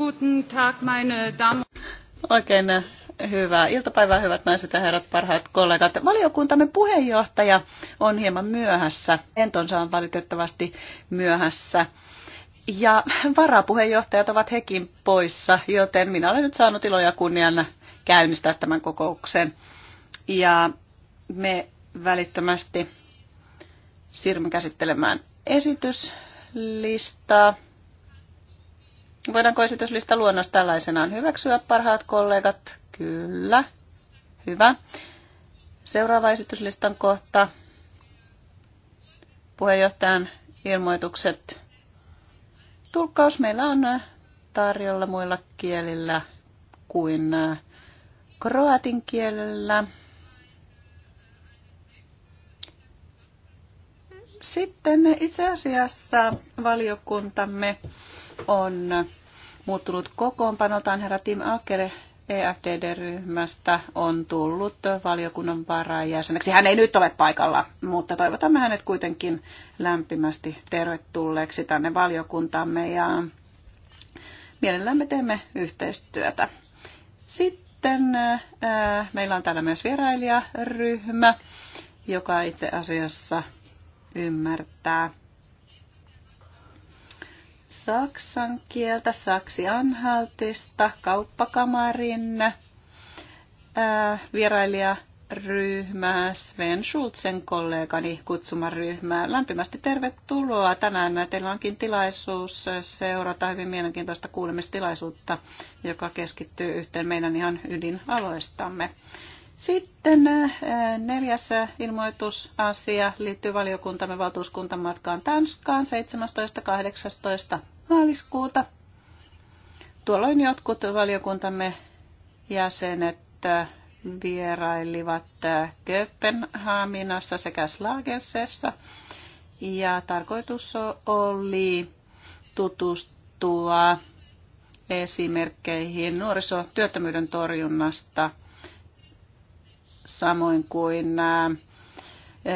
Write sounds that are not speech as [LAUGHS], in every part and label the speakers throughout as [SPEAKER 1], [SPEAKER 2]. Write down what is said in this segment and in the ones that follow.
[SPEAKER 1] Guten Tag, meine Damen.
[SPEAKER 2] Oikein hyvää iltapäivää, hyvät naiset ja herrat, parhaat kollegat. Valiokuntamme puheenjohtaja on hieman myöhässä. Entonsa on valitettavasti myöhässä. Ja varapuheenjohtajat ovat hekin poissa, joten minä olen nyt saanut iloja ja kunnian käynnistää tämän kokouksen. Ja me välittömästi siirrymme käsittelemään esityslistaa. Voidaanko esityslista luonnos tällaisenaan hyväksyä, parhaat kollegat? Kyllä. Hyvä. Seuraava esityslistan kohta. Puheenjohtajan ilmoitukset. Tulkkaus meillä on tarjolla muilla kielillä kuin kroatin kielellä. Sitten itse asiassa valiokuntamme on muuttunut kokoonpanoltaan. Herra Tim Akere EFDD-ryhmästä on tullut valiokunnan varajäseneksi. Hän ei nyt ole paikalla, mutta toivotamme hänet kuitenkin lämpimästi tervetulleeksi tänne valiokuntamme ja mielellämme teemme yhteistyötä. Sitten ää, äh, meillä on täällä myös vierailijaryhmä, joka itse asiassa ymmärtää saksan kieltä, saksi-anhaltista, kauppakamarin ää, äh, vierailijaryhmää, Sven Schulzen kollegani kutsumaryhmää. Lämpimästi tervetuloa. Tänään teillä onkin tilaisuus seurata hyvin mielenkiintoista kuulemistilaisuutta, joka keskittyy yhteen meidän ihan ydinaloistamme. Sitten äh, neljäs ilmoitusasia liittyy valiokuntamme valtuuskuntamatkaan Tanskaan 17.–18. maaliskuuta. Tuolloin jotkut valiokuntamme jäsenet äh, vierailivat äh, Kööpenhaminassa sekä Slagelsessa ja tarkoitus oli tutustua esimerkkeihin nuorisotyöttömyyden torjunnasta – samoin kuin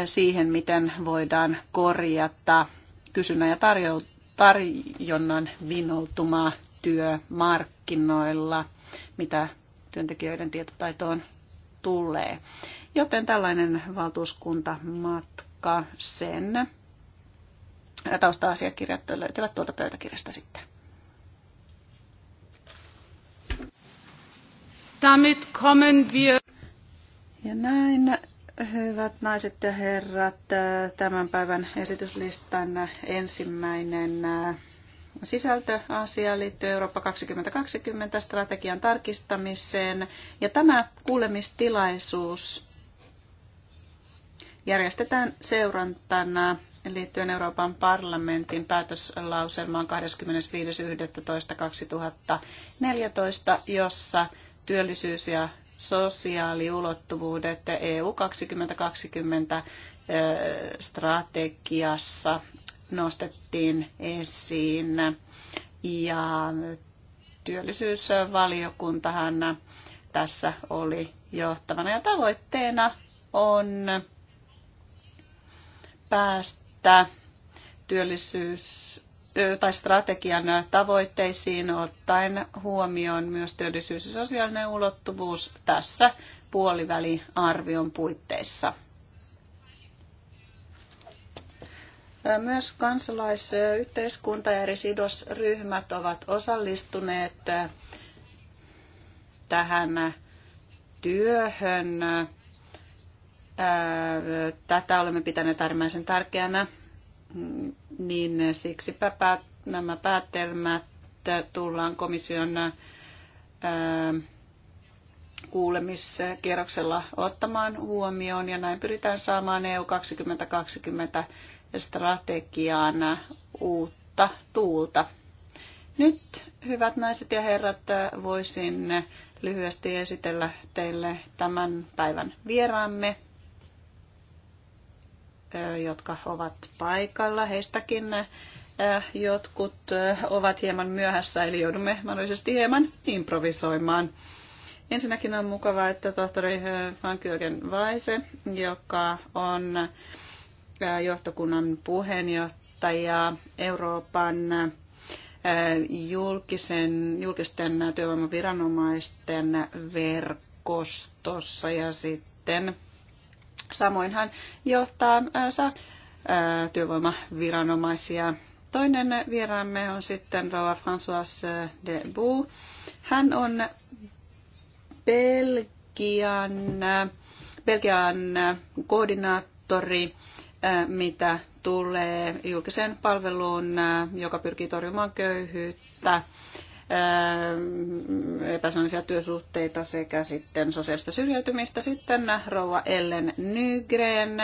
[SPEAKER 2] siihen, miten voidaan korjata kysynnän ja tarjonnan vinoutumaa työmarkkinoilla, mitä työntekijöiden tietotaitoon tulee. Joten tällainen valtuuskuntamatka sen tausta-asiakirjat löytyvät tuolta pöytäkirjasta sitten. Damit kommen wir ja näin, hyvät naiset ja herrat, tämän päivän esityslistan ensimmäinen äh, sisältöasia liittyy Eurooppa 2020 strategian tarkistamiseen. Ja tämä kuulemistilaisuus järjestetään seurantana liittyen Euroopan parlamentin päätöslauselmaan 25.11.2014, jossa työllisyys- ja sosiaaliulottuvuudet EU 2020 strategiassa nostettiin esiin. Ja työllisyysvaliokuntahan tässä oli johtavana. Ja tavoitteena on päästä työllisyys tai strategian tavoitteisiin ottaen huomioon myös työllisyys- ja sosiaalinen ulottuvuus tässä puoliväliarvion puitteissa. Myös kansalaisyhteiskunta ja eri sidosryhmät ovat osallistuneet tähän työhön. Tätä olemme pitäneet äärimmäisen tärkeänä mm, niin siksipä päät, nämä päätelmät tullaan komission ää, kuulemiskierroksella ottamaan huomioon ja näin pyritään saamaan EU 2020 strategiaan uutta tuulta. Nyt, hyvät naiset ja herrat, voisin lyhyesti esitellä teille tämän päivän vieraamme jotka ovat paikalla. Heistäkin jotkut ovat hieman myöhässä, eli joudumme mahdollisesti hieman improvisoimaan. Ensinnäkin on mukavaa, että tohtori Frank-Jürgen Weise, joka on johtokunnan puheenjohtaja Euroopan julkisen, julkisten työvoimaviranomaisten verkostossa ja sitten Samoin hän johtaa saa työvoimaviranomaisia. Toinen vieraamme on sitten Rova Françoise de Bou. Hän on Belgian, Belgian koordinaattori, mitä tulee julkiseen palveluun, joka pyrkii torjumaan köyhyyttä Öö, epäsonnisia työsuhteita sekä sitten sosiaalista syrjäytymistä. Sitten rouva Ellen Nygren.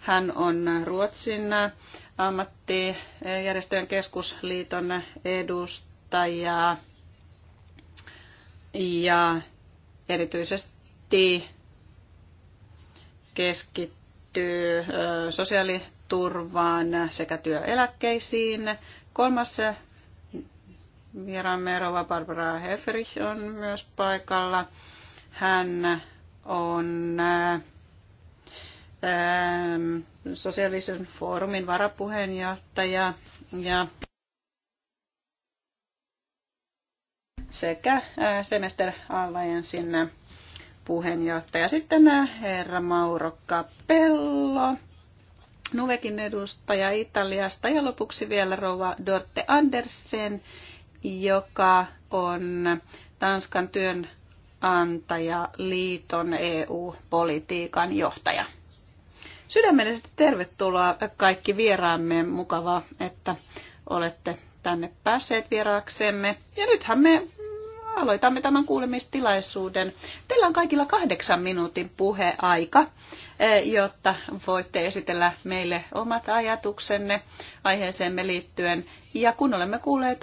[SPEAKER 2] Hän on Ruotsin ammattijärjestöjen keskusliiton edustaja ja erityisesti keskittyy öö, sosiaaliturvaan sekä työeläkkeisiin. Kolmas Vieraamme Rova Barbara Heferich on myös paikalla. Hän on ähm, sosiaalisen foorumin varapuheenjohtaja ja sekä äh, Semester Alliancein puheenjohtaja. Sitten äh, herra Mauro Capello, Nuvekin edustaja Italiasta ja lopuksi vielä rouva Dorte Andersen, joka on Tanskan työnantajaliiton EU-politiikan johtaja. Sydämellisesti tervetuloa kaikki vieraamme. Mukavaa, että olette tänne päässeet vieraaksemme. Ja nythän me aloitamme tämän kuulemistilaisuuden. Teillä on kaikilla kahdeksan minuutin puheaika, eh, jotta voitte esitellä meille omat ajatuksenne aiheeseemme liittyen. Ja kun olemme kuulleet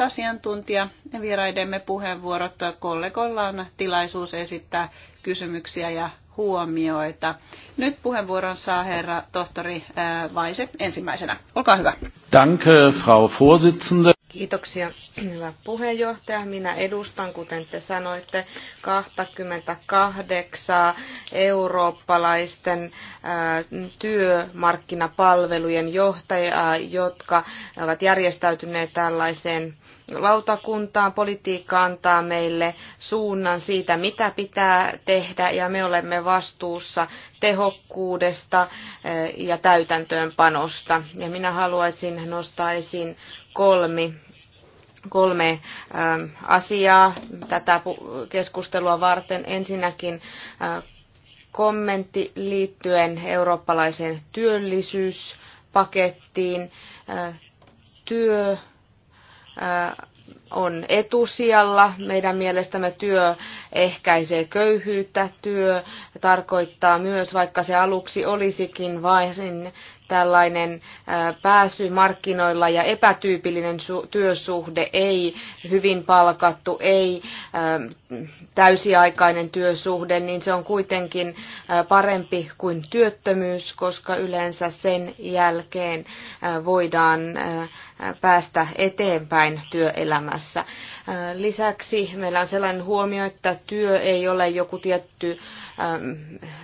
[SPEAKER 2] vieraidemme puheenvuorot, kollegoilla on tilaisuus esittää kysymyksiä ja huomioita. Nyt puheenvuoron saa herra tohtori eh, Vaise ensimmäisenä. Olkaa hyvä. Danke, Frau Vorsitzende.
[SPEAKER 3] Kiitoksia, [CLEARS THROAT] hyvä puheenjohtaja. Minä edustan, kuten te sanoitte, 28 eurooppalaisten työmarkkinapalvelujen johtajaa, jotka ovat järjestäytyneet tällaiseen lautakuntaan. Politiikka antaa meille suunnan siitä, mitä pitää tehdä, ja me olemme vastuussa tehokkuudesta ja täytäntöönpanosta. Ja minä haluaisin nostaa esiin kolmi kolme ähm, asiaa tätä keskustelua varten. Ensinnäkin äh, kommentti liittyen eurooppalaiseen työllisyyspakettiin. Äh, työ äh, on etusijalla. Meidän mielestämme työ ehkäisee köyhyyttä. Työ tarkoittaa myös, vaikka se aluksi olisikin vain tällainen pääsy markkinoilla ja epätyypillinen työsuhde, ei hyvin palkattu, ei täysiaikainen työsuhde, niin se on kuitenkin parempi kuin työttömyys, koska yleensä sen jälkeen voidaan päästä eteenpäin työelämässä olemassa Äh, lisäksi meillä on sellainen huomio, että työ ei ole joku tietty ähm,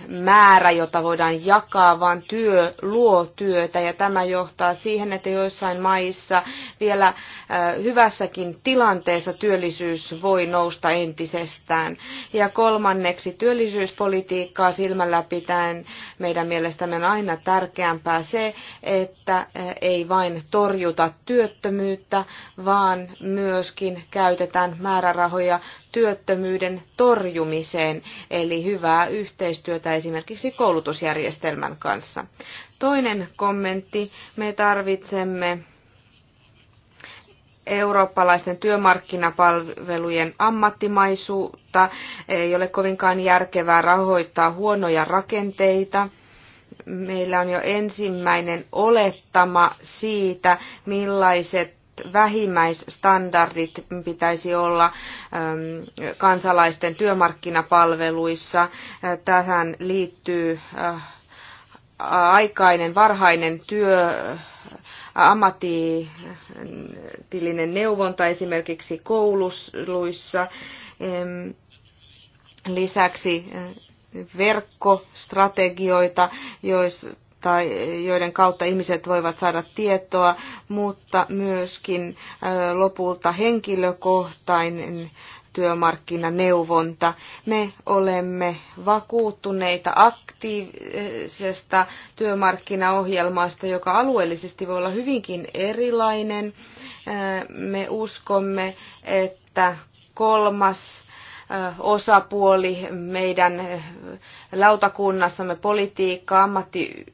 [SPEAKER 3] määrä, jota voidaan jakaa, vaan työ luo työtä ja tämä johtaa siihen, että joissain maissa vielä äh, hyvässäkin tilanteessa työllisyys voi nousta entisestään. Ja kolmanneksi työllisyyspolitiikkaa silmällä pitäen meidän mielestämme on aina tärkeämpää se, että äh, ei vain torjuta työttömyyttä, vaan myöskin käy käytetään määrärahoja työttömyyden torjumiseen, eli hyvää yhteistyötä esimerkiksi koulutusjärjestelmän kanssa. Toinen kommentti, me tarvitsemme eurooppalaisten työmarkkinapalvelujen ammattimaisuutta, ei ole kovinkaan järkevää rahoittaa huonoja rakenteita. Meillä on jo ensimmäinen olettama siitä, millaiset vähimmäisstandardit pitäisi olla ähm, kansalaisten työmarkkinapalveluissa. Äh, tähän liittyy äh, aikainen varhainen työ, äh, ammatillinen neuvonta esimerkiksi kouluissa. Ähm, lisäksi verkkostrategioita, joista tai joiden kautta ihmiset voivat saada tietoa, mutta myöskin lopulta henkilökohtainen työmarkkinaneuvonta. Me olemme vakuuttuneita aktiivisesta työmarkkinaohjelmasta, joka alueellisesti voi olla hyvinkin erilainen. Me uskomme, että kolmas osapuoli meidän lautakunnassamme politiikka, ammatti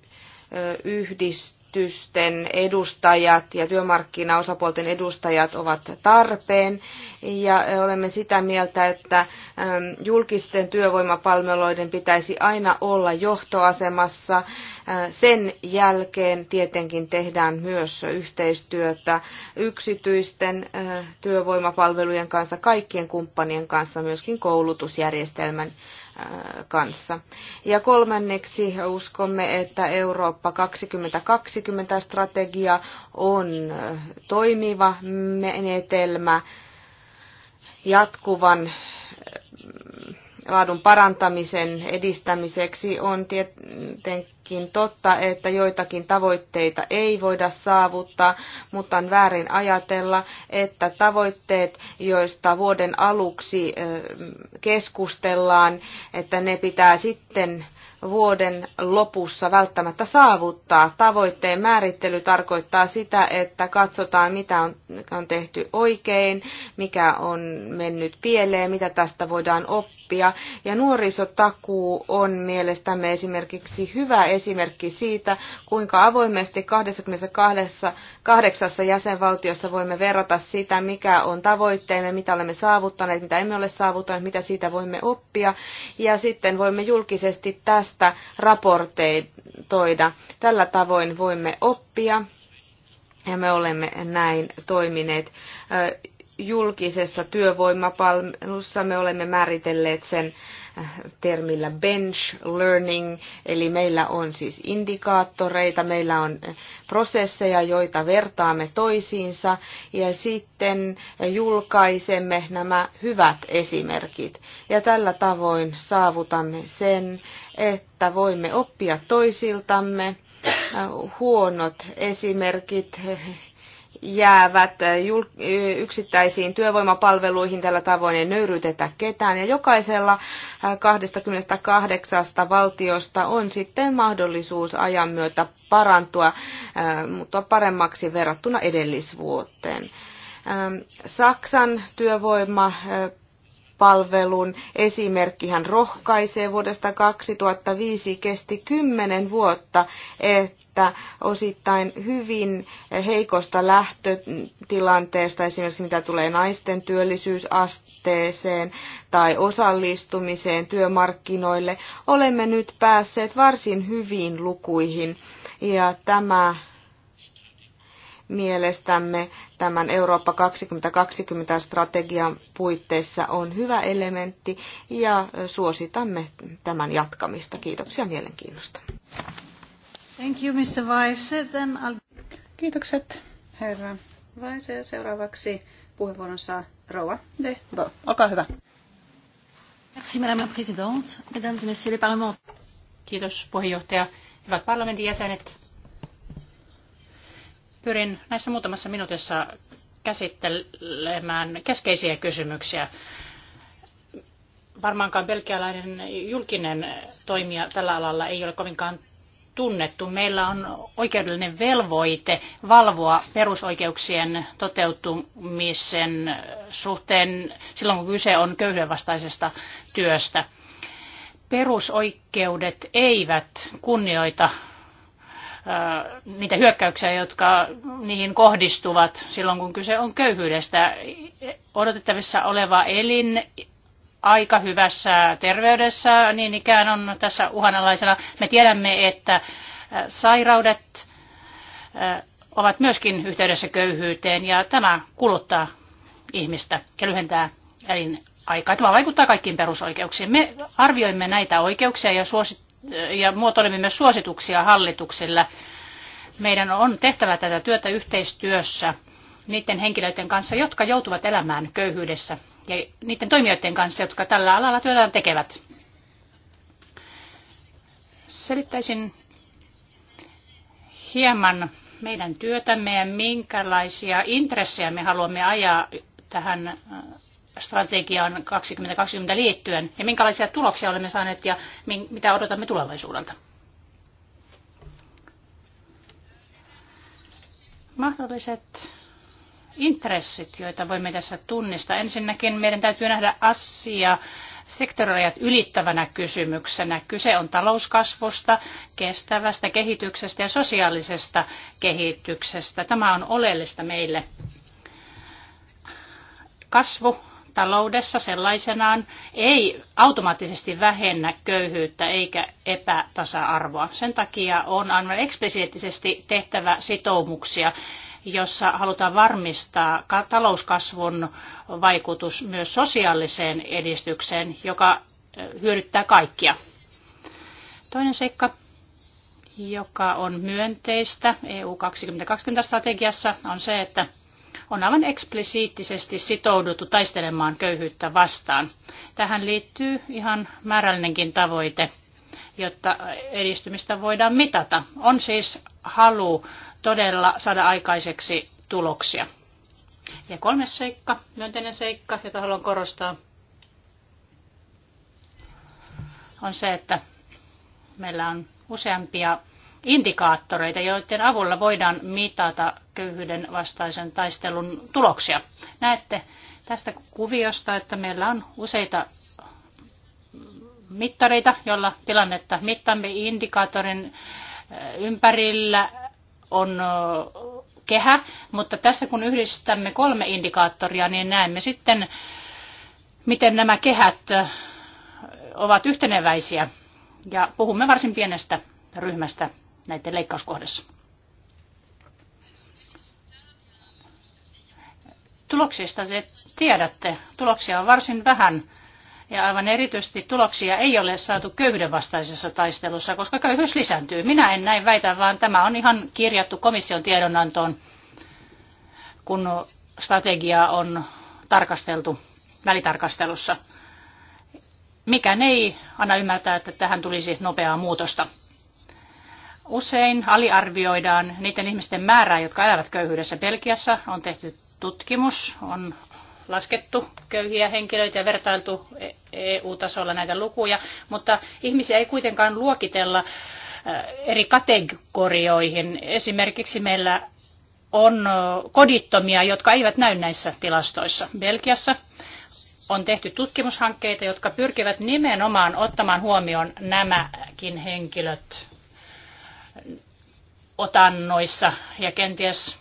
[SPEAKER 3] yhdistysten edustajat ja työmarkkinaosapuolten edustajat ovat tarpeen. Ja olemme sitä mieltä, että julkisten työvoimapalveluiden pitäisi aina olla johtoasemassa. Sen jälkeen tietenkin tehdään myös yhteistyötä yksityisten työvoimapalvelujen kanssa, kaikkien kumppanien kanssa, myöskin koulutusjärjestelmän kanssa. Ja kolmanneksi uskomme, että Eurooppa 2020 strategia on toimiva menetelmä jatkuvan laadun parantamisen edistämiseksi on tietenkin tietenkin totta, että joitakin tavoitteita ei voida saavuttaa, mutta on väärin ajatella, että tavoitteet, joista vuoden aluksi keskustellaan, että ne pitää sitten vuoden lopussa välttämättä saavuttaa. Tavoitteen määrittely tarkoittaa sitä, että katsotaan, mitä on, on tehty oikein, mikä on mennyt pieleen, mitä tästä voidaan oppia. Ja nuorisotakuu on mielestämme esimerkiksi hyvä esimerkki esimerkki siitä, kuinka avoimesti 28 jäsenvaltiossa voimme verrata sitä, mikä on tavoitteemme, mitä olemme saavuttaneet, mitä emme ole saavuttaneet, mitä siitä voimme oppia. Ja sitten voimme julkisesti tästä raporteitoida. Tällä tavoin voimme oppia ja me olemme näin toimineet julkisessa työvoimapalvelussa me olemme määritelleet sen äh, termillä bench learning, eli meillä on siis indikaattoreita, meillä on äh, prosesseja, joita vertaamme toisiinsa ja sitten julkaisemme nämä hyvät esimerkit. Ja tällä tavoin saavutamme sen, että voimme oppia toisiltamme äh, huonot esimerkit jäävät äh, äh, yksittäisiin työvoimapalveluihin tällä tavoin ei nöyryytetä ketään. Ja jokaisella 28 äh, valtiosta on sitten mahdollisuus ajan myötä parantua, mutta paremmaksi verrattuna edellisvuoteen. Ähm, Saksan työvoima palvelun esimerkkihän rohkaisee vuodesta 2005 kesti 10 vuotta, että että osittain hyvin heikosta lähtötilanteesta, esimerkiksi mitä tulee naisten työllisyysasteeseen tai osallistumiseen työmarkkinoille, olemme nyt päässeet varsin hyviin lukuihin. Ja tämä mielestämme tämän Eurooppa 2020-strategian puitteissa on hyvä elementti ja suositamme tämän jatkamista. Kiitoksia mielenkiinnosta.
[SPEAKER 2] Thank you, Mr. Weiss. Then I'll... Kiitokset, herra Vaise. seuraavaksi puheenvuoron saa Rouva
[SPEAKER 1] de Bo. Olkaa hyvä. Merci, Madame la Présidente. Mesdames et Messieurs les parlementaires. Kiitos, puheenjohtaja. Hyvät parlamentin jäsenet. Pyrin näissä muutamassa minuutissa käsittelemään keskeisiä kysymyksiä. Varmaankaan belgialainen julkinen toimija tällä alalla ei ole kovinkaan tunnettu. Meillä on oikeudellinen velvoite valvoa perusoikeuksien toteutumisen suhteen silloin, kun kyse on köyhdenvastaisesta työstä. Perusoikeudet eivät kunnioita niitä hyökkäyksiä, jotka niihin kohdistuvat silloin, kun kyse on köyhyydestä. Odotettavissa oleva elin aika hyvässä terveydessä, niin ikään on tässä uhanalaisena. Me tiedämme, että äh, sairaudet äh, ovat myöskin yhteydessä köyhyyteen ja tämä kuluttaa ihmistä ja lyhentää elinaikaa. Tämä vaikuttaa kaikkiin perusoikeuksiin. Me arvioimme näitä oikeuksia ja, suosit- ja muotoilemme myös suosituksia hallituksille. Meidän on tehtävä tätä työtä yhteistyössä niiden henkilöiden kanssa, jotka joutuvat elämään köyhyydessä ja niiden toimijoiden kanssa, jotka tällä alalla työtään tekevät. Selittäisin hieman meidän työtämme ja minkälaisia intressejä me haluamme ajaa tähän äh, strategiaan 2020 liittyen ja minkälaisia tuloksia olemme saaneet ja mitä odotamme tulevaisuudelta. Mahdolliset intressit, joita voimme tässä tunnistaa. Ensinnäkin meidän täytyy nähdä asia sektorirajat ylittävänä kysymyksenä. Kyse on talouskasvusta, kestävästä kehityksestä ja sosiaalisesta kehityksestä. Tämä on oleellista meille. Kasvu taloudessa sellaisenaan ei automaattisesti vähennä köyhyyttä eikä epätasa-arvoa. Sen takia on aivan eksplisiittisesti tehtävä sitoumuksia jossa halutaan varmistaa talouskasvun vaikutus myös sosiaaliseen edistykseen, joka hyödyttää kaikkia. Toinen seikka, joka on myönteistä EU 2020-strategiassa, on se, että on aivan eksplisiittisesti sitouduttu taistelemaan köyhyyttä vastaan. Tähän liittyy ihan määrällinenkin tavoite, jotta edistymistä voidaan mitata. On siis halu todella saada aikaiseksi tuloksia. Ja kolmas seikka, myönteinen seikka, jota haluan korostaa, on se, että meillä on useampia indikaattoreita, joiden avulla voidaan mitata köyhyyden vastaisen taistelun tuloksia. Näette tästä kuviosta, että meillä on useita mittareita, joilla tilannetta mittamme indikaattorin ympärillä on kehä, mutta tässä kun yhdistämme kolme indikaattoria, niin näemme sitten, miten nämä kehät ovat yhteneväisiä. Ja puhumme varsin pienestä ryhmästä näiden leikkauskohdassa. Tuloksista te tiedätte. Tuloksia on varsin vähän ja aivan erityisesti tuloksia ei ole saatu köyhyyden vastaisessa taistelussa, koska köyhyys lisääntyy. Minä en näin väitä, vaan tämä on ihan kirjattu komission tiedonantoon, kun strategiaa on tarkasteltu välitarkastelussa. Mikään ei anna ymmärtää, että tähän tulisi nopeaa muutosta. Usein aliarvioidaan niiden ihmisten määrää, jotka elävät köyhyydessä. Belgiassa on tehty tutkimus, on laskettu köyhiä henkilöitä ja vertailtu EU-tasolla e näitä lukuja, mutta ihmisiä ei kuitenkaan luokitella äh, eri kategorioihin. Esimerkiksi meillä on äh, kodittomia, jotka eivät näy näissä tilastoissa. Belgiassa on tehty tutkimushankkeita, jotka pyrkivät nimenomaan ottamaan huomioon nämäkin henkilöt otannoissa ja kenties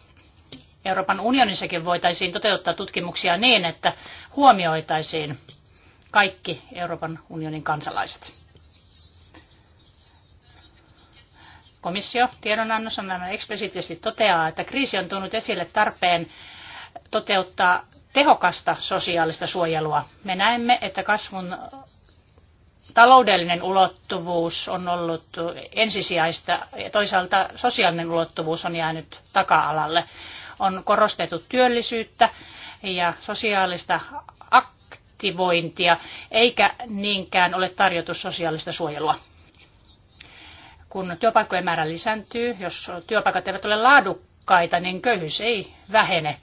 [SPEAKER 1] Euroopan unionissakin voitaisiin toteuttaa tutkimuksia niin, että huomioitaisiin kaikki Euroopan unionin kansalaiset. Komissio tiedonannossa nämä eksplisiittisesti toteaa, että kriisi on tuonut esille tarpeen toteuttaa tehokasta sosiaalista suojelua. Me näemme, että kasvun taloudellinen ulottuvuus on ollut ensisijaista ja toisaalta sosiaalinen ulottuvuus on jäänyt taka-alalle on korostettu työllisyyttä ja sosiaalista aktivointia, eikä niinkään ole tarjottu sosiaalista suojelua. Kun työpaikkojen määrä lisääntyy, jos työpaikat eivät ole laadukkaita, niin köyhyys ei vähene.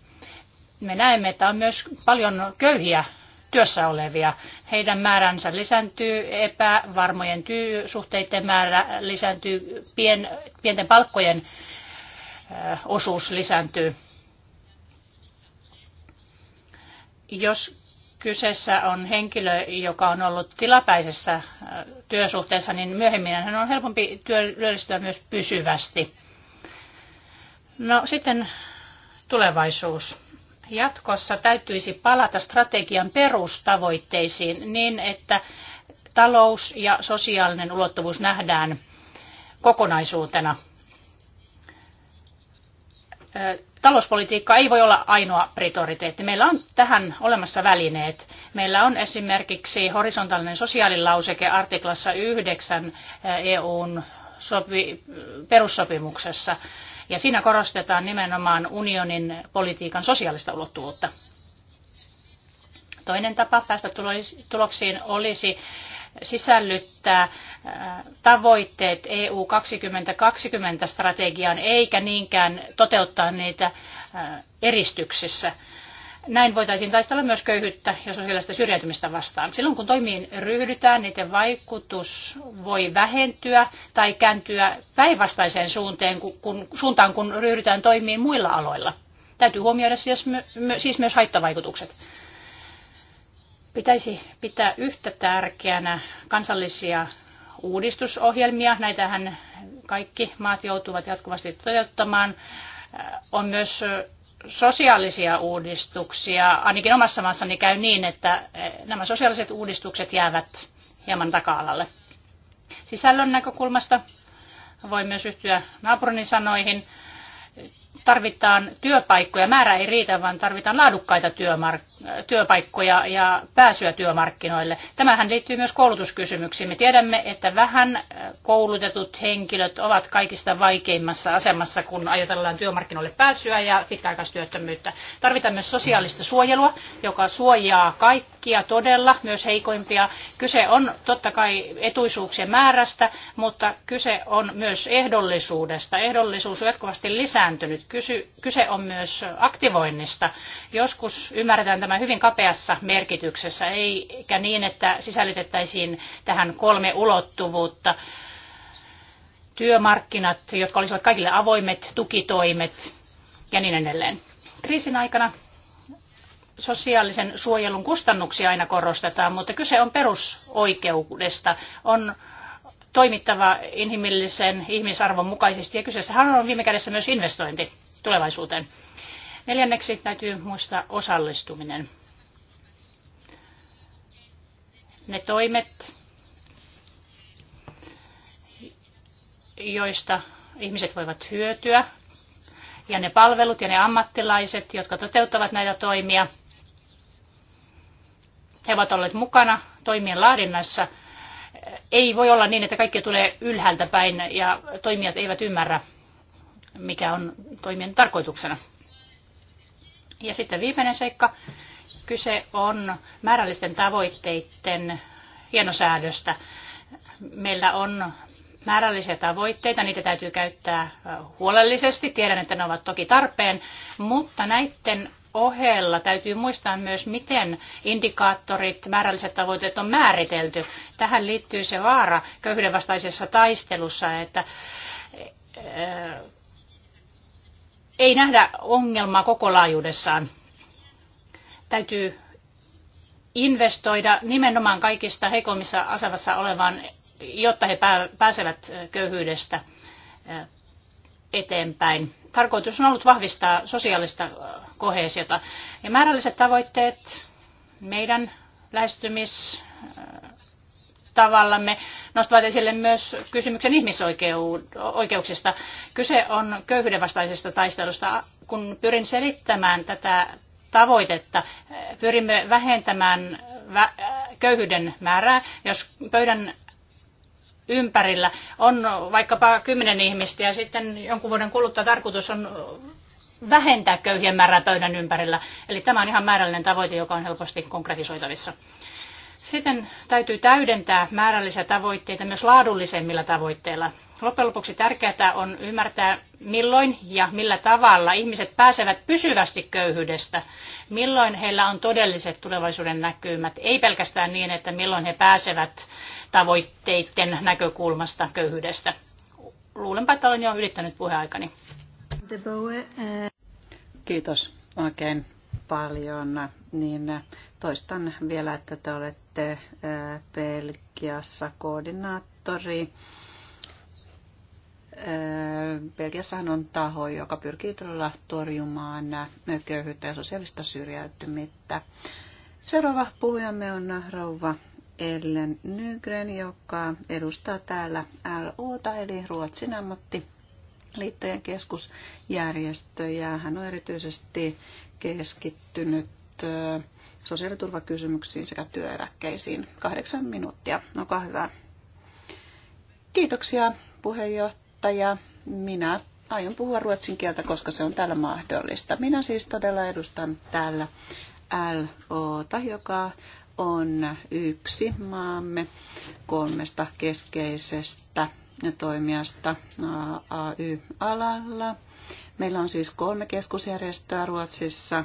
[SPEAKER 1] Me näemme, että on myös paljon köyhiä työssä olevia. Heidän määränsä lisääntyy, epävarmojen työsuhteiden määrä lisääntyy, pien, pienten palkkojen osuus lisääntyy. Jos kyseessä on henkilö, joka on ollut tilapäisessä äh, työsuhteessa, niin myöhemmin hän on helpompi työllistyä myös pysyvästi. No sitten tulevaisuus. Jatkossa täytyisi palata strategian perustavoitteisiin niin, että talous ja sosiaalinen ulottuvuus nähdään kokonaisuutena – talouspolitiikka ei voi olla ainoa prioriteetti. Meillä on tähän olemassa välineet. Meillä on esimerkiksi horisontaalinen sosiaalilauseke artiklassa 9 EUn sopi, perussopimuksessa. Ja siinä korostetaan nimenomaan unionin politiikan sosiaalista ulottuvuutta. Toinen tapa päästä tuloksiin olisi sisällyttää äh, tavoitteet EU 2020 strategiaan eikä niinkään toteuttaa niitä äh, eristyksissä. Näin voitaisiin taistella myös köyhyyttä ja sosiaalista syrjäytymistä vastaan. Silloin kun toimiin ryhdytään, niiden vaikutus voi vähentyä tai kääntyä päinvastaiseen suuntaan, kun, suuntaan, kun ryhdytään toimiin muilla aloilla. Täytyy huomioida siis, siis myös haittavaikutukset pitäisi pitää yhtä tärkeänä kansallisia uudistusohjelmia. Näitähän kaikki maat joutuvat jatkuvasti toteuttamaan. Äh, on myös äh, sosiaalisia uudistuksia. Ainakin omassa maassani käy niin, että äh, nämä sosiaaliset uudistukset jäävät hieman taka-alalle. Sisällön näkökulmasta voi myös yhtyä naapurini sanoihin tarvitaan työpaikkoja. Määrä ei riitä, vaan tarvitaan laadukkaita työpaikkoja ja pääsyä työmarkkinoille. Tämähän liittyy myös koulutuskysymyksiin. Me tiedämme, että vähän koulutetut henkilöt ovat kaikista vaikeimmassa asemassa, kun ajatellaan työmarkkinoille pääsyä ja pitkäaikaistyöttömyyttä. Tarvitaan myös sosiaalista suojelua, joka suojaa kaikkia todella, myös heikoimpia. Kyse on totta kai etuisuuksien määrästä, mutta kyse on myös ehdollisuudesta. Ehdollisuus on jatkuvasti lisääntynyt kysy, kyse on myös aktivoinnista. Joskus ymmärretään tämä hyvin kapeassa merkityksessä, eikä niin, että sisällytettäisiin tähän kolme ulottuvuutta. Työmarkkinat, jotka olisivat kaikille avoimet, tukitoimet ja niin edelleen. Kriisin aikana sosiaalisen suojelun kustannuksia aina korostetaan, mutta kyse on perusoikeudesta. On toimittava inhimillisen ihmisarvon mukaisesti. Ja kyseessähän on viime kädessä myös investointi tulevaisuuteen. Neljänneksi täytyy muistaa osallistuminen. Ne toimet, joista ihmiset voivat hyötyä, ja ne palvelut ja ne ammattilaiset, jotka toteuttavat näitä toimia, he ovat olleet mukana toimien laadinnassa – ei voi olla niin, että kaikki tulee ylhäältä päin ja toimijat eivät ymmärrä, mikä on toimien tarkoituksena. Ja sitten viimeinen seikka. Kyse on määrällisten tavoitteiden hienosäädöstä. Meillä on määrällisiä tavoitteita, niitä täytyy käyttää huolellisesti. Tiedän, että ne ovat toki tarpeen, mutta näiden ohella täytyy muistaa myös, miten indikaattorit, määrälliset tavoitteet on määritelty. Tähän liittyy se vaara köyhyyden vastaisessa taistelussa, että eh, ei nähdä ongelmaa koko laajuudessaan. Täytyy investoida nimenomaan kaikista heikommissa asemassa olevaan, jotta he pääsevät eh, köyhyydestä eh, eteenpäin. Tarkoitus on ollut vahvistaa sosiaalista kohesiota. Ja määrälliset tavoitteet meidän lähestymistavallamme nostavat esille myös kysymyksen ihmisoikeuksista. Kyse on köyhyyden vastaisesta taistelusta. Kun pyrin selittämään tätä tavoitetta, pyrimme vähentämään köyhyyden määrää. Jos pöydän ympärillä on vaikkapa kymmenen ihmistä ja sitten jonkun vuoden kuluttua tarkoitus on vähentää köyhien määrää pöydän ympärillä. Eli tämä on ihan määrällinen tavoite, joka on helposti konkretisoitavissa. Sitten täytyy täydentää määrällisiä tavoitteita myös laadullisemmilla tavoitteilla. Loppujen lopuksi tärkeää on ymmärtää, milloin ja millä tavalla ihmiset pääsevät pysyvästi köyhyydestä, milloin heillä on todelliset tulevaisuuden näkymät, ei pelkästään niin, että milloin he pääsevät tavoitteiden näkökulmasta köyhyydestä. Luulenpa, että olen jo ylittänyt puheaikani.
[SPEAKER 2] Kiitos oikein paljon. Niin äh, toistan vielä, että te olette äh, Belgiassa koordinaattori Belgiassahan on taho, joka pyrkii todella torjumaan köyhyyttä ja sosiaalista syrjäytymistä. Seuraava puhujamme on rouva Ellen Nygren, joka edustaa täällä LOta eli Ruotsin ammattiliittojen keskusjärjestöjä. Hän on erityisesti keskittynyt sosiaaliturvakysymyksiin sekä työeläkkeisiin. Kahdeksan minuuttia, olkaa hyvä. Kiitoksia puheenjohtaja ja Minä aion puhua ruotsin kieltä, koska se on täällä mahdollista. Minä siis todella edustan täällä LO, joka on yksi maamme kolmesta keskeisestä toimijasta AY-alalla. Meillä on siis kolme keskusjärjestöä Ruotsissa,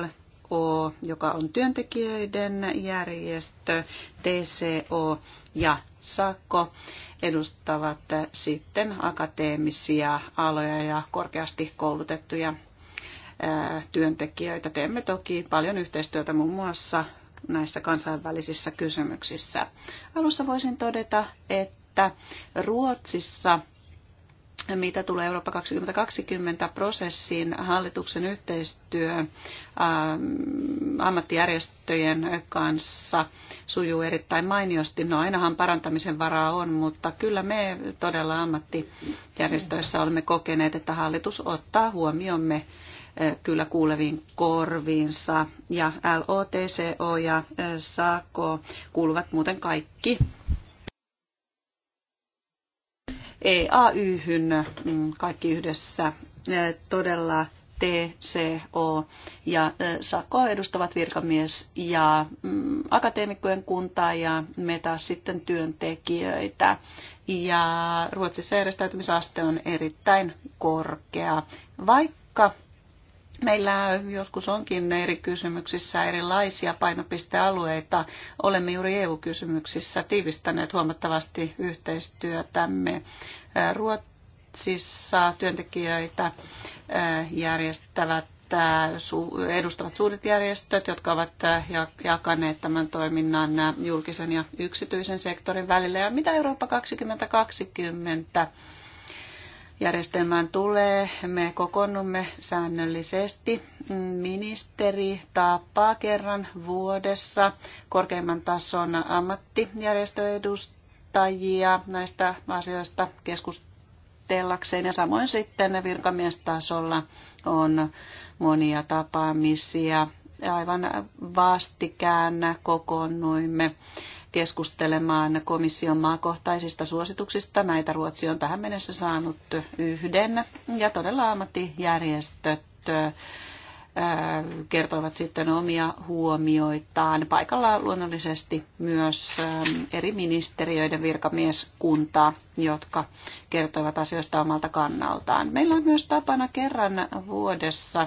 [SPEAKER 2] L, TCO, joka on työntekijöiden järjestö, TCO ja SAKO edustavat sitten akateemisia aloja ja korkeasti koulutettuja työntekijöitä. Teemme toki paljon yhteistyötä muun muassa näissä kansainvälisissä kysymyksissä. Alussa voisin todeta, että Ruotsissa mitä tulee Eurooppa 2020 prosessiin, hallituksen yhteistyö ähm, ammattijärjestöjen kanssa sujuu erittäin mainiosti. No ainahan parantamisen varaa on, mutta kyllä me todella ammattijärjestöissä olemme kokeneet, että hallitus ottaa huomiomme äh, kyllä kuuleviin korviinsa. Ja LOTCO ja äh, SAKO kuuluvat muuten kaikki EAYhyn mm, kaikki yhdessä e, todella TCO ja e, SAKO edustavat virkamies ja mm, akateemikkojen kuntaa ja me taas sitten työntekijöitä. Ja Ruotsissa järjestäytymisaste on erittäin korkea, vaikka Meillä joskus onkin eri kysymyksissä erilaisia painopistealueita. Olemme juuri EU-kysymyksissä tiivistäneet huomattavasti yhteistyötämme. Ruotsissa työntekijöitä eh, järjestävät eh, edustavat suuret järjestöt, jotka ovat eh, jakaneet tämän toiminnan julkisen ja yksityisen sektorin välillä. Ja mitä Eurooppa 2020 järjestelmään tulee, me kokoonnumme säännöllisesti. Ministeri tapaa kerran vuodessa korkeimman tason ammattijärjestöedustajia näistä asioista keskustellakseen. Ja samoin sitten virkamiestasolla on monia tapaamisia. Aivan vastikään kokoonnuimme keskustelemaan komission maakohtaisista suosituksista. Näitä Ruotsi on tähän mennessä saanut yhden. Ja todella ammattijärjestöt kertoivat sitten omia huomioitaan. Paikalla luonnollisesti myös eri ministeriöiden virkamieskuntaa, jotka kertoivat asioista omalta kannaltaan. Meillä on myös tapana kerran vuodessa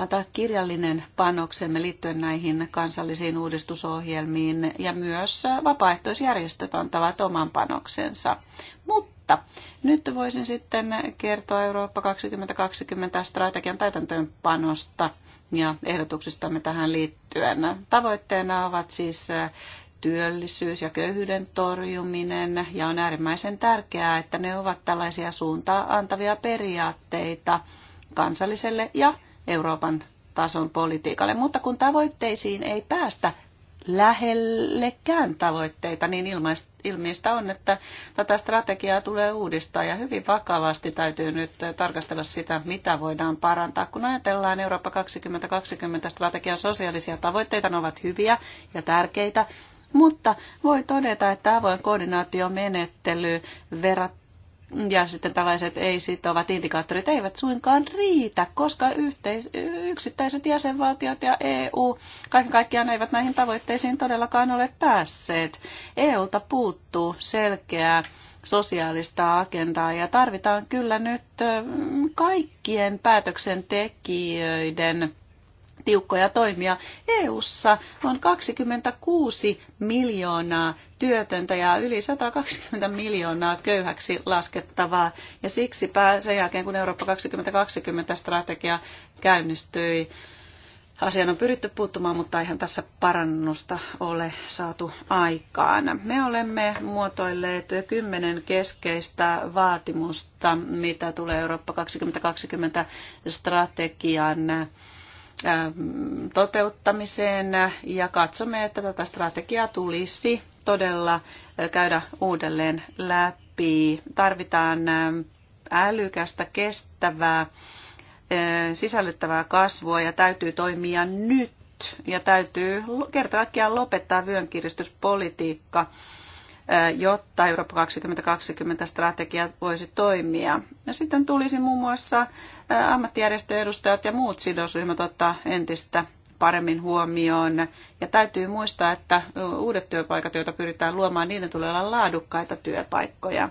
[SPEAKER 2] antaa kirjallinen panoksemme liittyen näihin kansallisiin uudistusohjelmiin ja myös vapaaehtoisjärjestöt antavat oman panoksensa. Mutta nyt voisin sitten kertoa Eurooppa 2020 strategian täytäntöönpanosta ja ehdotuksistamme tähän liittyen. Tavoitteena ovat siis työllisyys ja köyhyyden torjuminen ja on äärimmäisen tärkeää, että ne ovat tällaisia suuntaa antavia periaatteita kansalliselle ja Euroopan tason politiikalle. Mutta kun tavoitteisiin ei päästä lähellekään tavoitteita, niin ilmeistä on, että tätä strategiaa tulee uudistaa ja hyvin vakavasti täytyy nyt tarkastella sitä, mitä voidaan parantaa. Kun ajatellaan Eurooppa 2020 strategian sosiaalisia tavoitteita, ne ovat hyviä ja tärkeitä, mutta voi todeta, että avoin koordinaatiomenettely verrattuna ja sitten tällaiset ei-sitovat indikaattorit eivät suinkaan riitä, koska yhteis- yksittäiset jäsenvaltiot ja EU kaiken kaikkiaan eivät näihin tavoitteisiin todellakaan ole päässeet. EUlta puuttuu selkeää sosiaalista agendaa ja tarvitaan kyllä nyt kaikkien päätöksentekijöiden tiukkoja toimia. EU:ssa on 26 miljoonaa työtöntä ja yli 120 miljoonaa köyhäksi laskettavaa. Ja siksi sen jälkeen, kun Eurooppa 2020-strategia käynnistyi, Asian on pyritty puuttumaan, mutta eihän tässä parannusta ole saatu aikaan. Me olemme muotoilleet kymmenen keskeistä vaatimusta, mitä tulee Eurooppa 2020 strategian toteuttamiseen ja katsomme, että tätä strategiaa tulisi todella käydä uudelleen läpi. Tarvitaan älykästä, kestävää, sisällyttävää kasvua ja täytyy toimia nyt ja täytyy kerta kaikkiaan lopettaa vyönkiristyspolitiikka jotta Eurooppa 2020 strategia voisi toimia. Ja sitten tulisi muun muassa ammattijärjestöjen edustajat ja muut sidosryhmät ottaa entistä paremmin huomioon. Ja täytyy muistaa, että uudet työpaikat, joita pyritään luomaan, niiden tulee olla laadukkaita työpaikkoja.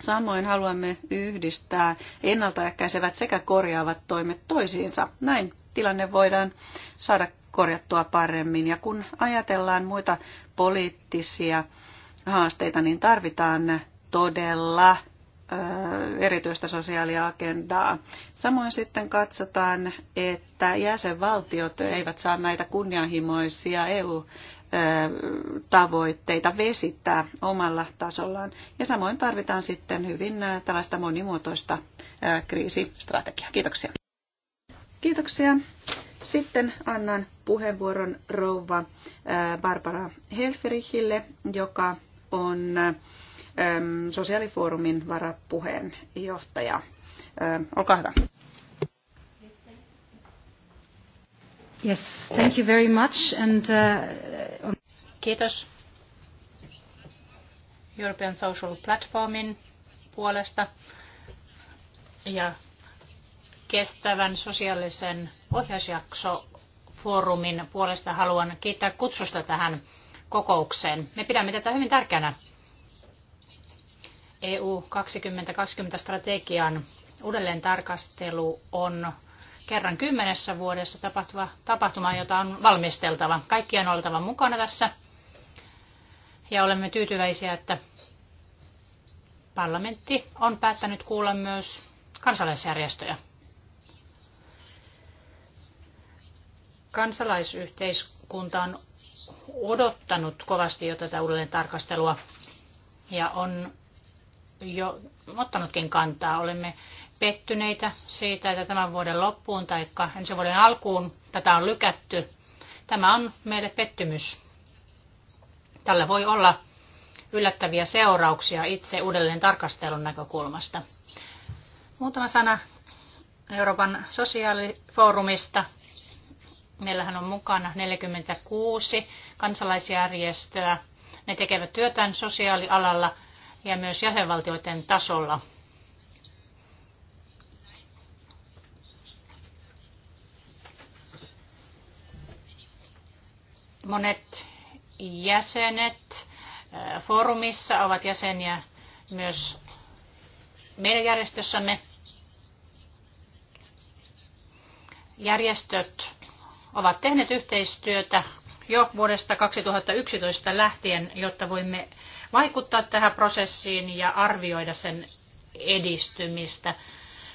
[SPEAKER 2] Samoin haluamme yhdistää ennaltaehkäisevät sekä korjaavat toimet toisiinsa. Näin tilanne voidaan saada korjattua paremmin. Ja kun ajatellaan muita poliittisia haasteita, niin tarvitaan todella erityistä sosiaaliagendaa. Samoin sitten katsotaan, että jäsenvaltiot eivät saa näitä kunnianhimoisia EU- tavoitteita vesittää omalla tasollaan. Ja samoin tarvitaan sitten hyvin tällaista monimuotoista kriisistrategiaa. Kiitoksia. Kiitoksia. Sitten annan puheenvuoron rouva Barbara Helferichille, joka on ähm, sosiaalifoorumin varapuheenjohtaja. Ähm, olkaa hyvä.
[SPEAKER 1] Yes, thank you very much. And, uh, on... Kiitos European Social Platformin puolesta ja kestävän sosiaalisen ohjausjakso foorumin puolesta haluan kiittää kutsusta tähän kokoukseen. Me pidämme tätä hyvin tärkeänä EU 2020-strategian uudelleen tarkastelu on kerran kymmenessä vuodessa tapahtuva tapahtuma, jota on valmisteltava. Kaikki on oltava mukana tässä. Ja olemme tyytyväisiä, että parlamentti on päättänyt kuulla myös kansalaisjärjestöjä. Kansalaisyhteiskunta on odottanut kovasti jo tätä uudelleen tarkastelua ja on jo ottanutkin kantaa. Olemme pettyneitä siitä, että tämän vuoden loppuun tai ensi vuoden alkuun tätä on lykätty. Tämä on meille pettymys. Tällä voi olla yllättäviä seurauksia itse uudelleen tarkastelun näkökulmasta. Muutama sana Euroopan sosiaalifoorumista Meillähän on mukana 46 kansalaisjärjestöä. Ne tekevät työtään sosiaalialalla ja myös jäsenvaltioiden tasolla. Monet jäsenet äh, foorumissa ovat jäseniä myös meidän järjestössämme. Järjestöt ovat tehneet yhteistyötä jo vuodesta 2011 lähtien, jotta voimme vaikuttaa tähän prosessiin ja arvioida sen edistymistä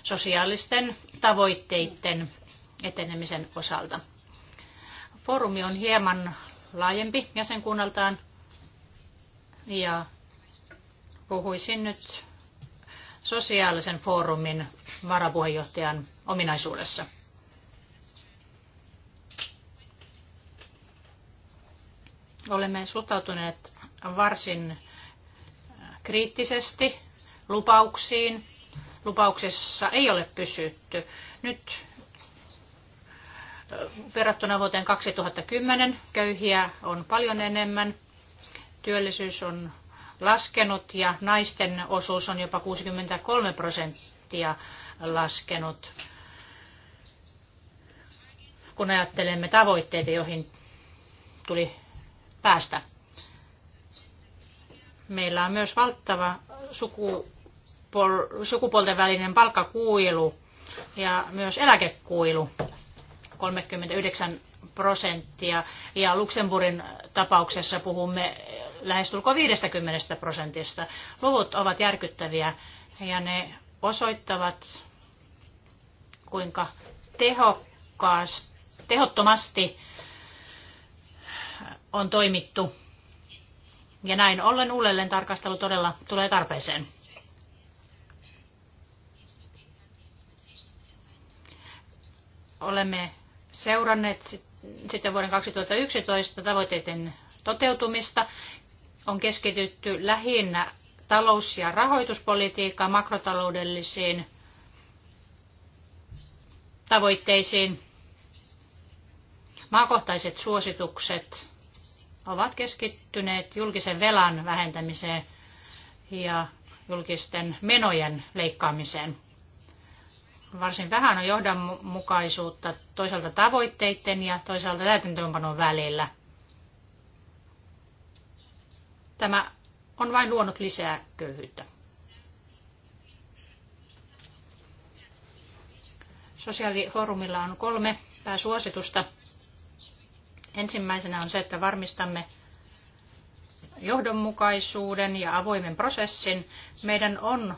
[SPEAKER 1] sosiaalisten tavoitteiden etenemisen osalta. Foorumi on hieman laajempi jäsenkunnaltaan ja puhuisin nyt sosiaalisen foorumin varapuheenjohtajan ominaisuudessa. Olemme suhtautuneet varsin äh, kriittisesti lupauksiin. Lupauksessa ei ole pysytty. Nyt äh, verrattuna vuoteen 2010 köyhiä on paljon enemmän. Työllisyys on laskenut ja naisten osuus on jopa 63 prosenttia laskenut. Kun ajattelemme tavoitteita, joihin tuli päästä. Meillä on myös valtava sukupol- sukupuolten välinen palkkakuilu ja myös eläkekuilu 39 prosenttia ja Luxemburgin tapauksessa puhumme lähestulkoon 50 prosentista. Luvut ovat järkyttäviä ja ne osoittavat, kuinka tehokkaasti, tehottomasti on toimittu. Ja näin ollen uudelleen tarkastelu todella tulee tarpeeseen. Olemme seuranneet sitten vuoden 2011 tavoitteiden toteutumista. On keskitytty lähinnä talous- ja rahoituspolitiikkaan, makrotaloudellisiin tavoitteisiin. Maakohtaiset suositukset ovat keskittyneet julkisen velan vähentämiseen ja julkisten menojen leikkaamiseen. Varsin vähän on johdonmukaisuutta toisaalta tavoitteiden ja toisaalta täytäntöönpanon välillä. Tämä on vain luonut lisää köyhyyttä. Sosiaalifoorumilla on kolme pääsuositusta – Ensimmäisenä on se, että varmistamme johdonmukaisuuden ja avoimen prosessin. Meidän on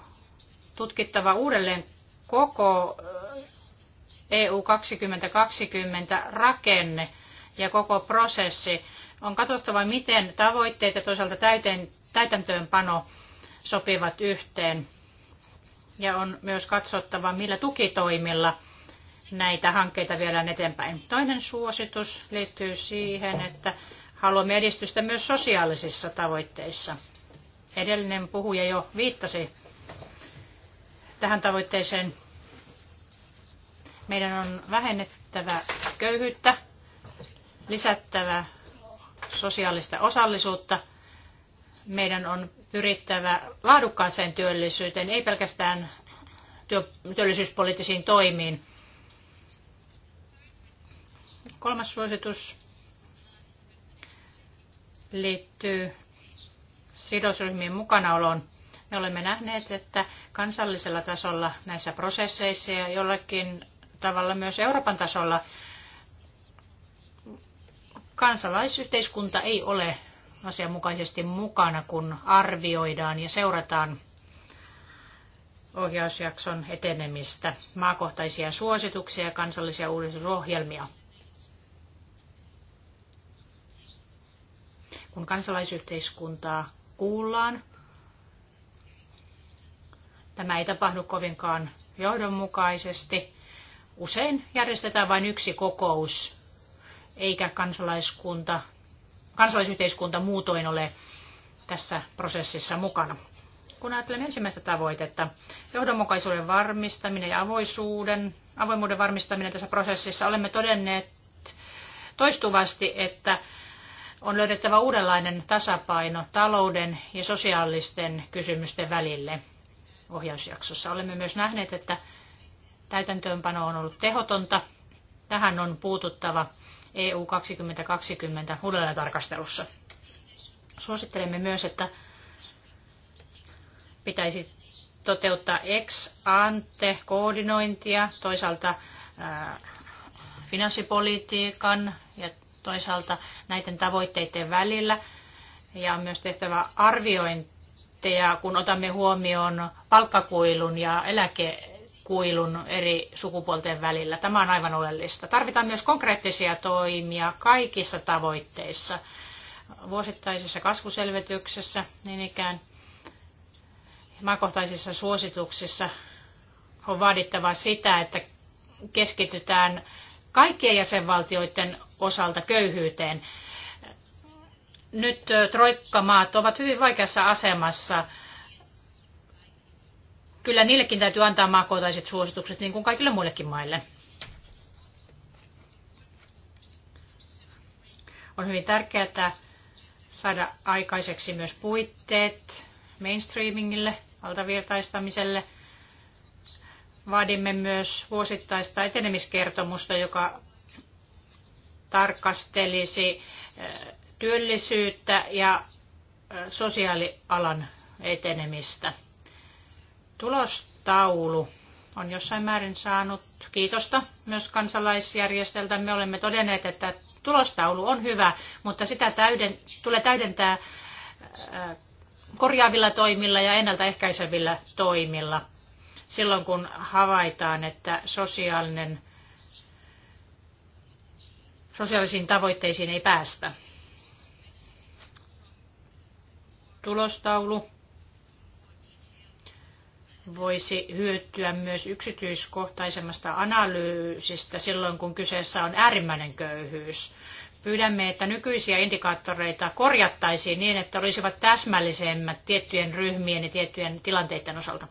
[SPEAKER 1] tutkittava uudelleen koko EU 2020 rakenne ja koko prosessi. On katsottava, miten tavoitteet ja toisaalta täytäntöönpano sopivat yhteen. Ja on myös katsottava, millä tukitoimilla – näitä hankkeita vielä eteenpäin. Toinen suositus liittyy siihen, että haluamme edistystä myös sosiaalisissa tavoitteissa. Edellinen puhuja jo viittasi tähän tavoitteeseen. Meidän on vähennettävä köyhyyttä, lisättävä sosiaalista osallisuutta. Meidän on pyrittävä laadukkaaseen työllisyyteen, ei pelkästään työllisyyspoliittisiin toimiin Kolmas suositus liittyy sidosryhmien mukanaoloon. Me olemme nähneet, että kansallisella tasolla näissä prosesseissa ja jollakin tavalla myös Euroopan tasolla kansalaisyhteiskunta ei ole asianmukaisesti mukana, kun arvioidaan ja seurataan ohjausjakson etenemistä, maakohtaisia suosituksia ja kansallisia uudistusohjelmia. kun kansalaisyhteiskuntaa kuullaan. Tämä ei tapahdu kovinkaan johdonmukaisesti. Usein järjestetään vain yksi kokous, eikä kansalaiskunta, kansalaisyhteiskunta muutoin ole tässä prosessissa mukana. Kun ajattelemme ensimmäistä tavoitetta, johdonmukaisuuden varmistaminen ja avoisuuden, avoimuuden varmistaminen tässä prosessissa, olemme todenneet toistuvasti, että on löydettävä uudenlainen tasapaino talouden ja sosiaalisten kysymysten välille ohjausjaksossa. Olemme myös nähneet, että täytäntöönpano on ollut tehotonta. Tähän on puututtava EU 2020 uudelleen tarkastelussa. Suosittelemme myös, että pitäisi toteuttaa ex ante koordinointia, toisaalta finanssipolitiikan ja toisaalta näiden tavoitteiden välillä. Ja on myös tehtävä arviointeja, kun otamme huomioon palkkakuilun ja eläkekuilun eri sukupuolten välillä. Tämä on aivan oleellista. Tarvitaan myös konkreettisia toimia kaikissa tavoitteissa. Vuosittaisessa kasvuselvityksessä, niin ikään maakohtaisissa suosituksissa on vaadittava sitä, että keskitytään kaikkien jäsenvaltioiden osalta köyhyyteen. Nyt troikkamaat ovat hyvin vaikeassa asemassa. Kyllä niillekin täytyy antaa maakohtaiset suositukset, niin kuin kaikille muillekin maille. On hyvin tärkeää saada aikaiseksi myös puitteet mainstreamingille, valtavirtaistamiselle – Vaadimme myös vuosittaista etenemiskertomusta, joka tarkastelisi eh, työllisyyttä ja eh, sosiaalialan etenemistä. Tulostaulu on jossain määrin saanut kiitosta myös kansalaisjärjestöltä. Me olemme todenneet, että tulostaulu on hyvä, mutta sitä täyden, tulee täydentää eh, korjaavilla toimilla ja ennaltaehkäisevillä toimilla silloin, kun havaitaan, että sosiaalinen, sosiaalisiin tavoitteisiin ei päästä. Tulostaulu voisi hyötyä myös yksityiskohtaisemmasta analyysistä silloin, kun kyseessä on äärimmäinen köyhyys. Pyydämme, että nykyisiä indikaattoreita korjattaisiin niin, että olisivat täsmällisemmät tiettyjen ryhmien ja tiettyjen tilanteiden osalta.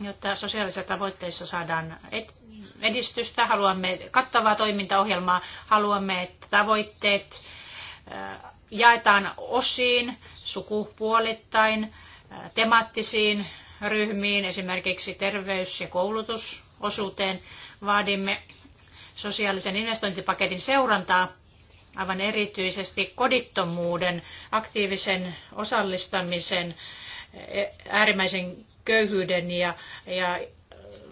[SPEAKER 1] jotta sosiaalisissa tavoitteissa saadaan edistystä. Haluamme kattavaa toimintaohjelmaa, haluamme, että tavoitteet äh, jaetaan osiin, sukupuolittain, äh, temaattisiin ryhmiin, esimerkiksi terveys- ja koulutusosuuteen. Vaadimme sosiaalisen investointipaketin seurantaa aivan erityisesti kodittomuuden, aktiivisen osallistamisen, e-, äärimmäisen köyhyyden ja, ja äh,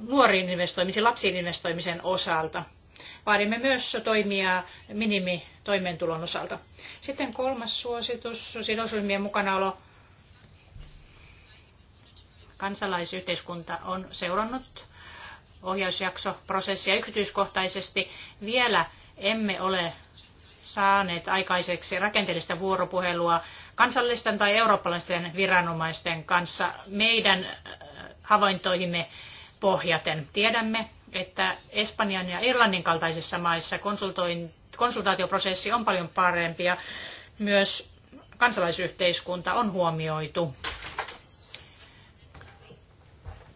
[SPEAKER 1] nuoriin investoimisen, lapsiin investoimisen osalta. Vaadimme myös toimia minimitoimeentulon osalta. Sitten kolmas suositus, sidosryhmien mukanaolo. Kansalaisyhteiskunta on seurannut ohjausjaksoprosessia yksityiskohtaisesti. Vielä emme ole saaneet aikaiseksi rakenteellista vuoropuhelua kansallisten tai eurooppalaisten viranomaisten kanssa meidän äh, havaintoihimme pohjaten. Tiedämme, että Espanjan ja Irlannin kaltaisissa maissa konsultaatioprosessi on paljon parempi ja myös kansalaisyhteiskunta on huomioitu.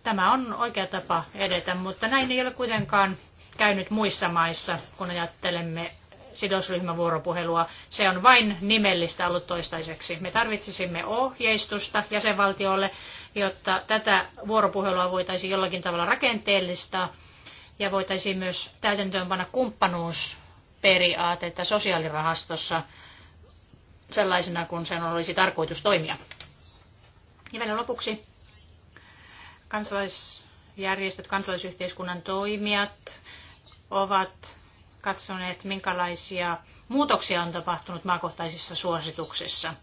[SPEAKER 1] Tämä on oikea tapa edetä, mutta näin ei ole kuitenkaan käynyt muissa maissa, kun ajattelemme sidosryhmävuoropuhelua. Se on vain nimellistä ollut toistaiseksi. Me tarvitsisimme ohjeistusta jäsenvaltiolle, jotta tätä vuoropuhelua voitaisiin jollakin tavalla rakenteellista ja voitaisiin myös panna kumppanuusperiaatetta sosiaalirahastossa sellaisena, kun sen olisi tarkoitus toimia. Ja vielä lopuksi kansalaisjärjestöt, kansalaisyhteiskunnan toimijat ovat katsoneet, minkälaisia muutoksia on tapahtunut maakohtaisissa suosituksissa.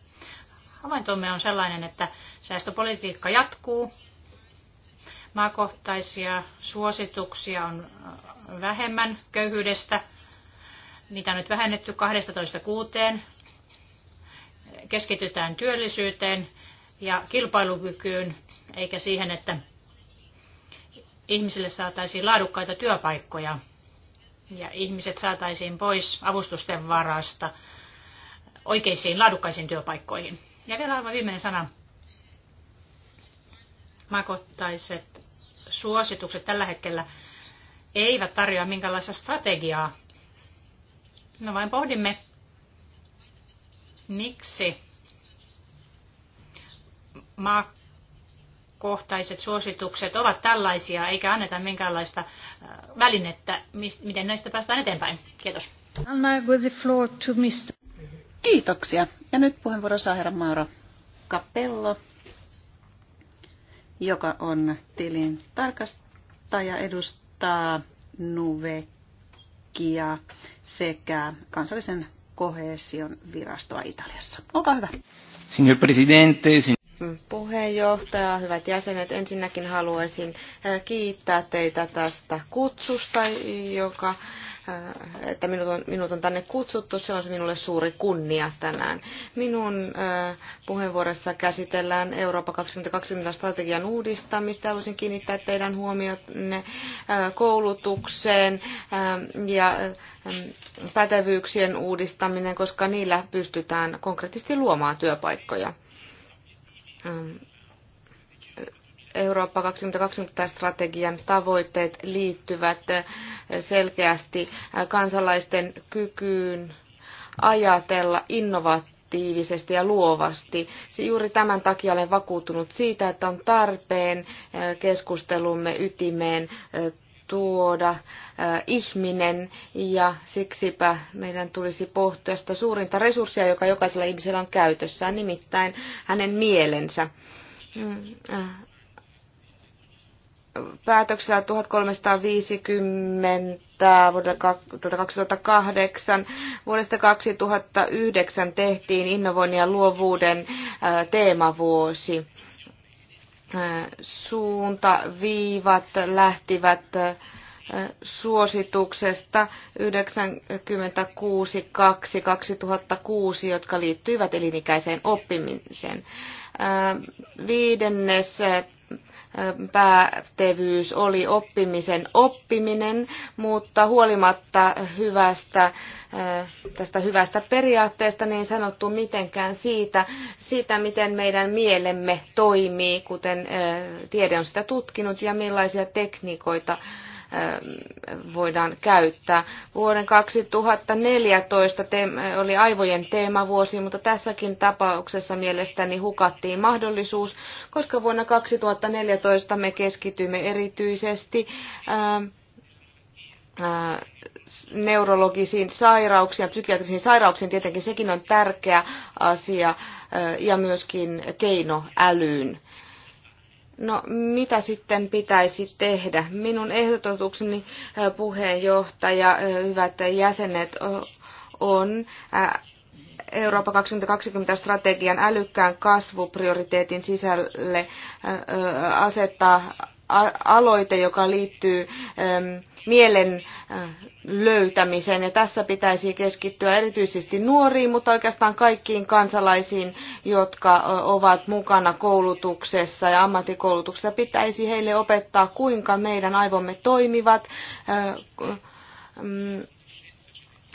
[SPEAKER 1] Havaintomme on sellainen, että säästöpolitiikka jatkuu. Maakohtaisia suosituksia on äh, vähemmän köyhyydestä. Niitä on nyt vähennetty kuuteen, Keskitytään työllisyyteen ja kilpailukykyyn, eikä siihen, että ihmisille saataisiin laadukkaita työpaikkoja ja ihmiset saataisiin pois avustusten varasta oikeisiin laadukkaisiin työpaikkoihin. Ja vielä aivan viimeinen sana. Makottaiset suositukset tällä hetkellä eivät tarjoa minkälaista strategiaa. No vain pohdimme, miksi ma maakohtaiset suositukset ovat tällaisia, eikä anneta minkäänlaista äh, välinettä, miten näistä päästään eteenpäin. Kiitos.
[SPEAKER 2] Kiitoksia. Ja nyt puheenvuoro saa herra Mauro Kapello, joka on tilin tarkastaja, edustaa Nuvekia sekä
[SPEAKER 3] kansallisen kohesion virastoa Italiassa. Olkaa hyvä.
[SPEAKER 1] Signor Presidente,
[SPEAKER 3] sin puheenjohtaja, hyvät jäsenet. Ensinnäkin haluaisin äh, kiittää teitä tästä kutsusta, joka äh, että minut on, minut on tänne kutsuttu. Se on minulle suuri kunnia tänään. Minun äh, puheenvuorossa käsitellään Eurooppa 2020 strategian uudistamista. Haluaisin kiinnittää teidän huomionne koulutukseen ja pätevyyksien uudistaminen, koska niillä pystytään konkreettisesti luomaan työpaikkoja. Ähm, Eurooppa 2020 strategian tavoitteet liittyvät äh, selkeästi äh, kansalaisten kykyyn ajatella innovatiivisesti ja luovasti. Juuri tämän takia olen vakuuttunut siitä, että on tarpeen äh, keskustelumme ytimeen tuoda ihminen ja siksipä meidän tulisi pohtia sitä suurinta resurssia, joka jokaisella ihmisellä on käytössään, nimittäin hänen mielensä. Mm, päätöksellä 1350 vuodelta 2008 vuodesta 2009 tehtiin innovoinnin ja luovuuden teemavuosi suuntaviivat lähtivät suosituksesta 96.2.2006, jotka liittyivät elinikäiseen oppimiseen. Viidennes päätevyys oli oppimisen oppiminen, mutta huolimatta hyvästä, äh, tästä hyvästä periaatteesta niin sanottu mitenkään siitä, siitä, miten meidän mielemme toimii, kuten äh, tiede on sitä tutkinut ja millaisia tekniikoita Ähm, voidaan käyttää. Vuoden 2014 oli aivojen teemavuosi, mutta tässäkin tapauksessa mielestäni hukattiin mahdollisuus, koska vuonna 2014 me keskitymme erityisesti ähm, äh, neurologisiin sairauksiin ja psykiatrisiin sairauksiin, tietenkin sekin on tärkeä asia, äh, ja myöskin keinoälyyn. No, mitä sitten pitäisi tehdä? Minun ehdotukseni puheenjohtaja, hyvät jäsenet, on Eurooppa 2020 strategian älykkään kasvuprioriteetin sisälle asettaa aloite, joka liittyy mielen äh, löytämiseen. Ja tässä pitäisi keskittyä erityisesti nuoriin, mutta oikeastaan kaikkiin kansalaisiin, jotka ovat mukana koulutuksessa ja ammattikoulutuksessa. Pitäisi heille opettaa, kuinka meidän aivomme toimivat, äh, mm,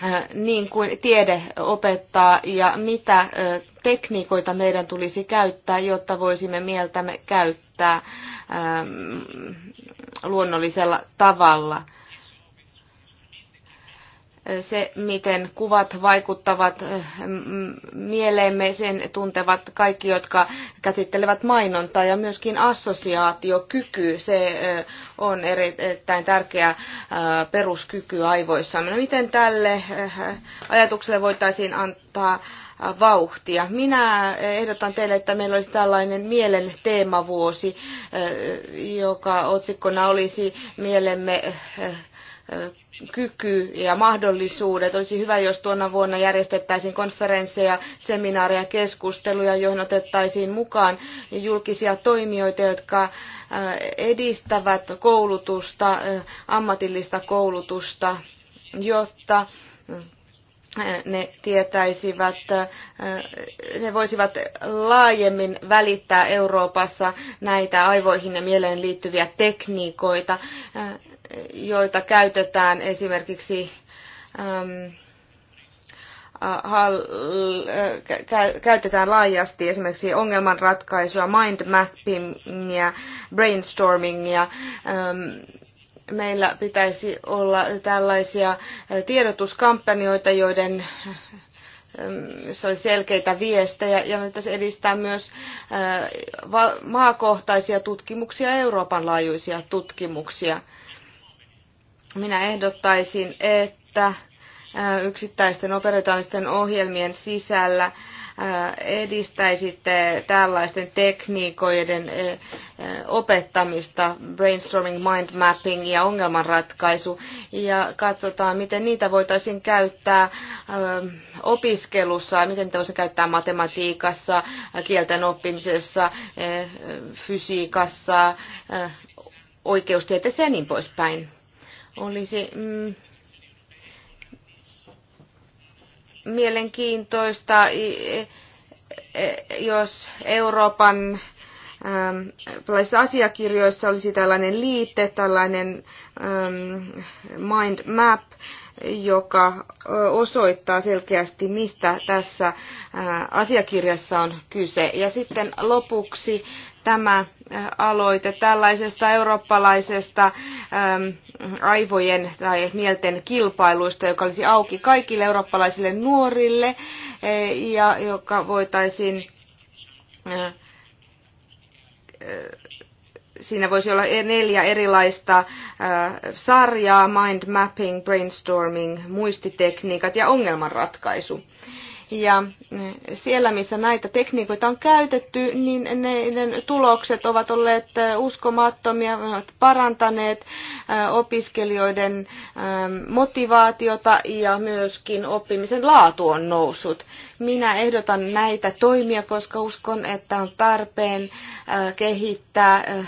[SPEAKER 3] Äh, niin kuin tiede opettaa ja mitä äh, tekniikoita meidän tulisi käyttää, jotta voisimme mieltämme käyttää ähm, luonnollisella tavalla – se, miten kuvat vaikuttavat eh, mieleemme, sen tuntevat kaikki, jotka käsittelevät mainontaa ja myöskin assosiaatiokyky, se eh, on erittäin tärkeä eh, peruskyky aivoissa No, miten tälle ajatukselle voitaisiin antaa vauhtia. Minä ehdotan teille, että meillä olisi tällainen mielen teemavuosi, joka otsikkona olisi mielemme kyky ja mahdollisuudet. Olisi hyvä, jos tuona vuonna järjestettäisiin konferensseja, seminaareja, keskusteluja, joihin otettaisiin mukaan julkisia toimijoita, jotka äh, edistävät koulutusta, äh, ammatillista koulutusta, jotta ne tietäisivät, äh, ne voisivat laajemmin välittää Euroopassa näitä aivoihin ja mieleen liittyviä tekniikoita, äh, joita käytetään esimerkiksi ähm, äh, käytetään laajasti esimerkiksi ongelmanratkaisua, mind mappingia, brainstormingia, ähm, meillä pitäisi olla tällaisia tiedotuskampanjoita, joiden ähm, se oli selkeitä viestejä ja me se edistää myös äh, maakohtaisia tutkimuksia, Euroopan laajuisia tutkimuksia. Minä ehdottaisin, että äh, yksittäisten operatiivisten ohjelmien sisällä edistäisitte tällaisten tekniikoiden opettamista, brainstorming, mind mapping ja ongelmanratkaisu, ja katsotaan, miten niitä voitaisiin käyttää opiskelussa, miten niitä voisi käyttää matematiikassa, kielten oppimisessa, fysiikassa, oikeustieteessä ja niin poispäin. Olisi mm, mielenkiintoista, e, jos Euroopan ähm, asiakirjoissa olisi tällainen liite, tällainen ähm, mind map, joka osoittaa selkeästi, mistä tässä äh, asiakirjassa on kyse. Ja sitten lopuksi tämä äh, aloite tällaisesta eurooppalaisesta ähm, aivojen tai mielten kilpailuista, joka olisi auki kaikille eurooppalaisille nuorille äh, ja joka voitaisiin äh, siinä voisi olla neljä erilaista sarjaa, mind mapping, brainstorming, muistitekniikat ja ongelmanratkaisu. Ja siellä, missä näitä tekniikoita on käytetty, niin niiden tulokset ovat olleet uskomattomia, ovat parantaneet opiskelijoiden motivaatiota ja myöskin oppimisen laatu on noussut. Minä ehdotan näitä toimia, koska uskon, että on tarpeen kehittää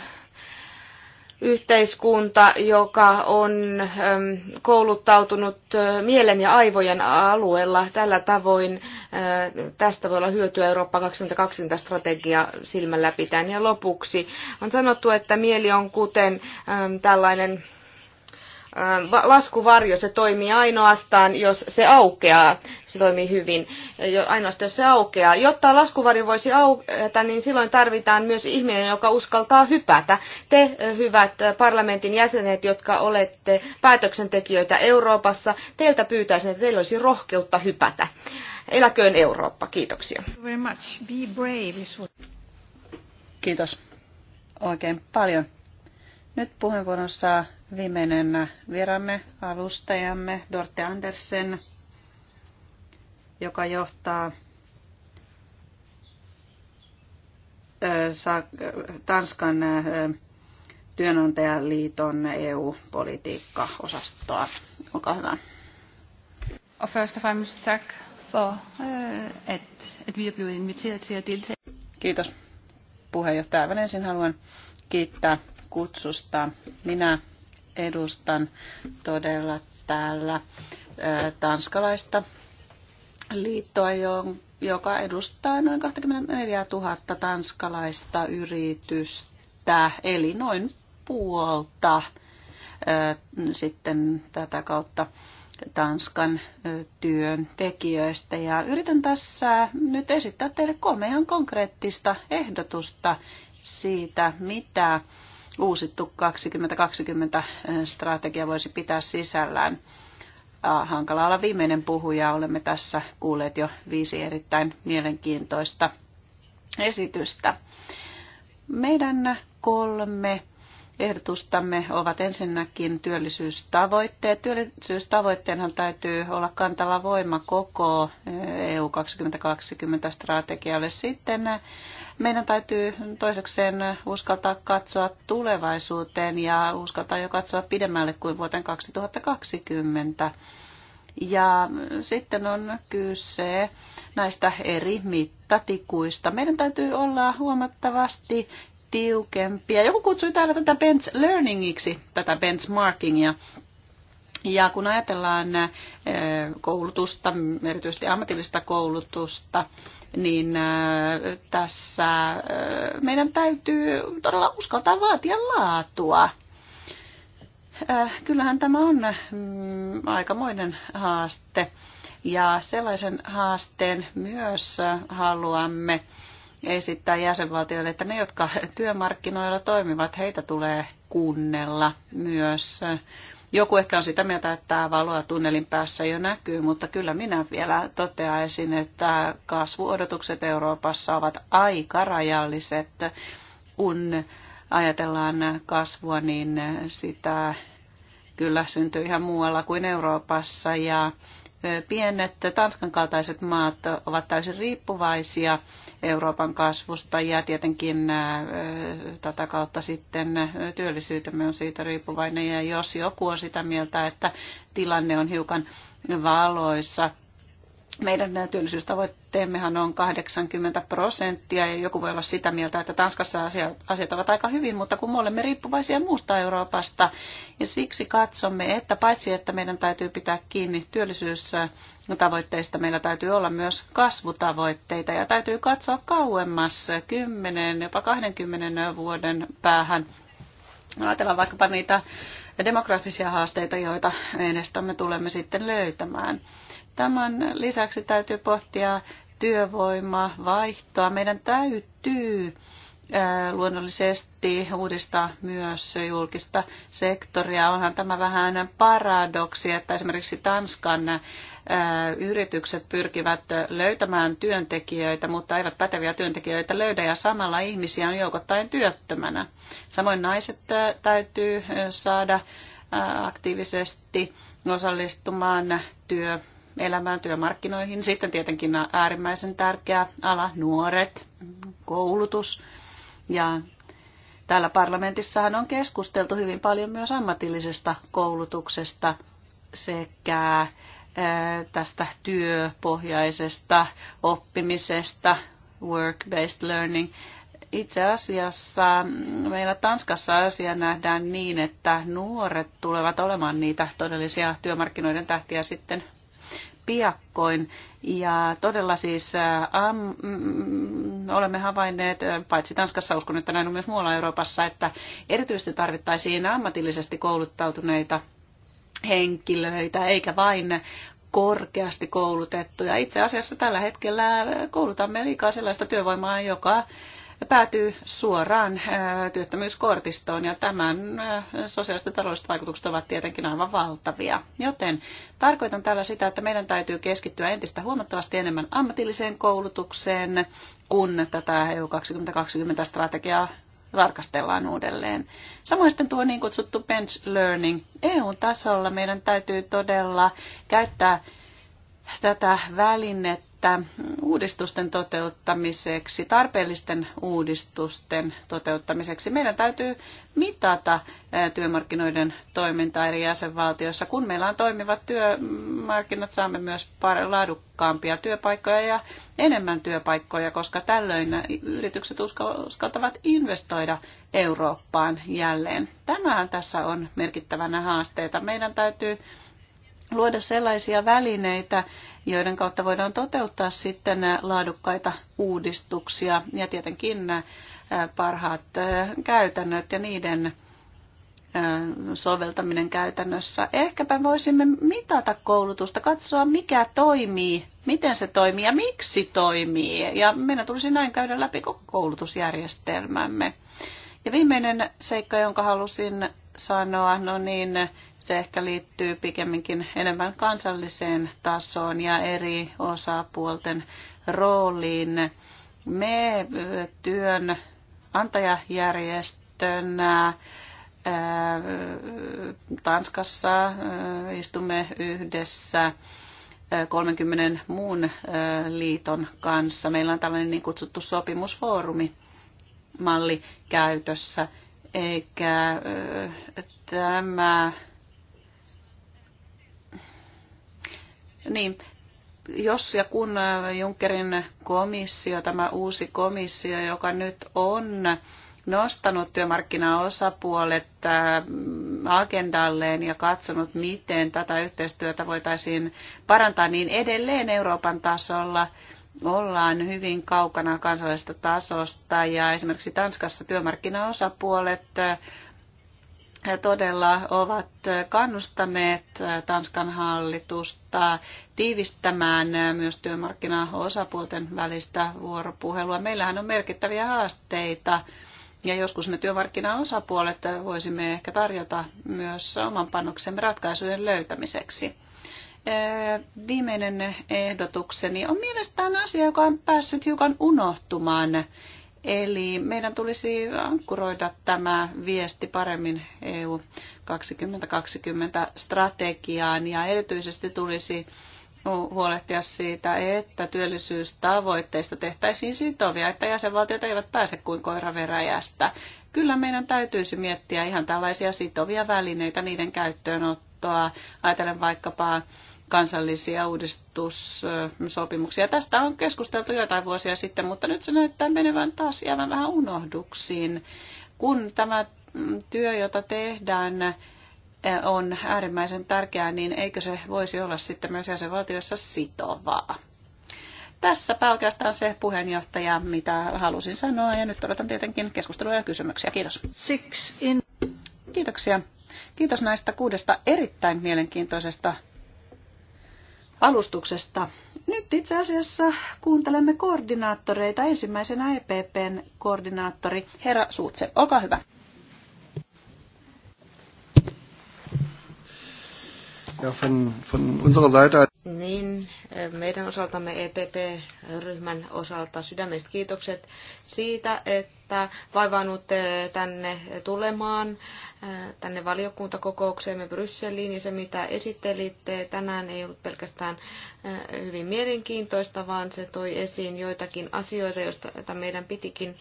[SPEAKER 3] yhteiskunta, joka on ähm, kouluttautunut äh, mielen ja aivojen alueella. Tällä tavoin äh, tästä voi olla hyötyä Eurooppa 2020 strategia silmällä pitäen. Ja lopuksi on sanottu, että mieli on kuten ähm, tällainen Äh, laskuvarjo, se toimii ainoastaan, jos se aukeaa. Se toimii hyvin, ainoastaan jos se aukeaa. Jotta laskuvarjo voisi aukeaa, niin silloin tarvitaan myös ihminen, joka uskaltaa hypätä. Te, äh, hyvät äh, parlamentin jäsenet, jotka olette päätöksentekijöitä Euroopassa, teiltä pyytäisin, että teillä olisi rohkeutta hypätä. Eläköön Eurooppa. Kiitoksia.
[SPEAKER 2] Kiitos oikein paljon. Nyt puheenvuoron saa viimeinen viramme, alustajamme Dorte Andersen, joka johtaa Tanskan työnantajaliiton EU-politiikka-osastoa. Olkaa hyvä. Og først og fremmest tak for, øh, at, at vi er blevet inviteret til at deltage. Kiitos puheenjohtaja. Aivan ensin haluan kiittää kutsusta. Minä edustan todella täällä tanskalaista liittoa, joka edustaa noin 24 000 tanskalaista yritystä, eli noin puolta sitten tätä kautta Tanskan työntekijöistä. Ja yritän tässä nyt esittää teille kolme ihan konkreettista ehdotusta siitä, mitä uusittu 2020-strategia eh, voisi pitää sisällään. Ah, hankala olla viimeinen puhuja, olemme tässä kuulleet jo viisi erittäin mielenkiintoista esitystä. Meidän kolme ehdotustamme ovat ensinnäkin työllisyystavoitteet. Työllisyystavoitteenhan täytyy olla kantava voima koko EU 2020 strategialle. Sitten meidän täytyy toisekseen uskaltaa katsoa tulevaisuuteen ja uskaltaa jo katsoa pidemmälle kuin vuoteen 2020. Ja sitten on kyse näistä eri mittatikuista. Meidän täytyy olla huomattavasti tiukempia. Joku kutsui täällä tätä bench learningiksi, tätä benchmarkingia. Ja kun ajatellaan äh, koulutusta, erityisesti ammatillista koulutusta, niin äh, tässä äh, meidän täytyy todella uskaltaa vaatia laatua. Kyllähän tämä on mm, aikamoinen haaste. Ja sellaisen haasteen myös haluamme esittää jäsenvaltioille, että ne, jotka työmarkkinoilla toimivat, heitä tulee kuunnella myös joku ehkä on sitä mieltä, että tämä valoa tunnelin päässä jo näkyy, mutta kyllä minä vielä toteaisin, että kasvuodotukset Euroopassa ovat aika rajalliset. Kun ajatellaan kasvua, niin sitä kyllä syntyy ihan muualla kuin Euroopassa ja pienet Tanskan kaltaiset maat ovat täysin riippuvaisia Euroopan kasvusta ja tietenkin tätä kautta sitten työllisyytemme on siitä riippuvainen. Ja jos joku on sitä mieltä, että tilanne on hiukan valoissa, meidän työllisyystavoitteemmehan on 80 prosenttia ja joku voi olla sitä mieltä, että Tanskassa asiat ovat aika hyvin, mutta kun me olemme riippuvaisia muusta Euroopasta ja siksi katsomme, että paitsi että meidän täytyy pitää kiinni työllisyystavoitteista, meillä täytyy olla myös kasvutavoitteita ja täytyy katsoa kauemmas 10 jopa 20 vuoden päähän. Ajatellaan vaikkapa niitä demografisia haasteita, joita edestämme tulemme sitten löytämään. Tämän lisäksi täytyy pohtia työvoimaa, vaihtoa. Meidän täytyy luonnollisesti uudistaa myös julkista sektoria. Onhan tämä vähän paradoksi, että esimerkiksi Tanskan yritykset pyrkivät löytämään työntekijöitä, mutta eivät päteviä työntekijöitä löydä ja samalla ihmisiä on joukottain työttömänä. Samoin naiset täytyy saada aktiivisesti osallistumaan työ elämään, työmarkkinoihin. Sitten tietenkin äärimmäisen tärkeä ala, nuoret, koulutus. Ja täällä parlamentissahan on keskusteltu hyvin paljon myös ammatillisesta koulutuksesta sekä tästä työpohjaisesta oppimisesta, work-based learning. Itse asiassa meillä Tanskassa asia nähdään niin, että nuoret tulevat olemaan niitä todellisia työmarkkinoiden tähtiä sitten piakkoin. Ja todella siis äh, am, mm, olemme havainneet, äh, paitsi Tanskassa uskon, että näin on myös muualla Euroopassa, että erityisesti tarvittaisiin ammatillisesti kouluttautuneita henkilöitä, eikä vain korkeasti koulutettuja. Itse asiassa tällä hetkellä koulutamme liikaa sellaista työvoimaa, joka päätyy suoraan äh, työttömyyskortistoon ja tämän äh, sosiaaliset ja taloudelliset vaikutukset ovat tietenkin aivan valtavia. Joten tarkoitan tällä sitä, että meidän täytyy keskittyä entistä huomattavasti enemmän ammatilliseen koulutukseen, kun tätä EU 2020-strategiaa tarkastellaan uudelleen. Samoin sitten tuo niin kutsuttu bench learning. EU-tasolla meidän täytyy todella käyttää tätä välinettä uudistusten toteuttamiseksi, tarpeellisten uudistusten toteuttamiseksi. Meidän täytyy mitata työmarkkinoiden toimintaa eri jäsenvaltioissa. Kun meillä on toimivat työmarkkinat, saamme myös laadukkaampia työpaikkoja ja enemmän työpaikkoja, koska tällöin yritykset uskaltavat investoida Eurooppaan jälleen. Tämähän tässä on merkittävänä haasteita. Meidän täytyy luoda sellaisia välineitä, joiden kautta voidaan toteuttaa sitten laadukkaita uudistuksia ja tietenkin parhaat käytännöt ja niiden soveltaminen käytännössä. Ehkäpä voisimme mitata koulutusta, katsoa mikä toimii, miten se toimii ja miksi toimii. Ja meidän tulisi näin käydä läpi koko koulutusjärjestelmämme. Ja viimeinen seikka, jonka halusin sanoa, no niin se ehkä liittyy pikemminkin enemmän kansalliseen tasoon ja eri osapuolten rooliin. Me työn antajajärjestönä Tanskassa istumme yhdessä 30 muun liiton kanssa. Meillä on tällainen niin kutsuttu sopimusfoorumi malli käytössä, eikä tämä Niin, jos ja kun äh, Junckerin komissio, tämä uusi komissio, joka nyt on nostanut työmarkkinaosapuolet äh, agendalleen ja katsonut, miten tätä yhteistyötä voitaisiin parantaa, niin edelleen Euroopan tasolla ollaan hyvin kaukana kansallisesta tasosta ja esimerkiksi Tanskassa työmarkkinaosapuolet äh, todella ovat kannustaneet Tanskan hallitusta tiivistämään myös työmarkkinaosapuolten välistä vuoropuhelua. Meillähän on merkittäviä haasteita ja joskus me työmarkkinaosapuolet voisimme ehkä tarjota myös oman panoksemme ratkaisujen löytämiseksi. Viimeinen ehdotukseni on mielestäni asia, joka on päässyt hiukan unohtumaan Eli meidän tulisi ankkuroida tämä viesti paremmin EU 2020 strategiaan ja erityisesti tulisi huolehtia siitä, että työllisyystavoitteista tehtäisiin sitovia, että jäsenvaltiot eivät pääse kuin koira Kyllä meidän täytyisi miettiä ihan tällaisia sitovia välineitä, niiden käyttöönottoa. Ajatellen vaikkapa kansallisia uudistussopimuksia. Tästä on keskusteltu joitain vuosia sitten, mutta nyt se näyttää menevän taas jäävän vähän unohduksiin, kun tämä työ, jota tehdään, on äärimmäisen tärkeää, niin eikö se voisi olla sitten myös jäsenvaltioissa sitovaa? Tässäpä oikeastaan se puheenjohtaja, mitä halusin sanoa, ja nyt odotan tietenkin keskustelua ja kysymyksiä. Kiitos. Six in... Kiitoksia. Kiitos näistä kuudesta erittäin mielenkiintoisesta alustuksesta. Nyt itse asiassa kuuntelemme koordinaattoreita. Ensimmäisenä EPPn koordinaattori Herra Suutse, olkaa hyvä.
[SPEAKER 3] Ja von, von unserer Seite. Niin, meidän osaltamme EPP-ryhmän osalta sydämelliset kiitokset siitä, että vaivaannutte tänne tulemaan. Äh, tänne valiokuntakokoukseemme Brysseliin, ja niin se mitä esittelitte tänään ei ollut pelkästään äh, hyvin mielenkiintoista, vaan se toi esiin joitakin asioita, joista meidän pitikin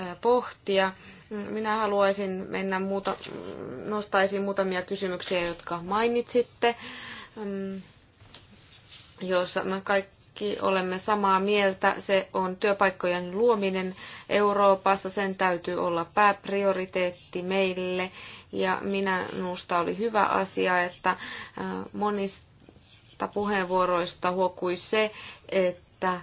[SPEAKER 3] äh, pohtia. Minä haluaisin mennä muuta, nostaisin muutamia kysymyksiä, jotka mainitsitte, mm, joissa me kaikki kaikki olemme samaa mieltä. Se on työpaikkojen luominen Euroopassa. Sen täytyy olla pääprioriteetti meille. Ja minä minusta oli hyvä asia, että äh, monista puheenvuoroista huokui se, että äh,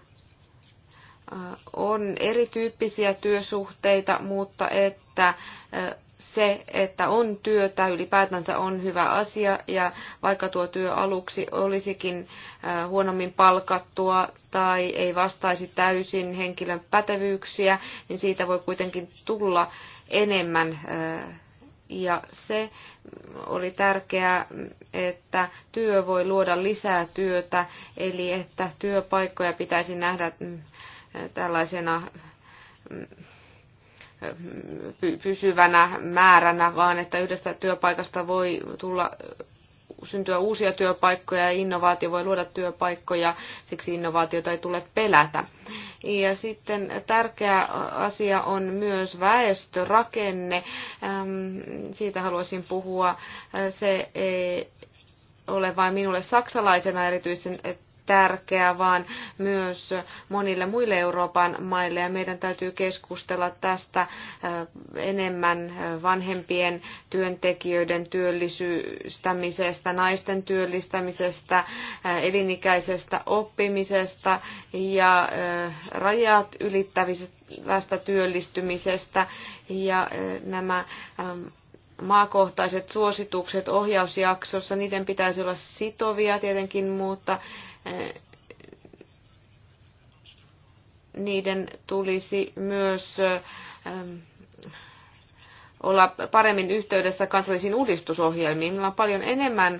[SPEAKER 3] on erityyppisiä työsuhteita, mutta että äh, se, että on työtä ylipäätänsä on hyvä asia ja vaikka tuo työ aluksi olisikin huonommin palkattua tai ei vastaisi täysin henkilön pätevyyksiä, niin siitä voi kuitenkin tulla enemmän. Ja se oli tärkeää, että työ voi luoda lisää työtä, eli että työpaikkoja pitäisi nähdä mm, tällaisena mm, pysyvänä määränä, vaan että yhdestä työpaikasta voi tulla syntyä uusia työpaikkoja ja innovaatio voi luoda työpaikkoja, siksi innovaatiota ei tule pelätä. Ja sitten tärkeä asia on myös väestörakenne. Siitä haluaisin puhua. Se ei ole vain minulle saksalaisena erityisen tärkeä, vaan myös monille muille Euroopan maille. Ja meidän täytyy keskustella tästä enemmän vanhempien työntekijöiden työllistämisestä, naisten työllistämisestä, elinikäisestä oppimisesta ja rajat ylittävästä työllistymisestä ja nämä maakohtaiset suositukset ohjausjaksossa, niiden pitäisi olla sitovia tietenkin, mutta niiden tulisi myös ähm, olla paremmin yhteydessä kansallisiin uudistusohjelmiin. Minulla on paljon enemmän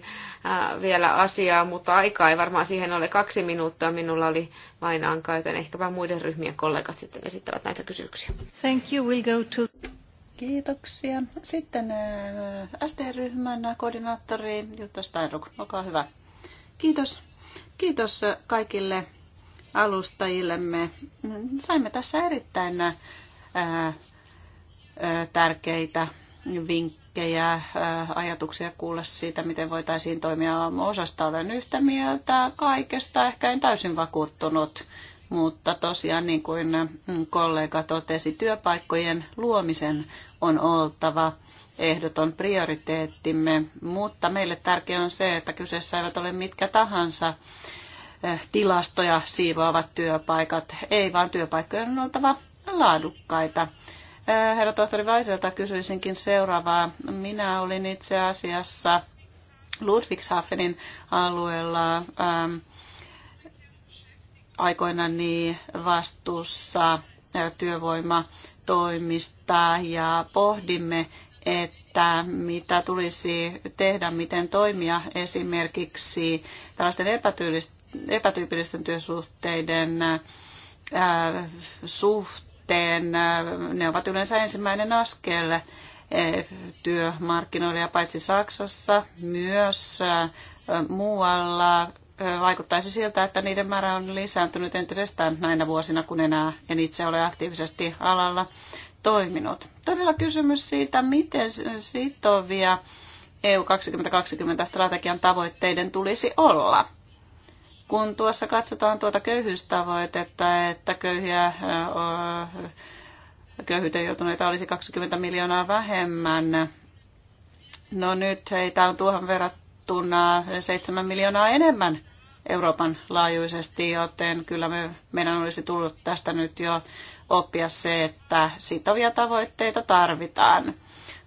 [SPEAKER 3] äh, vielä asiaa, mutta aikaa ei varmaan siihen ole kaksi minuuttia. Minulla oli vain anka, joten ehkäpä muiden ryhmien kollegat sitten esittävät näitä kysymyksiä.
[SPEAKER 1] Thank
[SPEAKER 2] you. We'll go to... Kiitoksia. Sitten äh, SD-ryhmän koordinaattori Jutta Steinruck, olkaa hyvä. Kiitos Kiitos kaikille alustajillemme. Saimme tässä erittäin ää, tärkeitä vinkkejä, ajatuksia kuulla siitä, miten voitaisiin toimia osasta. Olen yhtä mieltä kaikesta, ehkä en täysin vakuuttunut, mutta tosiaan niin kuin kollega totesi, työpaikkojen luomisen on oltava ehdoton prioriteettimme, mutta meille tärkeää on se, että kyseessä eivät ole mitkä tahansa eh, tilastoja siivoavat työpaikat, ei vaan työpaikkojen on oltava laadukkaita. Eh, herra tohtori Vaiselta kysyisinkin seuraavaa. Minä olin itse asiassa Ludwigshafenin alueella ähm, aikoina niin vastuussa eh, työvoimatoimista ja pohdimme että mitä tulisi tehdä, miten toimia esimerkiksi tällaisten epätyypillisten työsuhteiden suhteen. Ne ovat yleensä ensimmäinen askel työmarkkinoille ja paitsi Saksassa myös muualla vaikuttaisi siltä, että niiden määrä on lisääntynyt entisestään näinä vuosina, kun enää en itse ole aktiivisesti alalla toiminut. Todella kysymys siitä, miten sitovia EU 2020 strategian tavoitteiden tulisi olla. Kun tuossa katsotaan tuota köyhyystavoitetta, että köyhiä, köyhyyteen joutuneita olisi 20 miljoonaa vähemmän, no nyt heitä on tuohon verrattuna 7 miljoonaa enemmän Euroopan laajuisesti, joten kyllä me, meidän olisi tullut tästä nyt jo oppia se, että sitovia tavoitteita tarvitaan.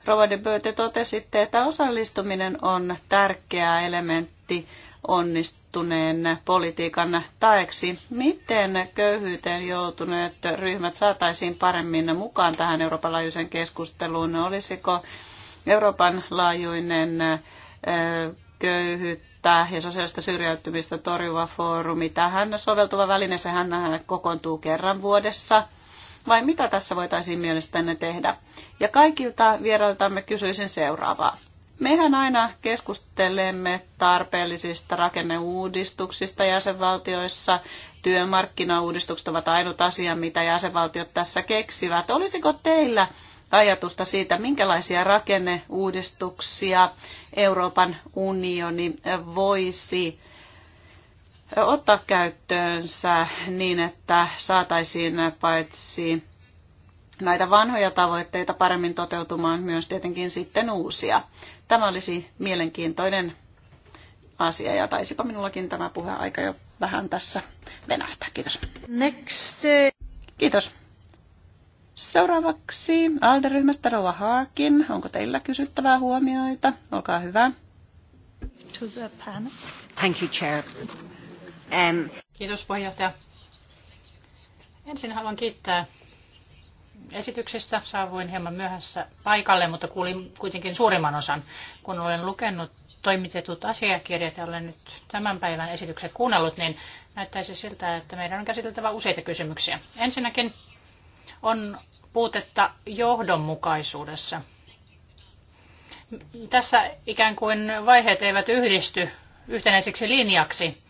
[SPEAKER 2] Rova de Böte totesi, että osallistuminen on tärkeä elementti onnistuneen politiikan taeksi. Miten köyhyyteen joutuneet ryhmät saataisiin paremmin mukaan tähän Euroopan laajuisen keskusteluun? Olisiko Euroopan laajuinen köyhyyttä ja sosiaalista syrjäytymistä torjuva foorumi. Tähän soveltuva väline, sehän kokoontuu kerran vuodessa vai mitä tässä voitaisiin mielestänne tehdä? Ja kaikilta vierailtamme kysyisin seuraavaa. Mehän aina keskustelemme tarpeellisista rakenneuudistuksista jäsenvaltioissa. Työmarkkinauudistukset ovat ainut asia, mitä jäsenvaltiot tässä keksivät. Olisiko teillä ajatusta siitä, minkälaisia rakenneuudistuksia Euroopan unioni voisi ottaa käyttöönsä niin, että saataisiin paitsi näitä vanhoja tavoitteita paremmin toteutumaan myös tietenkin sitten uusia. Tämä olisi mielenkiintoinen asia ja taisipa minullakin tämä puheaika jo vähän tässä venähtää. Kiitos. Next. Kiitos. Seuraavaksi Alderyhmästä Rova Haakin. Onko teillä kysyttävää huomioita? Olkaa hyvä.
[SPEAKER 1] Thank you, Chair. Um. Kiitos puheenjohtaja. Ensin haluan kiittää esityksestä. Saavuin hieman myöhässä paikalle, mutta kuulin kuitenkin suurimman osan. Kun olen lukenut toimitetut asiakirjat ja olen nyt tämän päivän esitykset kuunnellut, niin näyttäisi siltä, että meidän on käsiteltävä useita kysymyksiä. Ensinnäkin on puutetta johdonmukaisuudessa. Tässä ikään kuin vaiheet eivät yhdisty yhtenäiseksi linjaksi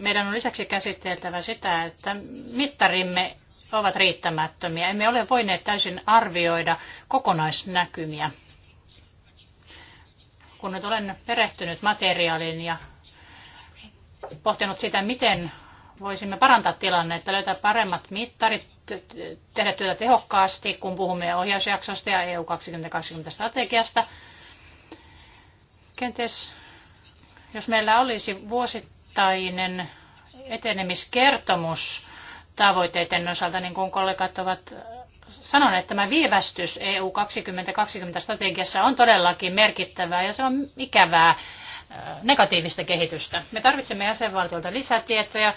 [SPEAKER 1] Meidän on lisäksi käsiteltävä sitä, että mittarimme ovat riittämättömiä. Emme ole voineet täysin arvioida kokonaisnäkymiä. Kun nyt olen perehtynyt materiaalin ja pohtinut sitä, miten voisimme parantaa tilannetta, löytää paremmat mittarit, tehdä työtä tehokkaasti, kun puhumme ohjausjaksosta ja EU 2020-strategiasta. Kenties, jos meillä olisi vuosittain vuosittainen etenemiskertomus tavoitteiden osalta, niin kuin kollegat ovat sanoneet, tämä viivästys EU 2020-strategiassa on todellakin merkittävää ja se on ikävää äh, negatiivista kehitystä. Me tarvitsemme jäsenvaltiolta lisätietoja,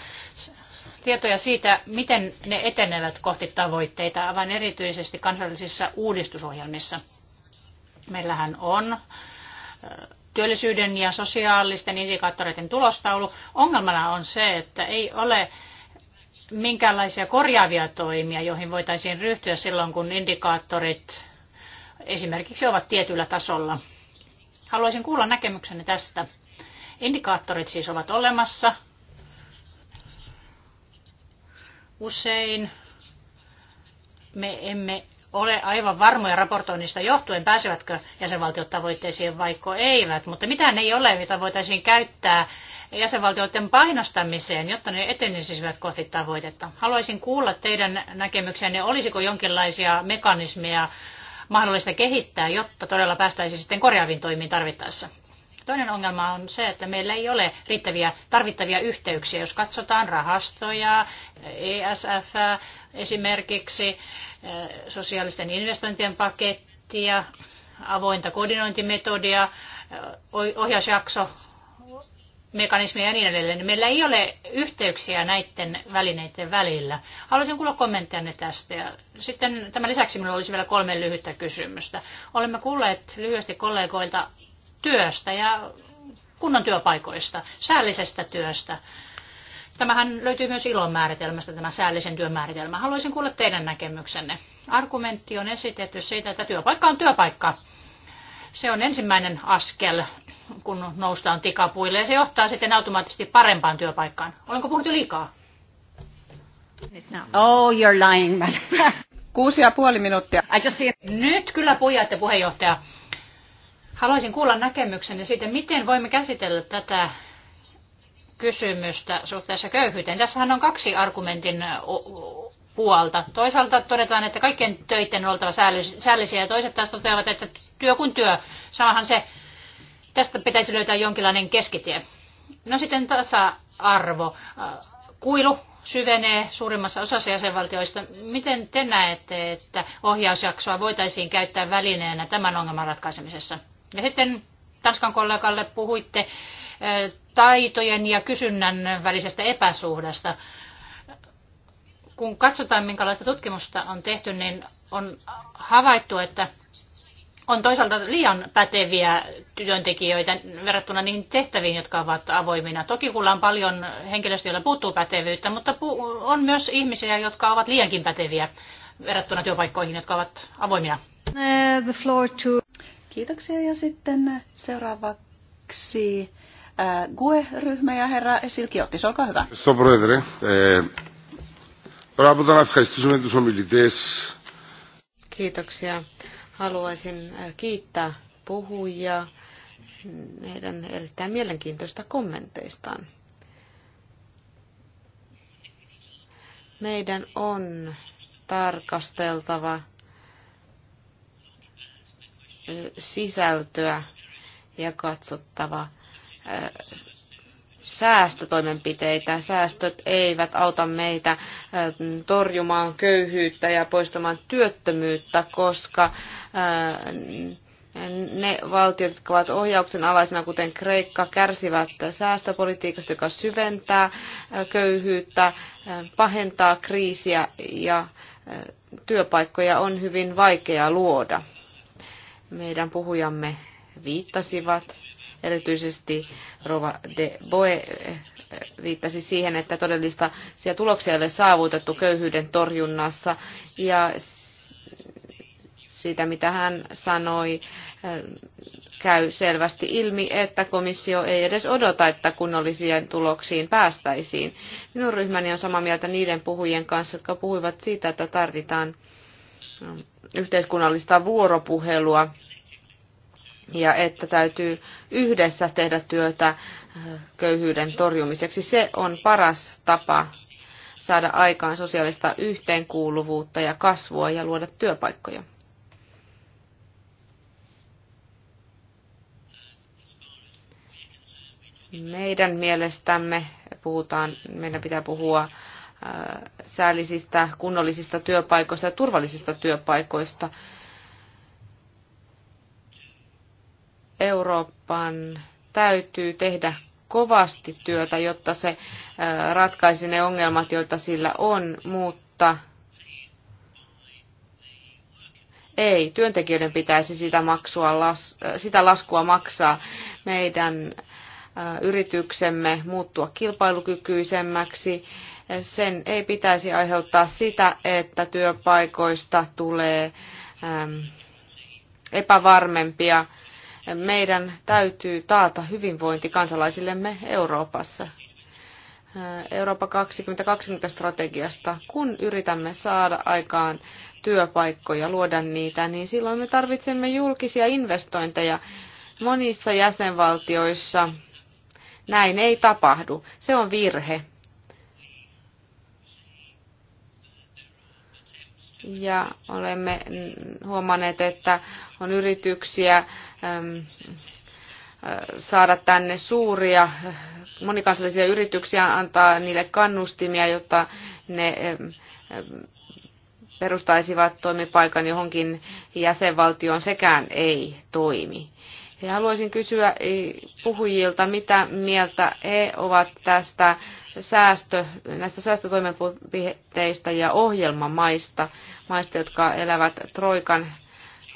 [SPEAKER 1] tietoja siitä, miten ne etenevät kohti tavoitteita, aivan erityisesti kansallisissa uudistusohjelmissa. Meillähän on äh, työllisyyden ja sosiaalisten indikaattoreiden tulostaulu. Ongelmana on se, että ei ole minkäänlaisia korjaavia toimia, joihin voitaisiin ryhtyä silloin, kun indikaattorit esimerkiksi ovat tietyllä tasolla. Haluaisin kuulla näkemyksenne tästä. Indikaattorit siis ovat olemassa. Usein me emme ole aivan varmoja raportoinnista johtuen, pääsevätkö jäsenvaltiot tavoitteisiin vaiko eivät, mutta mitään ei ole, mitä voitaisiin käyttää jäsenvaltioiden painostamiseen, jotta ne etenisivät kohti tavoitetta. Haluaisin kuulla teidän näkemyksenne, olisiko jonkinlaisia mekanismeja mahdollista kehittää, jotta todella päästäisiin sitten korjaaviin toimiin tarvittaessa. Toinen ongelma on se, että meillä ei ole riittäviä tarvittavia yhteyksiä. Jos katsotaan rahastoja, ESF esimerkiksi, sosiaalisten investointien pakettia, avointa koordinointimetodia, ohjausjakso, mekanismeja ja niin edelleen. Meillä ei ole yhteyksiä näiden välineiden välillä. Haluaisin kuulla kommenttejanne tästä. Ja sitten tämän lisäksi minulla olisi vielä kolme lyhyttä kysymystä. Olemme kuulleet lyhyesti kollegoilta työstä ja kunnon työpaikoista, säällisestä työstä. Tämähän löytyy myös ilon määritelmästä, tämä säällisen työn määritelmä. Haluaisin kuulla teidän näkemyksenne. Argumentti on esitetty siitä, että työpaikka on työpaikka. Se on ensimmäinen askel, kun noustaan tikapuille, ja se johtaa sitten automaattisesti parempaan työpaikkaan. Olenko puhunut liikaa? Oh, you're lying. Kuusi ja puoli minuuttia. Nyt kyllä pujatte puheenjohtaja. Haluaisin kuulla näkemyksenne siitä, miten voimme käsitellä tätä kysymystä suhteessa köyhyyteen. Tässähän on kaksi argumentin puolta. Toisaalta todetaan, että kaikkien töiden on oltava säällisiä ja toiset taas toteavat, että työ kun työ, samahan se, tästä pitäisi löytää jonkinlainen keskitie. No sitten tasa-arvo. Kuilu syvenee suurimmassa osassa jäsenvaltioista. Miten te näette, että ohjausjaksoa voitaisiin käyttää välineenä tämän ongelman ratkaisemisessa? Ja sitten Tanskan kollegalle puhuitte taitojen ja kysynnän välisestä epäsuhdasta. Kun katsotaan, minkälaista tutkimusta on tehty, niin on havaittu, että on toisaalta liian päteviä työntekijöitä verrattuna niihin tehtäviin, jotka ovat avoimina. Toki kuulla on paljon henkilöstöä, joilla puuttuu pätevyyttä, mutta on myös ihmisiä, jotka ovat liiankin päteviä verrattuna työpaikkoihin, jotka ovat avoimina.
[SPEAKER 2] Uh, the floor to... Kiitoksia ja sitten seuraavaksi Äh, GUE-ryhmä ja herra Silkiotis, olkaa hyvä.
[SPEAKER 3] Kiitoksia. Haluaisin äh, kiittää puhujia heidän erittäin mielenkiintoista kommenteistaan. Meidän on tarkasteltava äh, sisältöä ja katsottava säästötoimenpiteitä. Säästöt eivät auta meitä torjumaan köyhyyttä ja poistamaan työttömyyttä, koska ne valtiot, jotka ovat ohjauksen alaisena, kuten Kreikka, kärsivät säästöpolitiikasta, joka syventää köyhyyttä, pahentaa kriisiä ja työpaikkoja on hyvin vaikea luoda. Meidän puhujamme viittasivat Erityisesti Rova de Boe eh, viittasi siihen, että todellista tuloksia ei ole saavutettu köyhyyden torjunnassa. Ja siitä, mitä hän sanoi, eh, käy selvästi ilmi, että komissio ei edes odota, että kunnollisiin tuloksiin päästäisiin. Minun ryhmäni on samaa mieltä niiden puhujien kanssa, jotka puhuivat siitä, että tarvitaan mm, yhteiskunnallista vuoropuhelua ja että täytyy yhdessä tehdä työtä äh, köyhyyden torjumiseksi. Se on paras tapa saada aikaan sosiaalista yhteenkuuluvuutta ja kasvua ja luoda työpaikkoja. Meidän mielestämme puhutaan, meidän pitää puhua äh, säällisistä, kunnollisista työpaikoista ja turvallisista työpaikoista. Euroopan täytyy tehdä kovasti työtä, jotta se ratkaisi ne ongelmat, joita sillä on, mutta ei, työntekijöiden pitäisi sitä, maksua, las, sitä laskua maksaa. Meidän yrityksemme muuttua kilpailukykyisemmäksi. Sen ei pitäisi aiheuttaa sitä, että työpaikoista tulee epävarmempia meidän täytyy taata hyvinvointi kansalaisillemme Euroopassa. Eurooppa 2020-strategiasta, kun yritämme saada aikaan työpaikkoja, luoda niitä, niin silloin me tarvitsemme julkisia investointeja monissa jäsenvaltioissa. Näin ei tapahdu. Se on virhe. ja olemme huomanneet, että on yrityksiä ähm, äh, saada tänne suuria äh, monikansallisia yrityksiä, antaa niille kannustimia, jotta ne ähm, äh, perustaisivat toimipaikan johonkin jäsenvaltioon, sekään ei toimi. Ja haluaisin kysyä eh, puhujilta, mitä mieltä he ovat tästä säästö, näistä säästötoimenpiteistä ja ohjelmamaista, maista, jotka elävät Troikan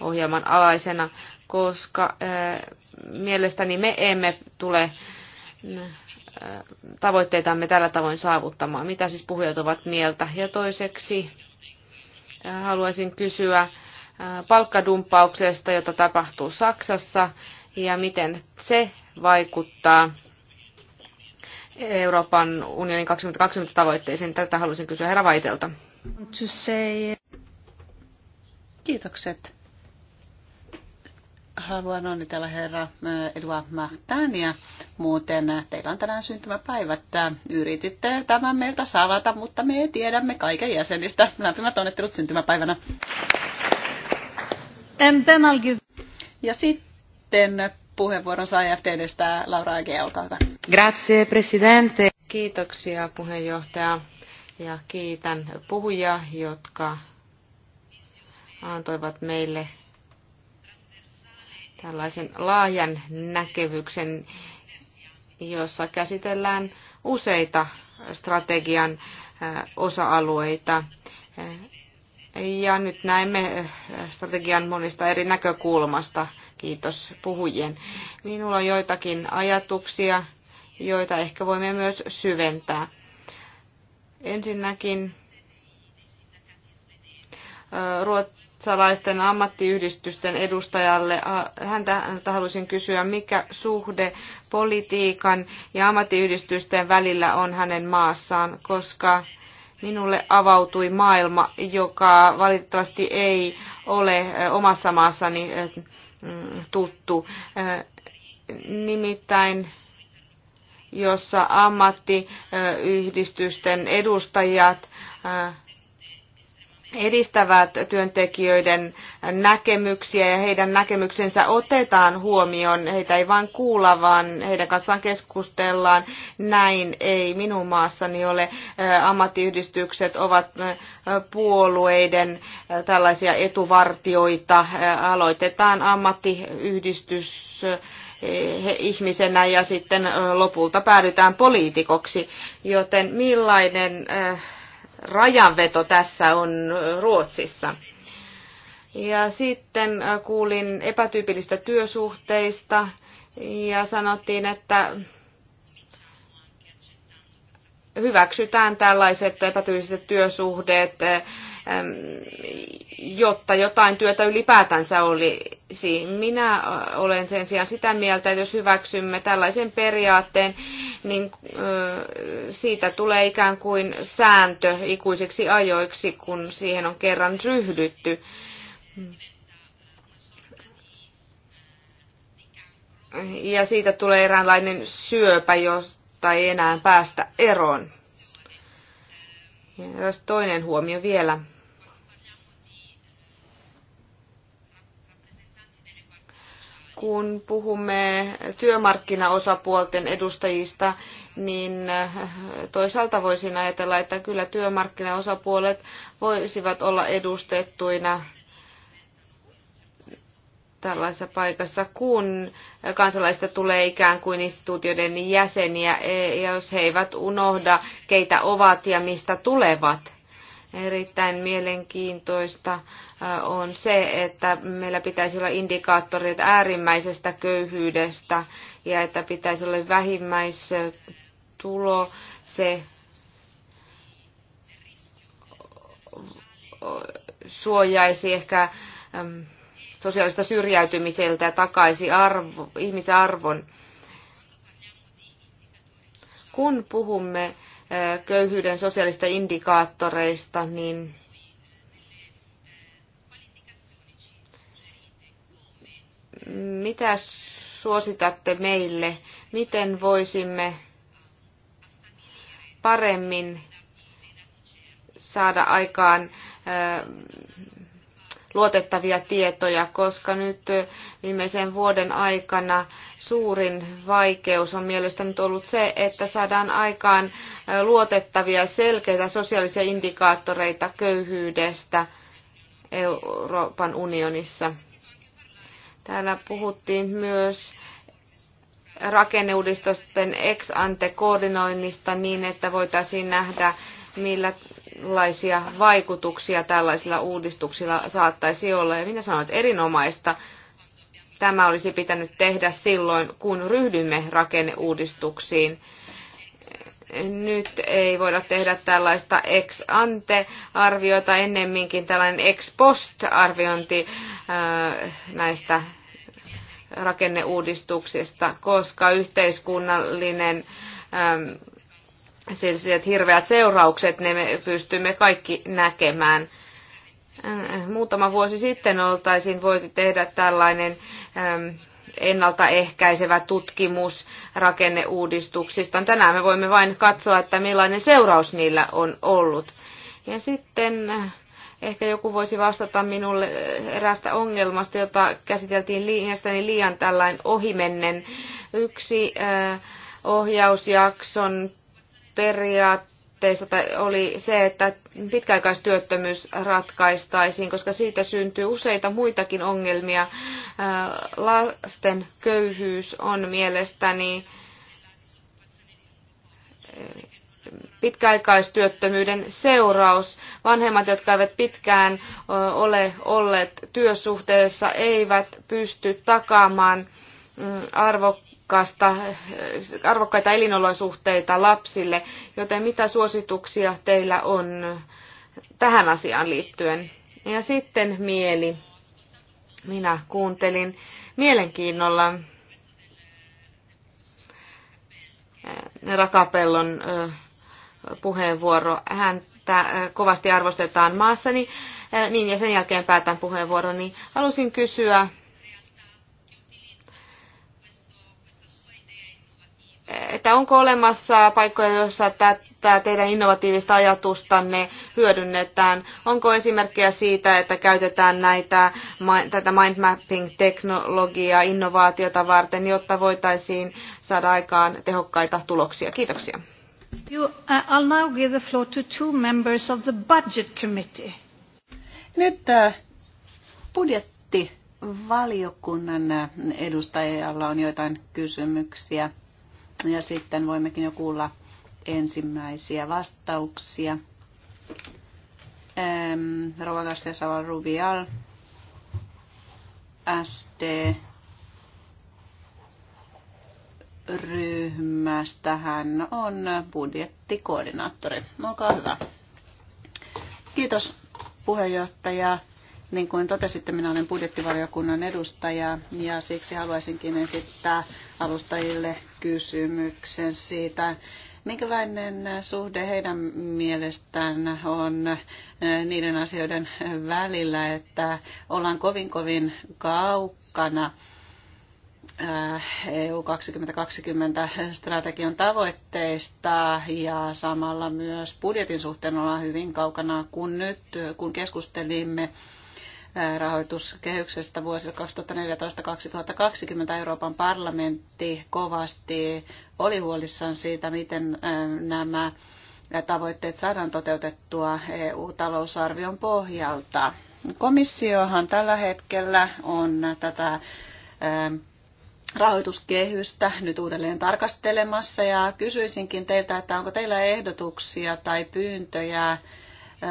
[SPEAKER 3] ohjelman alaisena, koska eh, mielestäni me emme tule eh, tavoitteitamme tällä tavoin saavuttamaan. Mitä siis puhujat ovat mieltä? Ja toiseksi haluaisin kysyä, palkkadumppauksesta, jota tapahtuu Saksassa, ja miten se vaikuttaa Euroopan unionin 2020 tavoitteisiin. Tätä halusin kysyä herra Vaitelta.
[SPEAKER 1] Kiitokset.
[SPEAKER 2] Haluan onnitella herra äh, Edouard ja Muuten äh, teillä on tänään syntymäpäivät. yrititte tämän meiltä salata, mutta me tiedämme kaiken jäsenistä. Lämpimät onnittelut syntymäpäivänä.
[SPEAKER 1] And then I'll give...
[SPEAKER 2] Ja sitten puheenvuoron saa FTDstä Laura Age,
[SPEAKER 3] olkaa hyvä. Grazie, presidente. Kiitoksia puheenjohtaja ja kiitän puhujia, jotka antoivat meille tällaisen laajan näkevyksen, jossa käsitellään useita strategian osa-alueita. Ja nyt näemme eh, strategian monista eri näkökulmasta. Kiitos puhujien. Minulla on joitakin ajatuksia, joita ehkä voimme myös syventää. Ensinnäkin eh, ruotsalaisten ammattiyhdistysten edustajalle. Häntä, häntä haluaisin kysyä, mikä suhde politiikan ja ammattiyhdistysten välillä on hänen maassaan, koska minulle avautui maailma, joka valitettavasti ei ole omassa maassani mm, tuttu. Nimittäin jossa ammattiyhdistysten edustajat edistävät työntekijöiden näkemyksiä ja heidän näkemyksensä otetaan huomioon. Heitä ei vain kuulla, vaan heidän kanssaan keskustellaan. Näin ei minun maassani ole. Ammattiyhdistykset ovat puolueiden tällaisia etuvartioita. Aloitetaan ammattiyhdistys ihmisenä ja sitten lopulta päädytään poliitikoksi. Joten millainen äh, rajanveto tässä on Ruotsissa. Ja sitten äh, kuulin epätyypillistä työsuhteista ja sanottiin, että hyväksytään tällaiset epätyypilliset työsuhteet äh, jotta jotain työtä ylipäätänsä olisi. Minä olen sen sijaan sitä mieltä, että jos hyväksymme tällaisen periaatteen, niin siitä tulee ikään kuin sääntö ikuisiksi ajoiksi, kun siihen on kerran ryhdytty. Ja siitä tulee eräänlainen syöpä, josta ei enää päästä eroon. Ja toinen huomio vielä. kun puhumme työmarkkinaosapuolten edustajista, niin toisaalta voisin ajatella, että kyllä työmarkkinaosapuolet voisivat olla edustettuina tällaisessa paikassa, kun kansalaista tulee ikään kuin instituutioiden jäseniä, ja jos he eivät unohda, keitä ovat ja mistä tulevat erittäin mielenkiintoista äh, on se, että meillä pitäisi olla indikaattorit äärimmäisestä köyhyydestä ja että pitäisi olla vähimmäistulo. Se suojaisi ehkä sosiaalista syrjäytymiseltä ja takaisi arvo, ihmisen arvon. Kun puhumme köyhyyden sosiaalista indikaattoreista, niin mitä suositatte meille? Miten voisimme paremmin saada aikaan luotettavia tietoja, koska nyt viimeisen vuoden aikana suurin vaikeus on mielestäni ollut se, että saadaan aikaan luotettavia selkeitä sosiaalisia indikaattoreita köyhyydestä Euroopan unionissa. Täällä puhuttiin myös rakenneuudistusten ex ante koordinoinnista niin, että voitaisiin nähdä, millaisia vaikutuksia tällaisilla uudistuksilla saattaisi olla. Ja minä sanoin, että erinomaista Tämä olisi pitänyt tehdä silloin, kun ryhdymme rakenneuudistuksiin. Nyt ei voida tehdä tällaista ex ante-arviota, ennemminkin tällainen ex post-arviointi äh, näistä rakenneuudistuksista, koska yhteiskunnallinen ähm, siis hirveät seuraukset, ne me pystymme kaikki näkemään. Äh, äh, muutama vuosi sitten oltaisiin voitu tehdä tällainen ähm, ennaltaehkäisevä tutkimus rakenneuudistuksista. Tänään me voimme vain katsoa, että millainen seuraus niillä on ollut. Ja sitten äh, ehkä joku voisi vastata minulle eräästä ongelmasta, jota käsiteltiin mielestäni liian tällainen ohimennen. Yksi ohjausjakson periaatteessa aloitteessa oli se, että pitkäaikaistyöttömyys ratkaistaisiin, koska siitä syntyy useita muitakin ongelmia. Äh, lasten köyhyys on mielestäni äh, pitkäaikaistyöttömyyden seuraus. Vanhemmat, jotka eivät pitkään äh, ole olleet työsuhteessa, eivät pysty takaamaan mm, arvokkaita arvokkaasta, arvokkaita elinolosuhteita lapsille, joten mitä suosituksia teillä on tähän asiaan liittyen? Ja sitten mieli. Minä kuuntelin mielenkiinnolla eh, Rakapellon eh, puheenvuoro. Häntä eh, kovasti arvostetaan maassani. Niin, ja sen jälkeen päätän puheenvuoroni. Halusin kysyä että onko olemassa paikkoja, joissa tätä teidän innovatiivista ajatustanne hyödynnetään? Onko esimerkkejä siitä, että käytetään näitä, tätä mindmapping-teknologiaa innovaatiota varten, jotta voitaisiin saada aikaan tehokkaita tuloksia? Kiitoksia.
[SPEAKER 1] You, uh, I'll now give the floor to two members of
[SPEAKER 2] the budget committee. Nyt uh, budjetti uh, edustajalla on joitain kysymyksiä. Ja sitten voimmekin jo kuulla ensimmäisiä vastauksia. Ähm, Rova Garcia Saval Rubial, SD, ryhmästä. Hän on budjettikoordinaattori. Olkaa hyvä. Kiitos puheenjohtaja. Niin kuin totesitte, minä olen budjettivaliokunnan edustaja ja siksi haluaisinkin esittää alustajille kysymyksen siitä, minkälainen suhde heidän mielestään on niiden asioiden välillä, että ollaan kovin kovin kaukana äh, EU 2020 strategian tavoitteista ja samalla myös budjetin suhteen ollaan hyvin kaukana, kun nyt kun keskustelimme rahoituskehyksestä vuosilta 2014-2020 Euroopan parlamentti kovasti oli huolissaan siitä, miten nämä tavoitteet saadaan toteutettua EU-talousarvion pohjalta. Komissiohan tällä hetkellä on tätä rahoituskehystä nyt uudelleen tarkastelemassa ja kysyisinkin teiltä, että onko teillä ehdotuksia tai pyyntöjä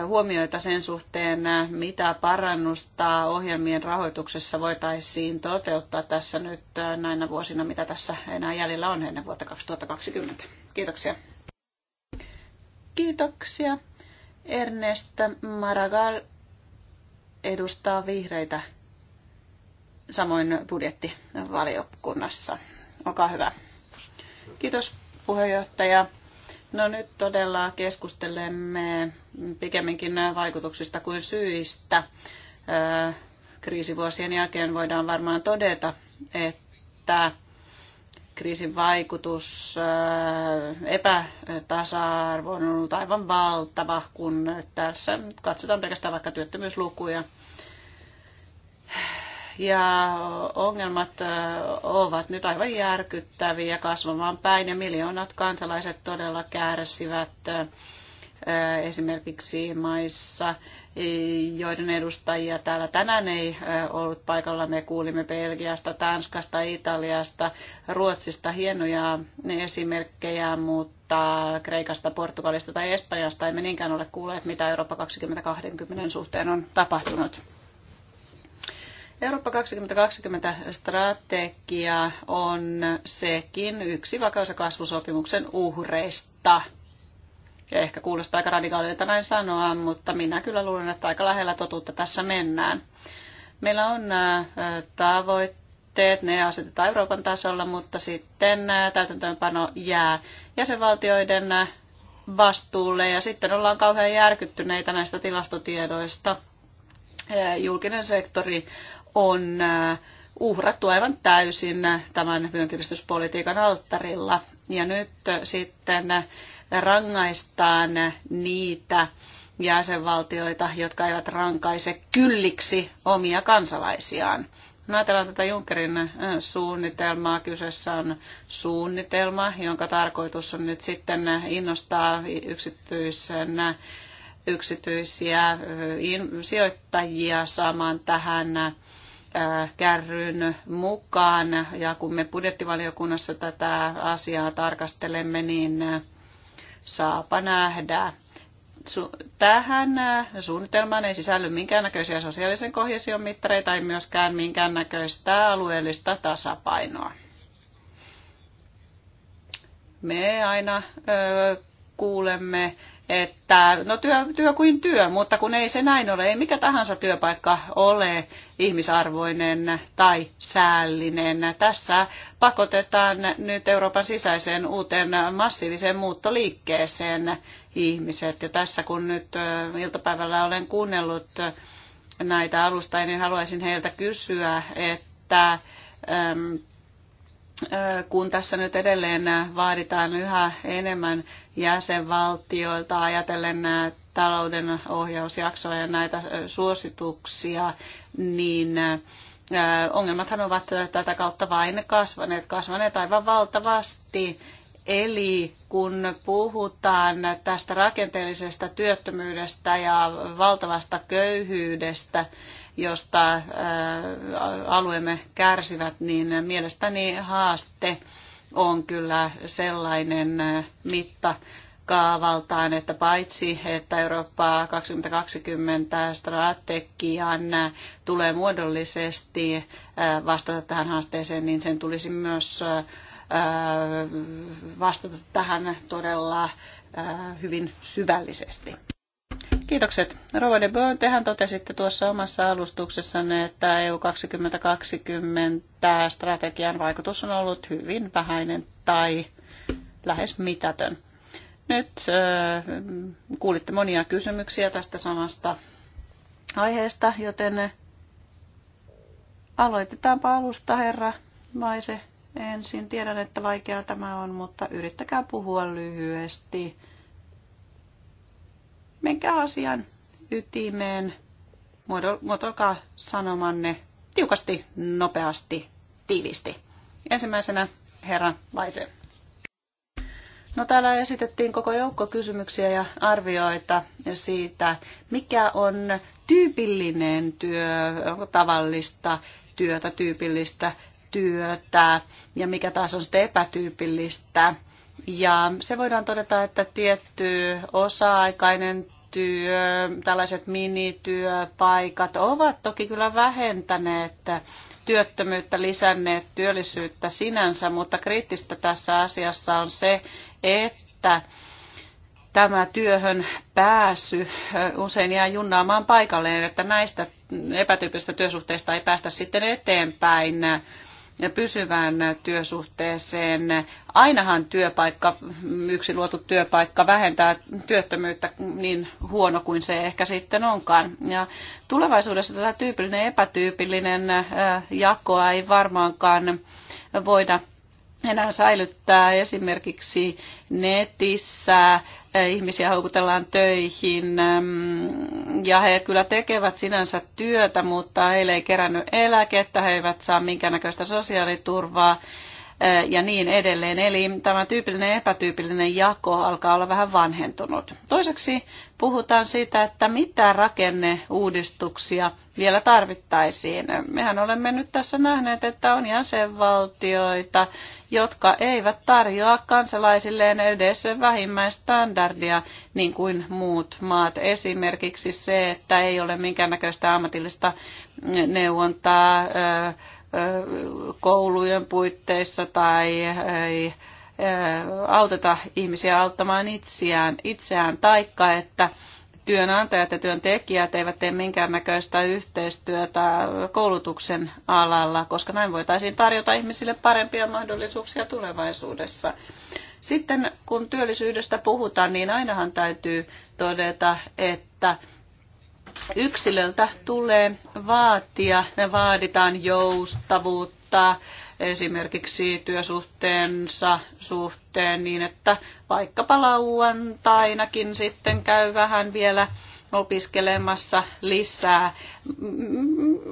[SPEAKER 2] huomioita sen suhteen, mitä parannusta ohjelmien rahoituksessa voitaisiin toteuttaa tässä nyt näinä vuosina, mitä tässä enää jäljellä on ennen vuotta 2020. Kiitoksia. Kiitoksia. Ernest Maragall edustaa vihreitä samoin budjettivaliokunnassa. Olkaa hyvä. Kiitos puheenjohtaja. No nyt todella keskustelemme pikemminkin vaikutuksista kuin syistä. Kriisivuosien jälkeen voidaan varmaan todeta, että kriisin vaikutus epätasa-arvoon on ollut aivan valtava, kun tässä katsotaan pelkästään vaikka työttömyyslukuja – ja ongelmat ovat nyt aivan järkyttäviä kasvamaan päin ja miljoonat kansalaiset todella kärsivät esimerkiksi maissa, joiden edustajia täällä tänään ei ollut paikalla. Me kuulimme Belgiasta, Tanskasta, Italiasta, Ruotsista hienoja esimerkkejä, mutta Kreikasta, Portugalista tai Espanjasta emme niinkään ole kuulleet, mitä Eurooppa 2020 suhteen on tapahtunut. Eurooppa 2020 strategia on sekin yksi vakaus- ja kasvusopimuksen uhreista. Ja ehkä kuulostaa aika radikaalilta näin sanoa, mutta minä kyllä luulen, että aika lähellä totuutta tässä mennään. Meillä on tavoitteet, ne asetetaan Euroopan tasolla, mutta sitten täytäntöönpano jää jäsenvaltioiden vastuulle ja sitten ollaan kauhean järkyttyneitä näistä tilastotiedoista. Julkinen sektori on äh, uhrattu aivan täysin tämän vyönkiristyspolitiikan alttarilla. Ja nyt äh, sitten äh, rangaistaan niitä jäsenvaltioita, jotka eivät rankaise kylliksi omia kansalaisiaan. No ajatellaan tätä Junckerin suunnitelmaa. Kyseessä on suunnitelma, jonka tarkoitus on nyt sitten innostaa yksityisen, yksityisiä sijoittajia saamaan tähän Äh, kärryn mukaan. Ja kun me budjettivaliokunnassa tätä asiaa tarkastelemme, niin äh, saapa nähdä. Tähän äh, suunnitelmaan ei sisälly minkäännäköisiä sosiaalisen kohjesion mittareita, ei myöskään minkäännäköistä alueellista tasapainoa. Me aina ö, kuulemme että no työ, työ kuin työ, mutta kun ei se näin ole, ei mikä tahansa työpaikka ole ihmisarvoinen tai säällinen. Tässä pakotetaan nyt Euroopan sisäiseen uuteen massiiviseen muuttoliikkeeseen ihmiset. Ja tässä kun nyt iltapäivällä olen kuunnellut näitä alustajia, niin haluaisin heiltä kysyä, että kun tässä nyt edelleen vaaditaan yhä enemmän jäsenvaltioilta ajatellen talouden ohjausjaksoa ja näitä suosituksia, niin ongelmathan ovat tätä kautta vain kasvaneet, kasvaneet aivan valtavasti. Eli kun puhutaan tästä rakenteellisesta työttömyydestä ja valtavasta köyhyydestä, josta alueemme kärsivät, niin mielestäni haaste on kyllä sellainen mitta, kaavaltaan, että paitsi että Eurooppa 2020 strategian tulee muodollisesti vastata tähän haasteeseen, niin sen tulisi myös vastata tähän todella hyvin syvällisesti. Kiitokset. Rova de Bön, tehän totesitte tuossa omassa alustuksessanne, että EU 2020 strategian vaikutus on ollut hyvin vähäinen tai lähes mitätön. Nyt äh, kuulitte monia kysymyksiä tästä samasta aiheesta, joten aloitetaanpa alusta, herra Maise. Ensin tiedän, että vaikeaa tämä on, mutta yrittäkää puhua lyhyesti menkää asian ytimeen, muotoilkaa sanomanne tiukasti, nopeasti, tiivisti. Ensimmäisenä herra Laite. No täällä esitettiin koko joukko kysymyksiä ja arvioita siitä, mikä on tyypillinen työ, tavallista työtä, tyypillistä työtä ja mikä taas on sitten epätyypillistä ja se voidaan todeta, että tietty osa-aikainen työ, tällaiset minityöpaikat ovat toki kyllä vähentäneet työttömyyttä, lisänneet työllisyyttä sinänsä, mutta kriittistä tässä asiassa on se, että tämä työhön pääsy usein jää junnaamaan paikalleen, että näistä epätyypillisistä työsuhteista ei päästä sitten eteenpäin ja pysyvään työsuhteeseen. Ainahan työpaikka, yksi luotu työpaikka vähentää työttömyyttä niin huono kuin se ehkä sitten onkaan. Ja tulevaisuudessa tätä tyypillinen epätyypillinen jakoa ei varmaankaan voida enää säilyttää esimerkiksi netissä ihmisiä houkutellaan töihin ja he kyllä tekevät sinänsä työtä, mutta heille ei kerännyt eläkettä, he eivät saa minkäännäköistä sosiaaliturvaa ja niin edelleen. Eli tämä tyypillinen epätyypillinen jako alkaa olla vähän vanhentunut. Toiseksi puhutaan siitä, että mitä rakenneuudistuksia vielä tarvittaisiin. Mehän olemme nyt tässä nähneet, että on jäsenvaltioita, jotka eivät tarjoa kansalaisilleen edes vähimmäistandardia, niin kuin muut maat. Esimerkiksi se, että ei ole minkäännäköistä ammatillista neuvontaa, koulujen puitteissa tai ei auteta ihmisiä auttamaan itseään, itseään taikka että työnantajat ja työntekijät eivät tee minkäännäköistä yhteistyötä koulutuksen alalla, koska näin voitaisiin tarjota ihmisille parempia mahdollisuuksia tulevaisuudessa. Sitten kun työllisyydestä puhutaan, niin ainahan täytyy todeta, että yksilöltä tulee vaatia, ne vaaditaan joustavuutta esimerkiksi työsuhteensa suhteen niin, että vaikkapa lauantainakin sitten käy vähän vielä opiskelemassa lisää.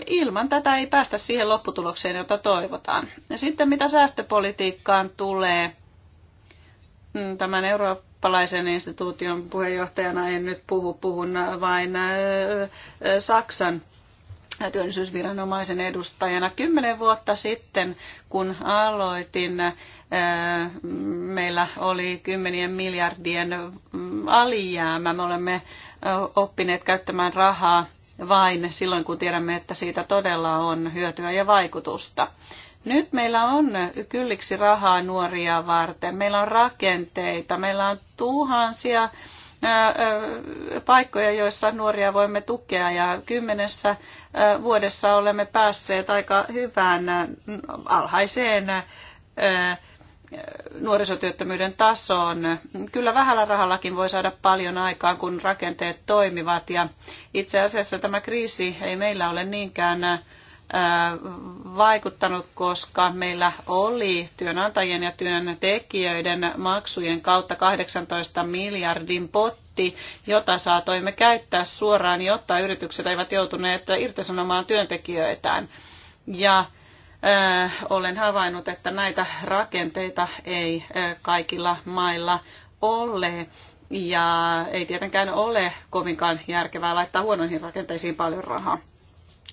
[SPEAKER 2] Ilman tätä ei päästä siihen lopputulokseen, jota toivotaan. Ja sitten mitä säästöpolitiikkaan tulee, tämän eurooppalaisen instituution puheenjohtajana en nyt puhu, puhun vain Saksan työllisyysviranomaisen edustajana. Kymmenen vuotta sitten, kun aloitin, meillä oli kymmenien miljardien mm, alijäämä. Me olemme oppineet käyttämään rahaa vain silloin, kun tiedämme, että siitä todella on hyötyä ja vaikutusta. Nyt meillä on kylliksi rahaa nuoria varten, meillä on rakenteita, meillä on tuhansia paikkoja, joissa nuoria voimme tukea ja kymmenessä vuodessa olemme päässeet aika hyvään alhaiseen nuorisotyöttömyyden tasoon. Kyllä vähällä rahallakin voi saada paljon aikaan, kun rakenteet toimivat ja itse asiassa tämä kriisi ei meillä ole niinkään vaikuttanut, koska meillä oli työnantajien ja työntekijöiden maksujen kautta 18 miljardin potti, jota saatoimme käyttää suoraan, jotta yritykset eivät joutuneet irtisanomaan työntekijöitään. Ja olen havainnut, että näitä rakenteita ei kaikilla mailla ole. Ja ei tietenkään ole kovinkaan järkevää laittaa huonoihin rakenteisiin paljon rahaa.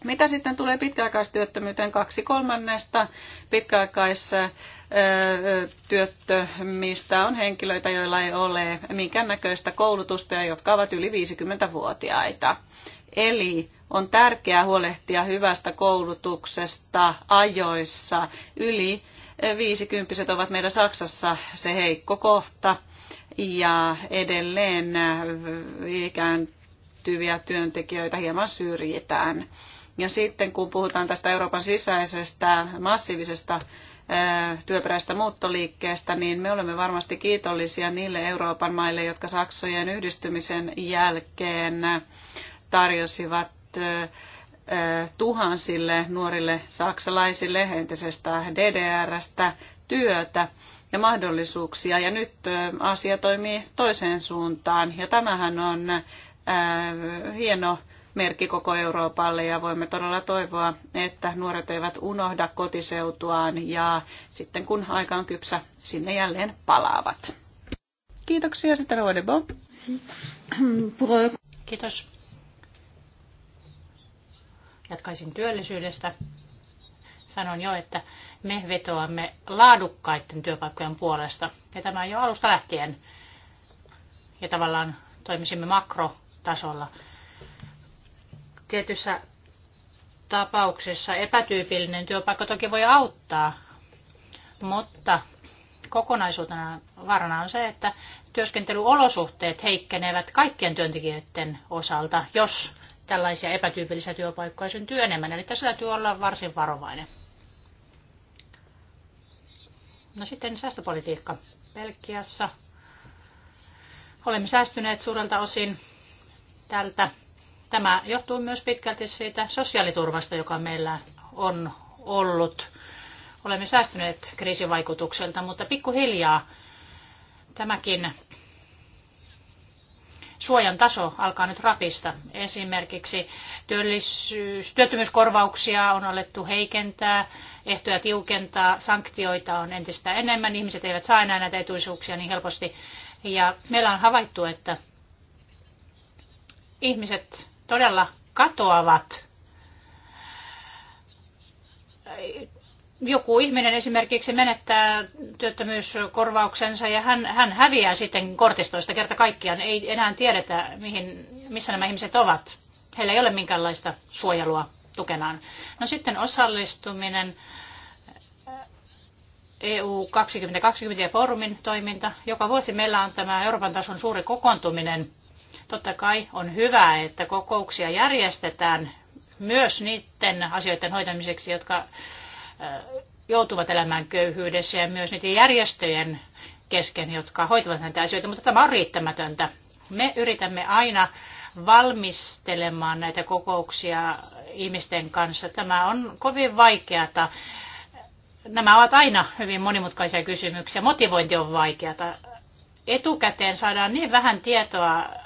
[SPEAKER 2] Mitä sitten tulee pitkäaikaistyöttömyyteen? Kaksi kolmannesta pitkäaikaistyöttömistä on henkilöitä, joilla ei ole minkäännäköistä koulutusta ja jotka ovat yli 50-vuotiaita. Eli on tärkeää huolehtia hyvästä koulutuksesta ajoissa. Yli viisikymppiset ovat meidän Saksassa se heikko kohta. Ja edelleen ikääntyviä työntekijöitä hieman syrjitään ja sitten kun puhutaan tästä Euroopan sisäisestä massiivisesta työperäistä muuttoliikkeestä, niin me olemme varmasti kiitollisia niille Euroopan maille, jotka Saksojen yhdistymisen jälkeen tarjosivat tuhansille nuorille saksalaisille entisestä DDRstä työtä ja mahdollisuuksia. Ja nyt asia toimii toiseen suuntaan. Ja tämähän on hieno merkki koko Euroopalle ja voimme todella toivoa, että nuoret eivät unohda kotiseutuaan ja sitten kun aika on kypsä, sinne jälleen palaavat.
[SPEAKER 1] Kiitoksia sitten Rodebo. Kiitos. Jatkaisin työllisyydestä. Sanon jo, että me vetoamme laadukkaiden työpaikkojen puolesta. Ja tämä jo alusta lähtien. Ja tavallaan toimisimme makrotasolla Tietyissä tapauksissa epätyypillinen työpaikka toki voi auttaa, mutta kokonaisuutena varana on se, että työskentelyolosuhteet heikkenevät kaikkien työntekijöiden osalta, jos tällaisia epätyypillisiä työpaikkoja syntyy enemmän. Eli tässä täytyy olla varsin varovainen. No sitten säästöpolitiikka. Belgiassa olemme säästyneet suurelta osin tältä Tämä johtuu myös pitkälti siitä sosiaaliturvasta, joka meillä on ollut. Olemme säästyneet kriisivaikutukselta, mutta pikkuhiljaa tämäkin suojan taso alkaa nyt rapista. Esimerkiksi työllisyys, työttömyyskorvauksia on alettu heikentää, ehtoja tiukentaa, sanktioita on entistä enemmän, ihmiset eivät saa enää näitä etuisuuksia niin helposti. Ja meillä on havaittu, että ihmiset todella katoavat. Joku ihminen esimerkiksi menettää työttömyyskorvauksensa ja hän, hän häviää sitten kortistoista kerta kaikkiaan. Ei enää tiedetä, mihin, missä nämä ihmiset ovat. Heillä ei ole minkäänlaista suojelua tukenaan. No sitten osallistuminen. EU eh, e 2020 ja foorumin toiminta. Joka vuosi meillä on tämä Euroopan tason suuri kokoontuminen Totta kai on hyvä, että kokouksia järjestetään myös niiden asioiden hoitamiseksi, jotka joutuvat elämään köyhyydessä ja myös niiden järjestöjen kesken, jotka hoitavat näitä asioita, mutta tämä on riittämätöntä. Me yritämme aina valmistelemaan näitä kokouksia ihmisten kanssa. Tämä on kovin vaikeata. Nämä ovat aina hyvin monimutkaisia kysymyksiä. Motivointi on vaikeata. Etukäteen saadaan niin vähän tietoa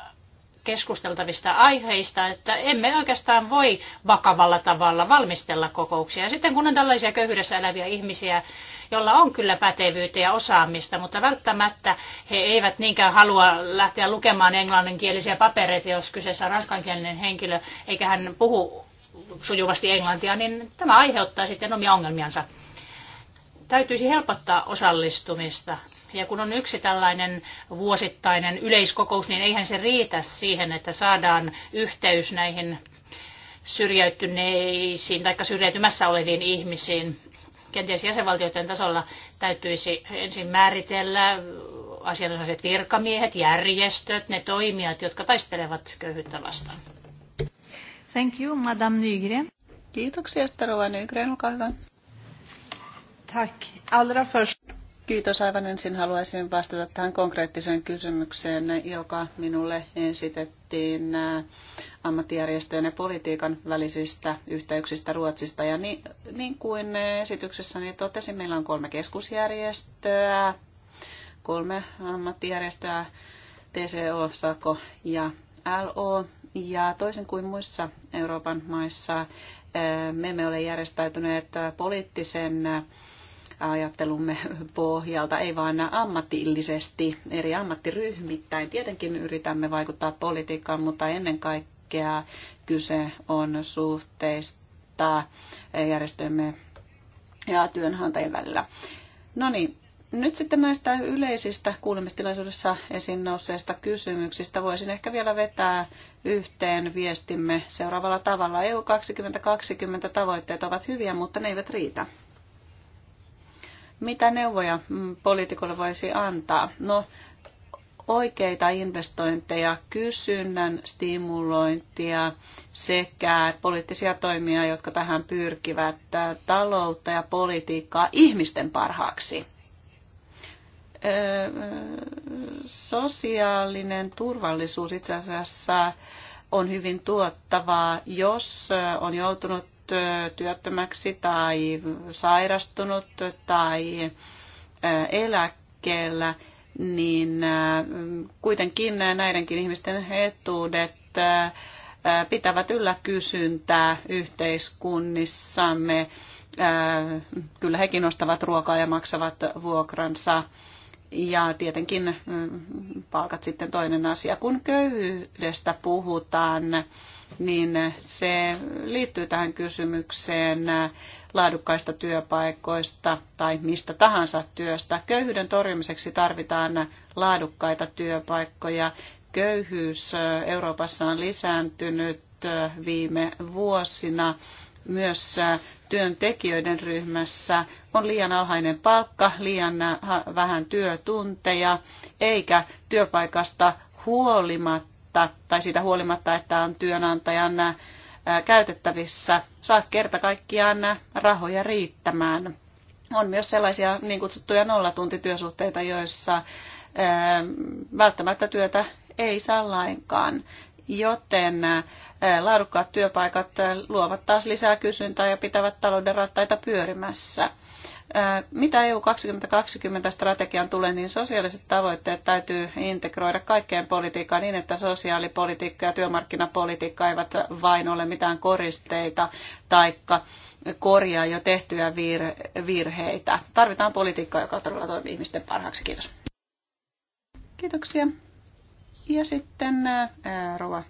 [SPEAKER 1] keskusteltavista aiheista, että emme oikeastaan voi vakavalla tavalla valmistella kokouksia. Ja sitten kun on tällaisia köyhyydessä eläviä ihmisiä, jolla on kyllä pätevyyttä ja osaamista, mutta välttämättä he eivät niinkään halua lähteä lukemaan englanninkielisiä papereita, jos kyseessä on raskankielinen henkilö, eikä hän puhu sujuvasti englantia, niin tämä aiheuttaa sitten omia ongelmiansa. Täytyisi helpottaa osallistumista ja kun on yksi tällainen vuosittainen yleiskokous, niin eihän se riitä siihen, että saadaan yhteys näihin syrjäytyneisiin tai syrjäytymässä oleviin ihmisiin. Kenties jäsenvaltioiden tasolla täytyisi ensin määritellä asianosaiset virkamiehet, järjestöt, ne toimijat, jotka taistelevat köyhyyttä vastaan.
[SPEAKER 2] Thank you, Madame Nygren. Kiitoksia, Starova Nygren, olkaa hyvä. Tack. Allra först Kiitos. Aivan ensin haluaisin vastata tähän konkreettiseen kysymykseen, joka minulle esitettiin äh, ammattijärjestöjen ja politiikan välisistä yhteyksistä Ruotsista. Ja niin, niin kuin esityksessäni totesin, meillä on kolme keskusjärjestöä, kolme ammattijärjestöä, TCO, SAKO ja LO. Ja toisin kuin muissa Euroopan maissa, äh, me emme ole järjestäytyneet poliittisen äh, ajattelumme pohjalta, ei vaan ammatillisesti, eri ammattiryhmittäin. Tietenkin yritämme vaikuttaa politiikkaan, mutta ennen kaikkea kyse on suhteista järjestöjemme ja työnantajien välillä. No niin, nyt sitten näistä yleisistä kuulemistilaisuudessa esiin nousseista kysymyksistä voisin ehkä vielä vetää yhteen viestimme seuraavalla tavalla. EU 2020 tavoitteet ovat hyviä, mutta ne eivät riitä. Mitä neuvoja mm, poliitikolle voisi antaa? No, oikeita investointeja, kysynnän stimulointia sekä poliittisia toimia, jotka tähän pyrkivät, taloutta ja politiikkaa ihmisten parhaaksi. sosiaalinen turvallisuus itse asiassa on hyvin tuottavaa, jos on joutunut työttömäksi tai sairastunut tai eläkkeellä, niin kuitenkin näidenkin ihmisten etuudet pitävät yllä kysyntää yhteiskunnissamme. Kyllä hekin ostavat ruokaa ja maksavat vuokransa. Ja tietenkin mm, palkat sitten toinen asia. Kun köyhyydestä puhutaan, niin se liittyy tähän kysymykseen laadukkaista työpaikoista tai mistä tahansa työstä. Köyhyyden torjumiseksi tarvitaan laadukkaita työpaikkoja. Köyhyys Euroopassa on lisääntynyt viime vuosina. Myös työntekijöiden ryhmässä on liian alhainen palkka, liian vähän työtunteja, eikä työpaikasta huolimatta huolimatta tai siitä huolimatta, että on työnantajan käytettävissä, saa kerta kaikkiaan rahoja riittämään. On myös sellaisia niin kutsuttuja nollatuntityösuhteita, joissa välttämättä työtä ei saa lainkaan. Joten laadukkaat työpaikat luovat taas lisää kysyntää ja pitävät talouden rattaita pyörimässä. Mitä EU 2020 strategian tulee, niin sosiaaliset tavoitteet täytyy integroida kaikkeen politiikkaan niin, että sosiaalipolitiikka ja työmarkkinapolitiikka eivät vain ole mitään koristeita taikka korjaa jo tehtyjä virheitä. Tarvitaan politiikkaa, joka todella toimii ihmisten parhaaksi. Kiitos. Kiitoksia. Ja sitten Rova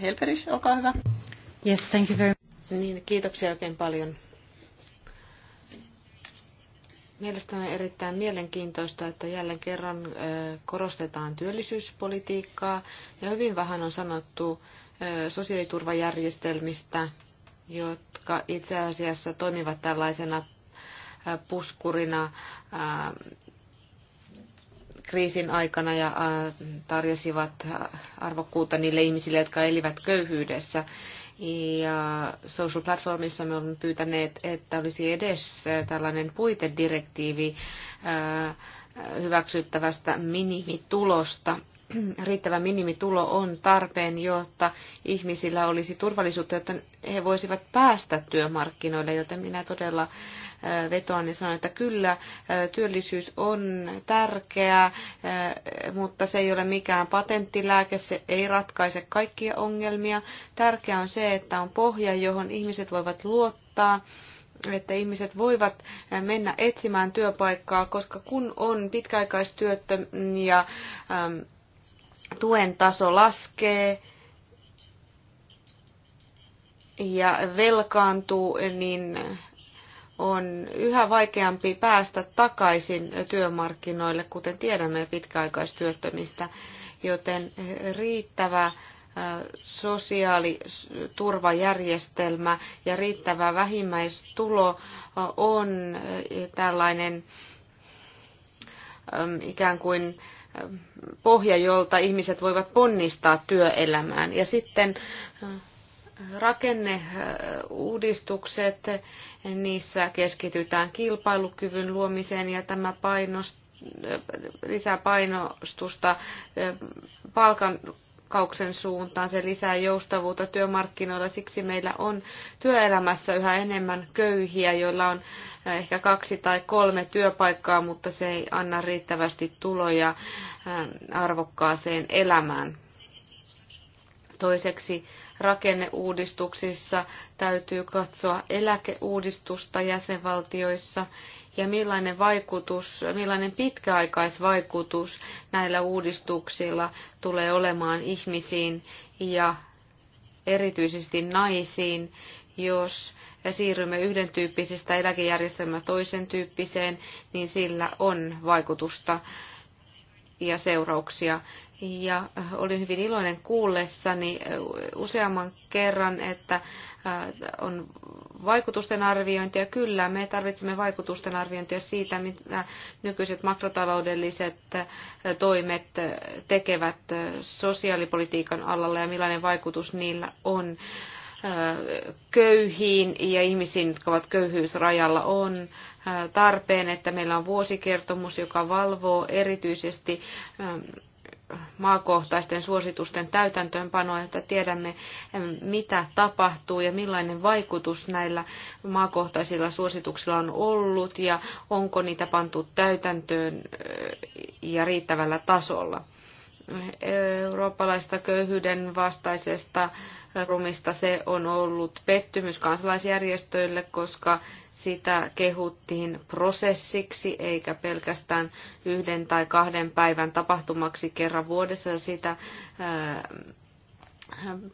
[SPEAKER 2] Helferis, olkaa hyvä. Yes, thank you very much. Niin,
[SPEAKER 3] kiitoksia oikein paljon Mielestäni on erittäin mielenkiintoista, että jälleen kerran korostetaan työllisyyspolitiikkaa ja hyvin vähän on sanottu sosiaaliturvajärjestelmistä, jotka itse asiassa toimivat tällaisena puskurina kriisin aikana ja tarjosivat arvokkuutta niille ihmisille, jotka elivät köyhyydessä. Ja Social Platformissa me olemme pyytäneet, että olisi edes tällainen puitedirektiivi hyväksyttävästä minimitulosta. [CLEARS THROAT] Riittävä minimitulo on tarpeen, jotta ihmisillä olisi turvallisuutta, jotta he voisivat päästä työmarkkinoille, joten minä todella äh, vetoan, niin sanon, että kyllä työllisyys on tärkeää, mutta se ei ole mikään patenttilääke, se ei ratkaise kaikkia ongelmia. Tärkeää on se, että on pohja, johon ihmiset voivat luottaa että ihmiset voivat mennä etsimään työpaikkaa, koska kun on pitkäaikaistyöttöm ja äm, tuen taso laskee ja velkaantuu, niin on yhä vaikeampi päästä takaisin työmarkkinoille, kuten tiedämme pitkäaikaistyöttömistä, joten riittävä sosiaaliturvajärjestelmä ja riittävä vähimmäistulo on tällainen ikään kuin pohja, jolta ihmiset voivat ponnistaa työelämään. Ja sitten rakenneuudistukset, niissä keskitytään kilpailukyvyn luomiseen ja tämä painost, lisää painostusta eh, palkan kauksen suuntaan, se lisää joustavuutta työmarkkinoilla, siksi meillä on työelämässä yhä enemmän köyhiä, joilla on eh, ehkä kaksi tai kolme työpaikkaa, mutta se ei anna riittävästi tuloja eh, arvokkaaseen elämään. Toiseksi rakenneuudistuksissa täytyy katsoa eläkeuudistusta jäsenvaltioissa ja millainen vaikutus, millainen pitkäaikaisvaikutus näillä uudistuksilla tulee olemaan ihmisiin ja erityisesti naisiin, jos siirrymme yhden tyyppisestä eläkejärjestelmästä toisen tyyppiseen, niin sillä on vaikutusta ja seurauksia ja äh, olin hyvin iloinen kuullessani äh, useamman kerran, että äh, on vaikutusten arviointia. Kyllä, me tarvitsemme vaikutusten arviointia siitä, mitä nykyiset makrotaloudelliset toimet tekevät sosiaalipolitiikan alalla ja millainen vaikutus niillä on köyhiin ja ihmisiin, jotka ovat köyhyysrajalla, on tarpeen, että meillä on vuosikertomus, joka valvoo erityisesti ähm, maakohtaisten suositusten täytäntöönpanoa, että tiedämme, mitä tapahtuu ja millainen vaikutus näillä maakohtaisilla suosituksilla on ollut ja onko niitä pantu täytäntöön ja riittävällä tasolla. Eurooppalaista köyhyyden vastaisesta rumista se on ollut pettymys kansalaisjärjestöille, koska sitä kehuttiin prosessiksi eikä pelkästään yhden tai kahden päivän tapahtumaksi kerran vuodessa. Sitä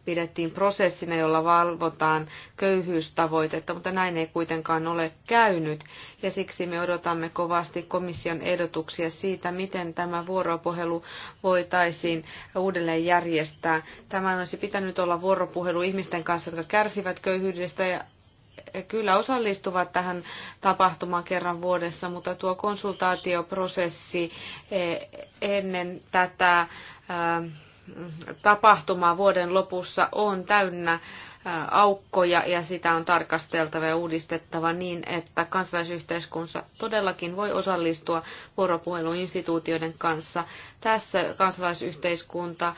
[SPEAKER 3] pidettiin prosessina, jolla valvotaan köyhyystavoitetta, mutta näin ei kuitenkaan ole käynyt. Ja siksi me odotamme kovasti komission ehdotuksia siitä, miten tämä vuoropuhelu voitaisiin uudelleen järjestää. Tämä olisi pitänyt olla vuoropuhelu ihmisten kanssa, jotka kärsivät köyhyydestä ja kyllä osallistuvat tähän tapahtumaan kerran vuodessa, mutta tuo konsultaatioprosessi e, ennen tätä tapahtumaa vuoden lopussa on täynnä aukkoja ja sitä on tarkasteltava ja uudistettava niin, että kansalaisyhteiskunta todellakin voi osallistua vuoropuheluun instituutioiden kanssa. Tässä kansalaisyhteiskunta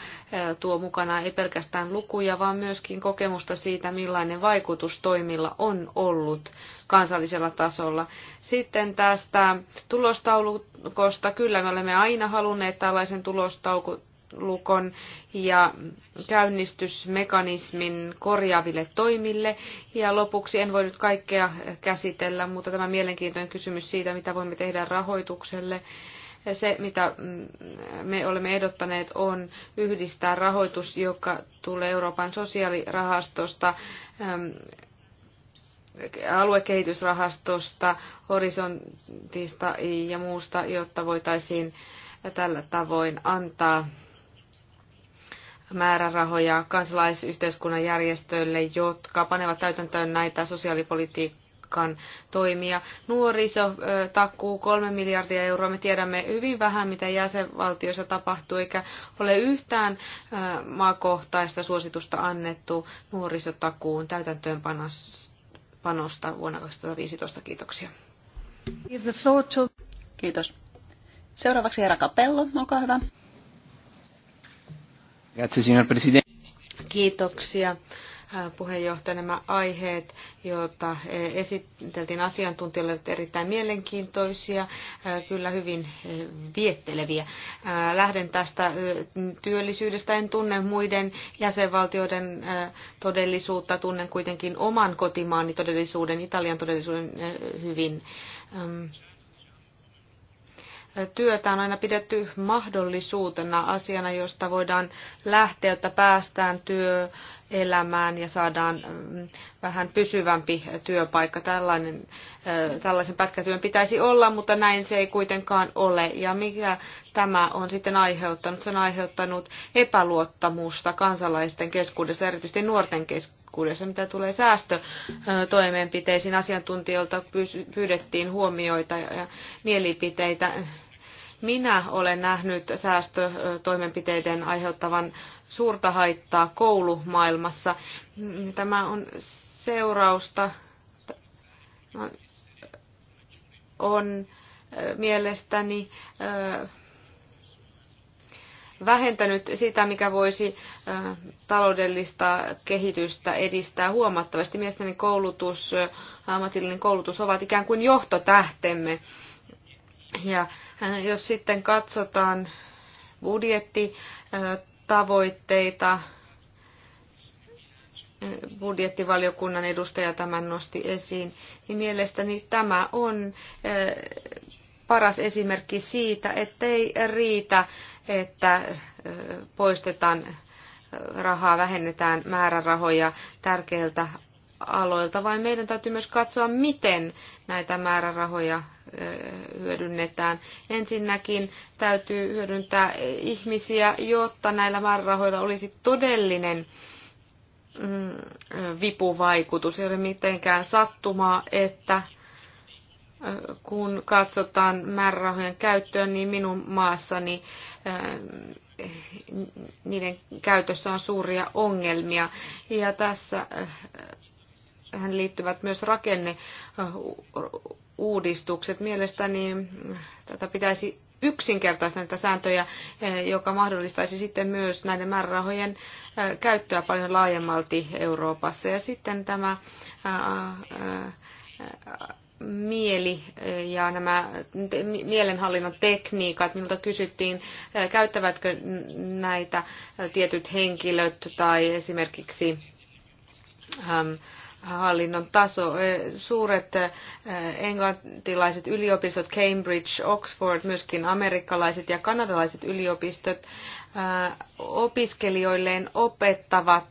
[SPEAKER 3] tuo mukana ei pelkästään lukuja, vaan myöskin kokemusta siitä, millainen vaikutus toimilla on ollut kansallisella tasolla. Sitten tästä tulostaulukosta, kyllä me olemme aina halunneet tällaisen tulostaulukon lukon ja käynnistysmekanismin korjaaville toimille. Ja lopuksi en voi nyt kaikkea käsitellä, mutta tämä mielenkiintoinen kysymys siitä, mitä voimme tehdä rahoitukselle se, mitä mm, me olemme ehdottaneet, on yhdistää rahoitus, joka tulee Euroopan sosiaalirahastosta, mm, aluekehitysrahastosta, horisontista ja muusta, jotta voitaisiin tällä tavoin antaa määrärahoja kansalaisyhteiskunnan järjestöille, jotka panevat täytäntöön näitä sosiaalipolitiikan toimia. Nuoriso takuu kolme miljardia euroa. Me tiedämme hyvin vähän, mitä jäsenvaltioissa tapahtuu, eikä ole yhtään maakohtaista suositusta annettu nuorisotakuun täytäntöönpanosta vuonna 2015. Kiitoksia.
[SPEAKER 2] Kiitos. Seuraavaksi Herra Kapello, olkaa
[SPEAKER 3] hyvä. Kiitoksia puheenjohtaja. Nämä aiheet, joita esiteltiin asiantuntijoille, ovat erittäin mielenkiintoisia, kyllä hyvin vietteleviä. Lähden tästä työllisyydestä. En tunne muiden jäsenvaltioiden todellisuutta, tunnen kuitenkin oman kotimaani todellisuuden, Italian todellisuuden hyvin työtä on aina pidetty mahdollisuutena asiana, josta voidaan lähteä, jotta päästään työelämään ja saadaan mm, vähän pysyvämpi työpaikka. Tällainen, äh, tällaisen pätkätyön pitäisi olla, mutta näin se ei kuitenkaan ole. Ja mikä tämä on sitten aiheuttanut? Se on aiheuttanut epäluottamusta kansalaisten keskuudessa, erityisesti nuorten keskuudessa keskuudessa, mitä tulee säästötoimenpiteisiin. Asiantuntijoilta pyydettiin huomioita ja mielipiteitä minä olen nähnyt säästötoimenpiteiden aiheuttavan suurta haittaa koulumaailmassa. Tämä on seurausta on mielestäni äh, vähentänyt sitä, mikä voisi äh, taloudellista kehitystä edistää huomattavasti. Mielestäni koulutus, äh, ammatillinen koulutus ovat ikään kuin johtotähtemme ja äh, jos sitten katsotaan budjettitavoitteita, äh, budjettivaliokunnan edustaja tämän nosti esiin, niin mielestäni tämä on äh, paras esimerkki siitä, ettei riitä, että poistetaan rahaa, vähennetään määrärahoja tärkeiltä aloilta, vaan meidän täytyy myös katsoa, miten näitä määrärahoja hyödynnetään. Ensinnäkin täytyy hyödyntää ihmisiä, jotta näillä määrärahoilla olisi todellinen mm, vipuvaikutus. Ei ole mitenkään sattumaa, että kun katsotaan määrärahojen käyttöä, niin minun maassani niiden käytössä on suuria ongelmia. Ja tässä liittyvät myös rakenne uudistukset. Mielestäni mm, tätä pitäisi yksinkertaista näitä sääntöjä, eh, joka mahdollistaisi sitten myös näiden määrärahojen eh, käyttöä paljon laajemmalti Euroopassa. Ja sitten tämä eh, mieli ja nämä mielenhallinnan tekniikat, miltä kysyttiin, käyttävätkö näitä tietyt henkilöt tai esimerkiksi hallinnon taso. Eh, suuret eh, englantilaiset yliopistot, Cambridge, Oxford, myöskin amerikkalaiset ja kanadalaiset yliopistot eh, opiskelijoilleen opettavat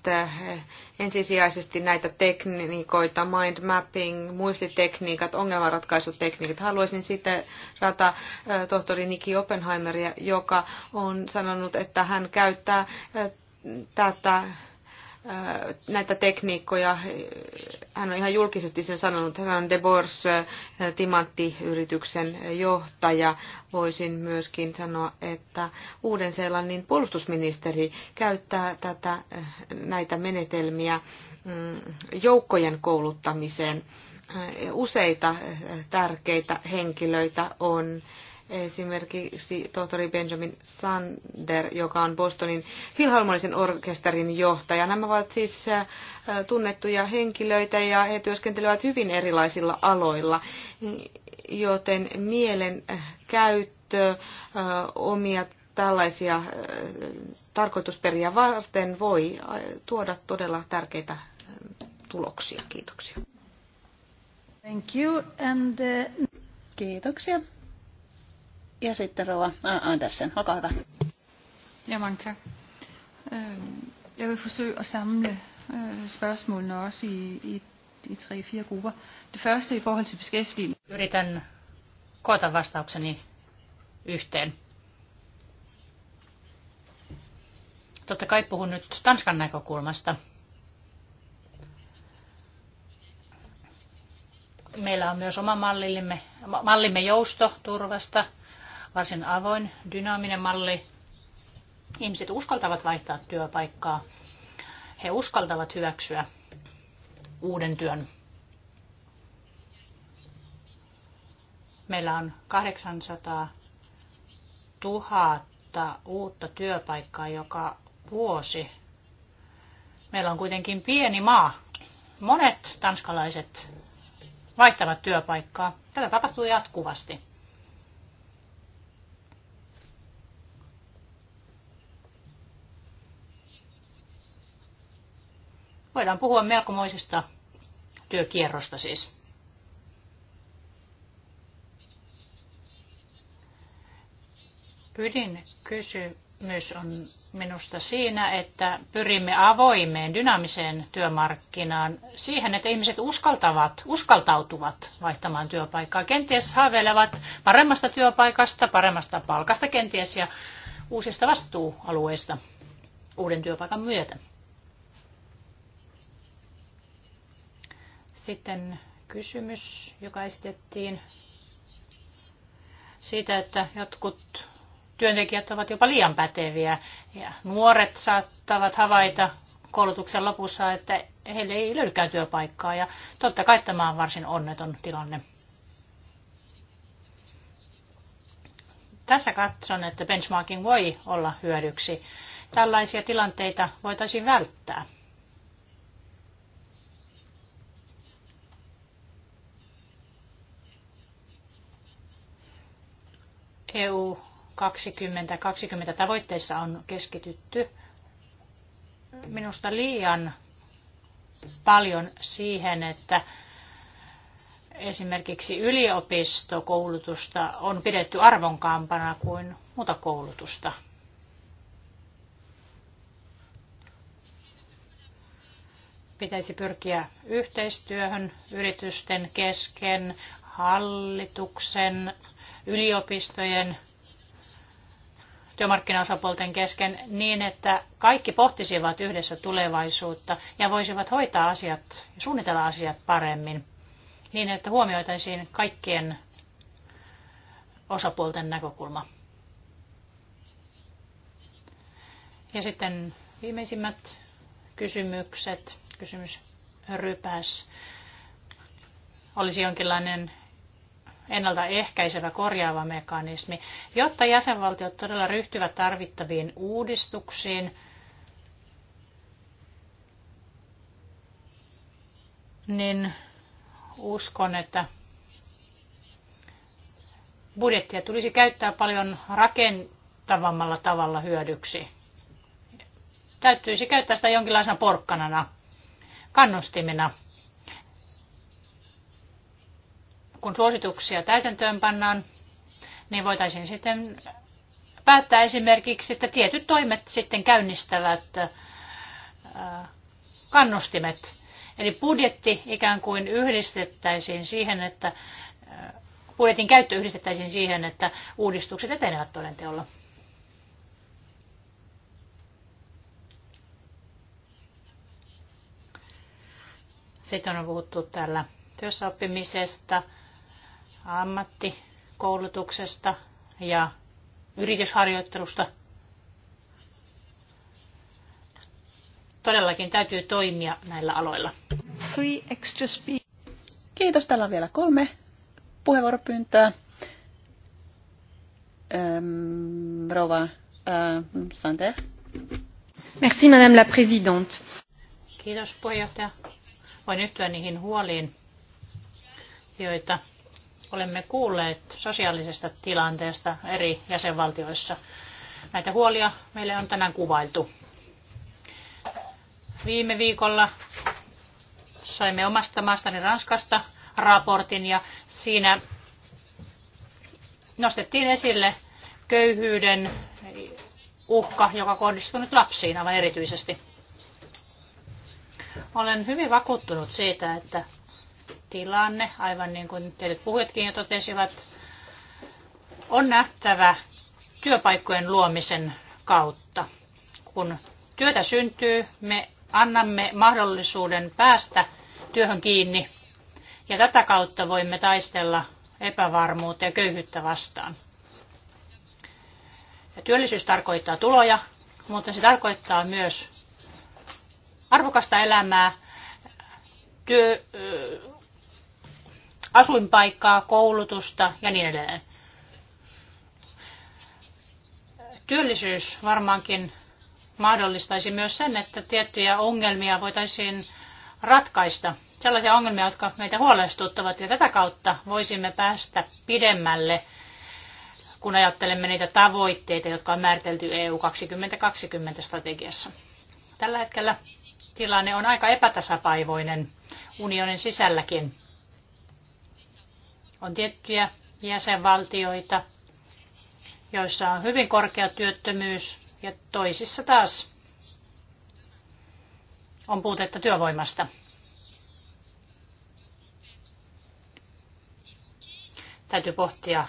[SPEAKER 3] ensisijaisesti näitä tekniikoita, mind mapping, muistitekniikat, ongelmanratkaisutekniikat. Haluaisin sitten rata tohtori Niki Oppenheimeria, joka on sanonut, että hän käyttää tätä näitä tekniikkoja. Hän on ihan julkisesti sen sanonut. Hän on Debors timanttiyrityksen johtaja. Voisin myöskin sanoa, että Uuden-Seelannin puolustusministeri käyttää tätä, näitä menetelmiä mm, joukkojen kouluttamiseen. Useita tärkeitä henkilöitä on Esimerkiksi tohtori Benjamin Sander, joka on Bostonin filharmonisen orkesterin johtaja. Nämä ovat siis äh, tunnettuja henkilöitä ja he työskentelevät hyvin erilaisilla aloilla, joten mielen äh, käyttö äh, omia tällaisia tarkoitusperiä varten voi tuoda todella tärkeitä tuloksia. Kiitoksia.
[SPEAKER 1] Thank you and,
[SPEAKER 2] uh... Kiitoksia. Ja sitten Rova Andersen, olkaa hyvä.
[SPEAKER 1] Ja mange tak. Øh, jeg vil forsøge at samle øh, spørgsmålene også i, i, i tre, fire grupper. Det første i forhold til beskæftigelse. Yritän koota vastaukseni yhteen. Totta kai puhun nyt Tanskan näkökulmasta. Meillä on myös oma mallimme, mallimme joustoturvasta – varsin avoin, dynaaminen malli. Ihmiset uskaltavat vaihtaa työpaikkaa. He uskaltavat hyväksyä uuden työn. Meillä on 800 000 uutta työpaikkaa joka vuosi. Meillä on kuitenkin pieni maa. Monet tanskalaiset vaihtavat työpaikkaa. Tätä tapahtuu jatkuvasti. Voidaan puhua melkomoisesta työkierrosta siis. Ydinkysymys on minusta siinä, että pyrimme avoimeen, dynaamiseen työmarkkinaan siihen, että ihmiset uskaltavat, uskaltautuvat vaihtamaan työpaikkaa. Kenties haaveilevat paremmasta työpaikasta, paremmasta palkasta kenties ja uusista vastuualueista uuden työpaikan myötä. Sitten kysymys, joka esitettiin siitä, että jotkut työntekijät ovat jopa liian päteviä ja nuoret saattavat havaita koulutuksen lopussa, että heille ei löydykään työpaikkaa ja totta kai tämä on varsin onneton tilanne. Tässä katson, että benchmarking voi olla hyödyksi. Tällaisia tilanteita voitaisiin välttää. EU 2020 tavoitteissa on keskitytty minusta liian paljon siihen, että esimerkiksi yliopistokoulutusta on pidetty arvonkaampana kuin muuta koulutusta. Pitäisi pyrkiä yhteistyöhön yritysten kesken, hallituksen yliopistojen, työmarkkinaosapuolten kesken niin, että kaikki pohtisivat yhdessä tulevaisuutta ja voisivat hoitaa asiat ja suunnitella asiat paremmin niin, että huomioitaisiin kaikkien osapuolten näkökulma. Ja sitten viimeisimmät kysymykset. Kysymys rypäs. Olisi jonkinlainen ennaltaehkäisevä korjaava mekanismi, jotta jäsenvaltiot todella ryhtyvät tarvittaviin uudistuksiin, niin uskon, että budjettia tulisi käyttää paljon rakentavammalla tavalla hyödyksi. Täytyisi käyttää sitä jonkinlaisena porkkanana, kannustimena – kun suosituksia täytäntöön pannaan, niin voitaisiin sitten päättää esimerkiksi, että tietyt toimet sitten käynnistävät äh, kannustimet. Eli budjetti ikään kuin yhdistettäisiin siihen, että äh, budjetin käyttö yhdistettäisiin siihen, että uudistukset etenevät todenteolla. Sitten on puhuttu täällä työssäoppimisesta ammattikoulutuksesta ja yritysharjoittelusta. Todellakin täytyy toimia näillä aloilla.
[SPEAKER 2] Three extra Kiitos. Täällä on vielä kolme puheenvuoropyyntöä. Ähm, Rova äh,
[SPEAKER 1] Sander. Merci, Madame la Présidente. Kiitos, puheenjohtaja. Voin yhtyä niihin huoliin, joita Olemme kuulleet sosiaalisesta tilanteesta eri jäsenvaltioissa. Näitä huolia meille on tänään kuvailtu. Viime viikolla saimme omasta maastani Ranskasta raportin ja siinä nostettiin esille köyhyyden uhka, joka kohdistuu nyt lapsiin aivan erityisesti. Olen hyvin vakuuttunut siitä, että tilanne, aivan niin kuin teidät puhujatkin jo totesivat, on nähtävä työpaikkojen luomisen kautta. Kun työtä syntyy, me annamme mahdollisuuden päästä työhön kiinni ja tätä kautta voimme taistella epävarmuutta ja köyhyyttä vastaan. Ja työllisyys tarkoittaa tuloja, mutta se tarkoittaa myös arvokasta elämää, työ, asuinpaikkaa, koulutusta ja niin edelleen. Työllisyys varmaankin mahdollistaisi myös sen, että tiettyjä ongelmia voitaisiin ratkaista. Sellaisia ongelmia, jotka meitä huolestuttavat ja tätä kautta voisimme päästä pidemmälle, kun ajattelemme niitä tavoitteita, jotka on määritelty EU 2020 strategiassa. Tällä hetkellä tilanne on aika epätasapaivoinen unionin sisälläkin. On tiettyjä jäsenvaltioita, joissa on hyvin korkea työttömyys ja toisissa taas on puutetta työvoimasta. Täytyy pohtia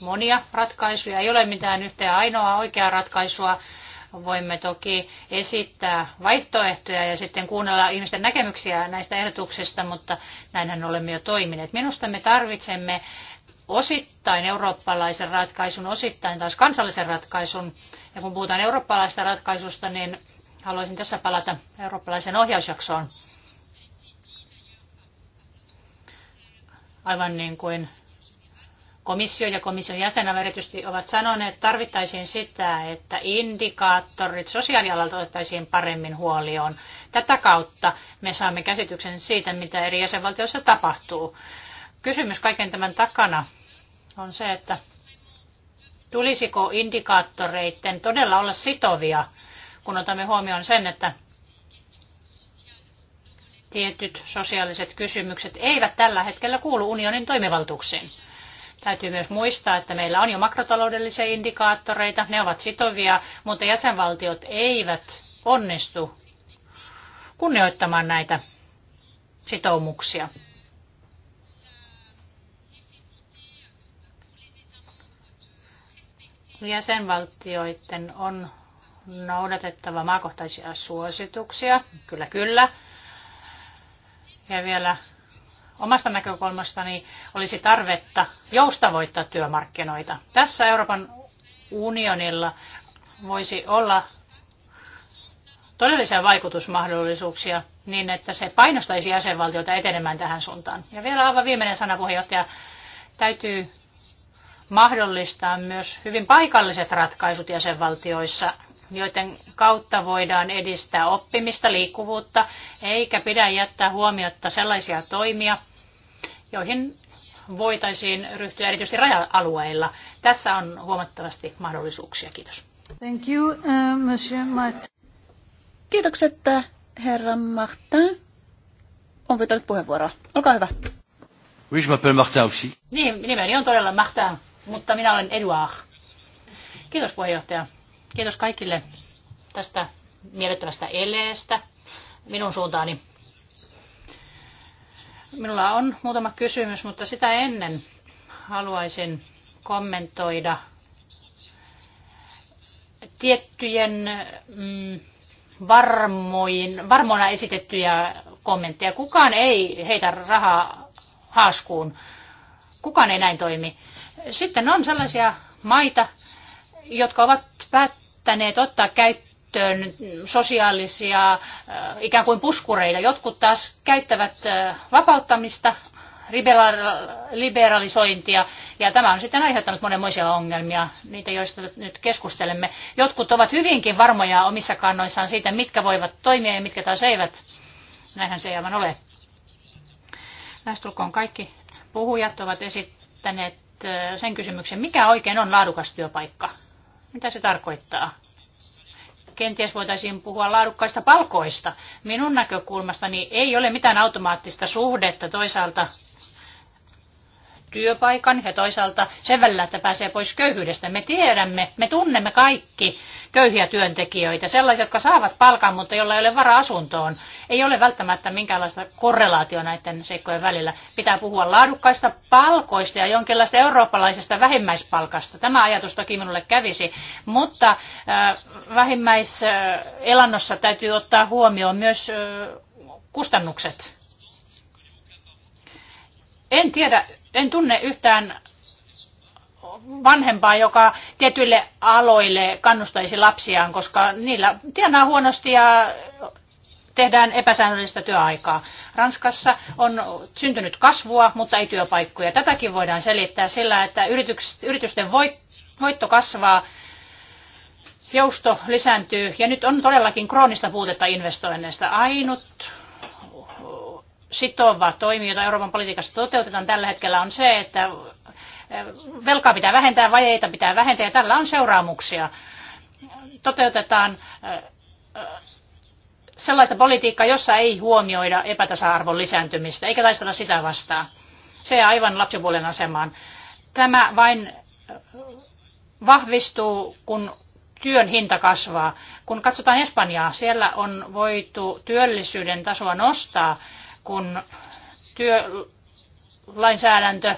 [SPEAKER 1] monia ratkaisuja. Ei ole mitään yhtä ainoaa oikeaa ratkaisua Voimme toki esittää vaihtoehtoja ja sitten kuunnella ihmisten näkemyksiä näistä ehdotuksista, mutta näinhän olemme jo toimineet. Minusta me tarvitsemme osittain eurooppalaisen ratkaisun, osittain taas kansallisen ratkaisun. Ja kun puhutaan eurooppalaisesta ratkaisusta, niin haluaisin tässä palata eurooppalaisen ohjausjaksoon. Aivan niin kuin komissio ja komission jäsenä erityisesti ovat sanoneet, että tarvittaisiin sitä, että indikaattorit sosiaalialalta otettaisiin paremmin huolioon. Tätä kautta me saamme käsityksen siitä, mitä eri jäsenvaltioissa tapahtuu. Kysymys kaiken tämän takana on se, että tulisiko indikaattoreiden todella olla sitovia, kun otamme huomioon sen, että tietyt sosiaaliset kysymykset eivät tällä hetkellä kuulu unionin toimivaltuuksiin. Täytyy myös muistaa, että meillä on jo makrotaloudellisia indikaattoreita, ne ovat sitovia, mutta jäsenvaltiot eivät onnistu kunnioittamaan näitä sitoumuksia. Jäsenvaltioiden on noudatettava maakohtaisia suosituksia, kyllä kyllä. Ja vielä omasta näkökulmastani olisi tarvetta joustavoittaa työmarkkinoita. Tässä Euroopan unionilla voisi olla todellisia vaikutusmahdollisuuksia niin, että se painostaisi jäsenvaltioita etenemään tähän suuntaan. Ja vielä aivan viimeinen sana, puheenjohtaja. Täytyy mahdollistaa myös hyvin paikalliset ratkaisut jäsenvaltioissa, joiden kautta voidaan edistää oppimista, liikkuvuutta, eikä pidä jättää huomiotta sellaisia toimia, joihin voitaisiin ryhtyä erityisesti raja-alueilla. Tässä on huomattavasti mahdollisuuksia. Kiitos.
[SPEAKER 2] Thank you, uh, Monsieur Martin. Kiitokset, uh, herra
[SPEAKER 1] Martin. On pyytänyt puheenvuoroa. Olkaa hyvä. Oui, je m'appelle Martin aussi. Niin, nimeni on todella Martin, mutta minä olen Eduard. Kiitos puheenjohtaja. Kiitos kaikille tästä miellyttävästä eleestä minun suuntaani. Minulla on muutama kysymys, mutta sitä ennen haluaisin kommentoida tiettyjen mm, varmoin, varmoina esitettyjä kommentteja. Kukaan ei heitä rahaa haaskuun. Kukaan ei näin toimi. Sitten on sellaisia maita, jotka ovat päättäneet ottaa käyttöön käyttöön sosiaalisia äh, ikään kuin puskureita. Jotkut taas käyttävät äh, vapauttamista, liberalisointia, ja tämä on sitten aiheuttanut monenmoisia ongelmia, niitä joista nyt keskustelemme. Jotkut ovat hyvinkin varmoja omissa kannoissaan siitä, mitkä voivat toimia ja mitkä taas eivät. Näinhän se ei aivan ole. Lähestulkoon kaikki puhujat ovat esittäneet äh, sen kysymyksen, mikä oikein on laadukas työpaikka? Mitä se tarkoittaa? kenties voitaisiin puhua laadukkaista palkoista. Minun näkökulmastani ei ole mitään automaattista suhdetta toisaalta työpaikan ja toisaalta sen välillä, että pääsee pois köyhyydestä. Me tiedämme, me tunnemme kaikki köyhiä työntekijöitä, sellaisia, jotka saavat palkan, mutta joilla ei ole varaa asuntoon. Ei ole välttämättä minkäänlaista korrelaatio näiden seikkojen välillä. Pitää puhua laadukkaista palkoista ja jonkinlaista eurooppalaisesta vähimmäispalkasta. Tämä ajatus toki minulle kävisi, mutta äh, vähimmäiselannossa täytyy ottaa huomioon myös äh, kustannukset. En tiedä, en tunne yhtään vanhempaa, joka tietyille aloille kannustaisi lapsiaan, koska niillä tienaa huonosti ja tehdään epäsäännöllistä työaikaa. Ranskassa on syntynyt kasvua, mutta ei työpaikkoja. Tätäkin voidaan selittää sillä, että yritysten voitto kasvaa, jousto lisääntyy ja nyt on todellakin kroonista puutetta investoinneista. Ainut sitova toimi, jota Euroopan politiikassa toteutetaan tällä hetkellä, on se, että äh, velkaa pitää vähentää, vajeita pitää vähentää ja tällä on seuraamuksia. Toteutetaan äh, äh, sellaista politiikkaa, jossa ei huomioida epätasa-arvon lisääntymistä, eikä taistella sitä vastaan. Se aivan lapsipuolen asemaan. Tämä vain vahvistuu, kun työn hinta kasvaa. Kun katsotaan Espanjaa, siellä on voitu työllisyyden tasoa nostaa kun työlainsäädäntö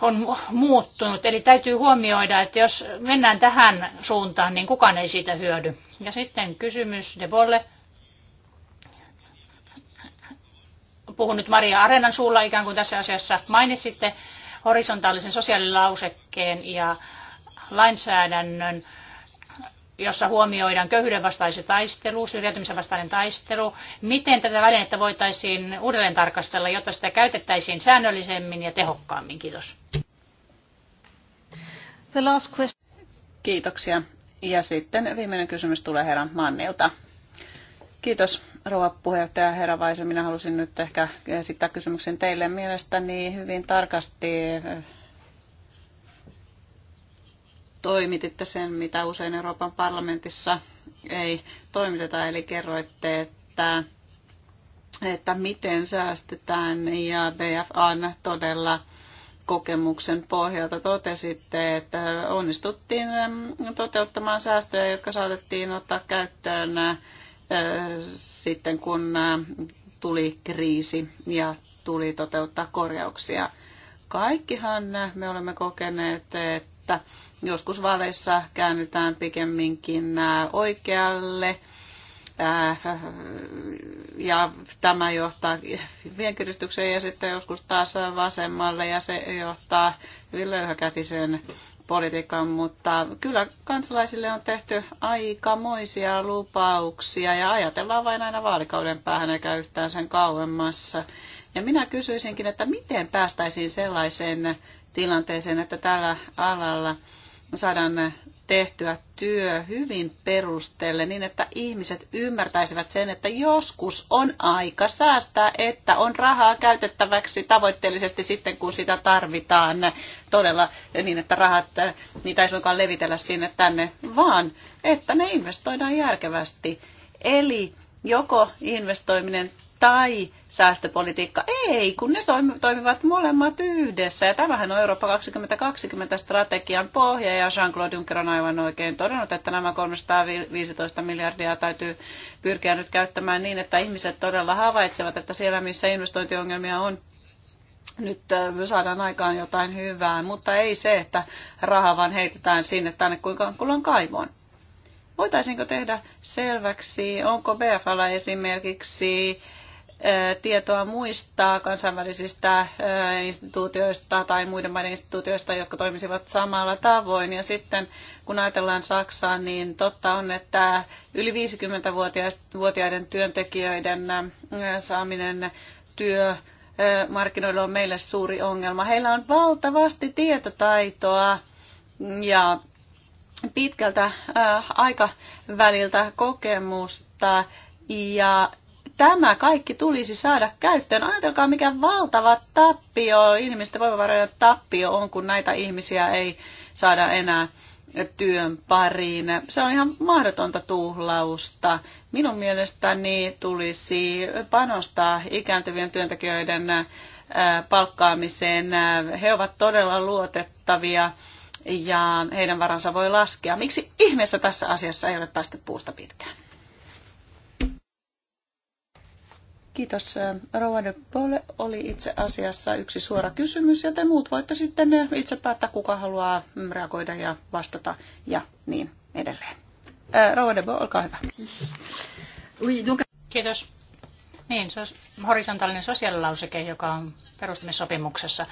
[SPEAKER 1] on muuttunut. Eli täytyy huomioida, että jos mennään tähän suuntaan, niin kukaan ei siitä hyödy. Ja sitten kysymys De Bolle. Puhun nyt Maria Arenan suulla ikään kuin tässä asiassa. Mainitsitte horisontaalisen sosiaalilausekkeen ja lainsäädännön jossa huomioidaan köyhyyden vastainen taistelu, syrjäytymisen vastainen taistelu. Miten tätä välinettä voitaisiin uudelleen tarkastella, jotta sitä käytettäisiin säännöllisemmin ja tehokkaammin? Kiitos. The last question.
[SPEAKER 2] Kiitoksia. Ja sitten viimeinen kysymys tulee herra Mannilta. Kiitos rouva puheenjohtaja herra Vaisa. Minä halusin nyt ehkä esittää kysymyksen teille mielestäni hyvin tarkasti toimititte sen, mitä usein Euroopan parlamentissa ei toimiteta, eli kerroitte, että, että miten säästetään ja BFAn todella kokemuksen pohjalta totesitte, että onnistuttiin ähm, toteuttamaan säästöjä, jotka saatettiin ottaa käyttöön äh, sitten kun äh, tuli kriisi ja tuli toteuttaa korjauksia. Kaikkihan me olemme kokeneet, että että joskus vaaleissa käännytään pikemminkin oikealle. Ja tämä johtaa vienkiristykseen ja sitten joskus taas vasemmalle ja se johtaa hyvin löyhäkätiseen politiikkaan, mutta kyllä kansalaisille on tehty aikamoisia lupauksia ja ajatellaan vain aina vaalikauden päähän eikä yhtään sen kauemmassa. Ja minä kysyisinkin, että miten päästäisiin sellaiseen tilanteeseen, että tällä alalla saadaan tehtyä työ hyvin perustelle niin, että ihmiset ymmärtäisivät sen, että joskus on aika säästää, että on rahaa käytettäväksi tavoitteellisesti sitten, kun sitä tarvitaan todella niin, että rahat, niitä ei suinkaan levitellä sinne tänne, vaan että ne investoidaan järkevästi. Eli joko investoiminen tai säästöpolitiikka. Ei, kun ne toimivat molemmat yhdessä. Ja tämähän on Eurooppa 2020 strategian pohja. Ja Jean-Claude Juncker on aivan oikein todennut, että nämä 315 miljardia täytyy pyrkiä nyt käyttämään niin, että ihmiset todella havaitsevat, että siellä missä investointiongelmia on, nyt saadaan aikaan jotain hyvää, mutta ei se, että raha vaan heitetään sinne tänne kuinka kulon kaivoon. Voitaisinko tehdä selväksi, onko BFL esimerkiksi tietoa muista kansainvälisistä instituutioista tai muiden maiden instituutioista, jotka toimisivat samalla tavoin. Ja sitten kun ajatellaan Saksaa, niin totta on, että yli 50-vuotiaiden työntekijöiden saaminen työ markkinoilla on meille suuri ongelma. Heillä on valtavasti tietotaitoa ja pitkältä aikaväliltä kokemusta ja tämä kaikki tulisi saada käyttöön. Ajatelkaa, mikä valtava tappio, ihmisten voimavarojen tappio on, kun näitä ihmisiä ei saada enää työn pariin. Se on ihan mahdotonta tuhlausta. Minun mielestäni tulisi panostaa ikääntyvien työntekijöiden palkkaamiseen. He ovat todella luotettavia ja heidän varansa voi laskea. Miksi ihmeessä tässä asiassa ei ole päästy puusta pitkään? Kiitos. Rouva de Pole oli itse asiassa yksi suora kysymys, ja te muut voitte sitten itse päättää, kuka haluaa mm, reagoida ja vastata ja niin edelleen. Rouva de Pole, olkaa hyvä.
[SPEAKER 1] Kiitos. Niin, se horisontaalinen sosiaalilauseke, joka on perustamissopimuksessa.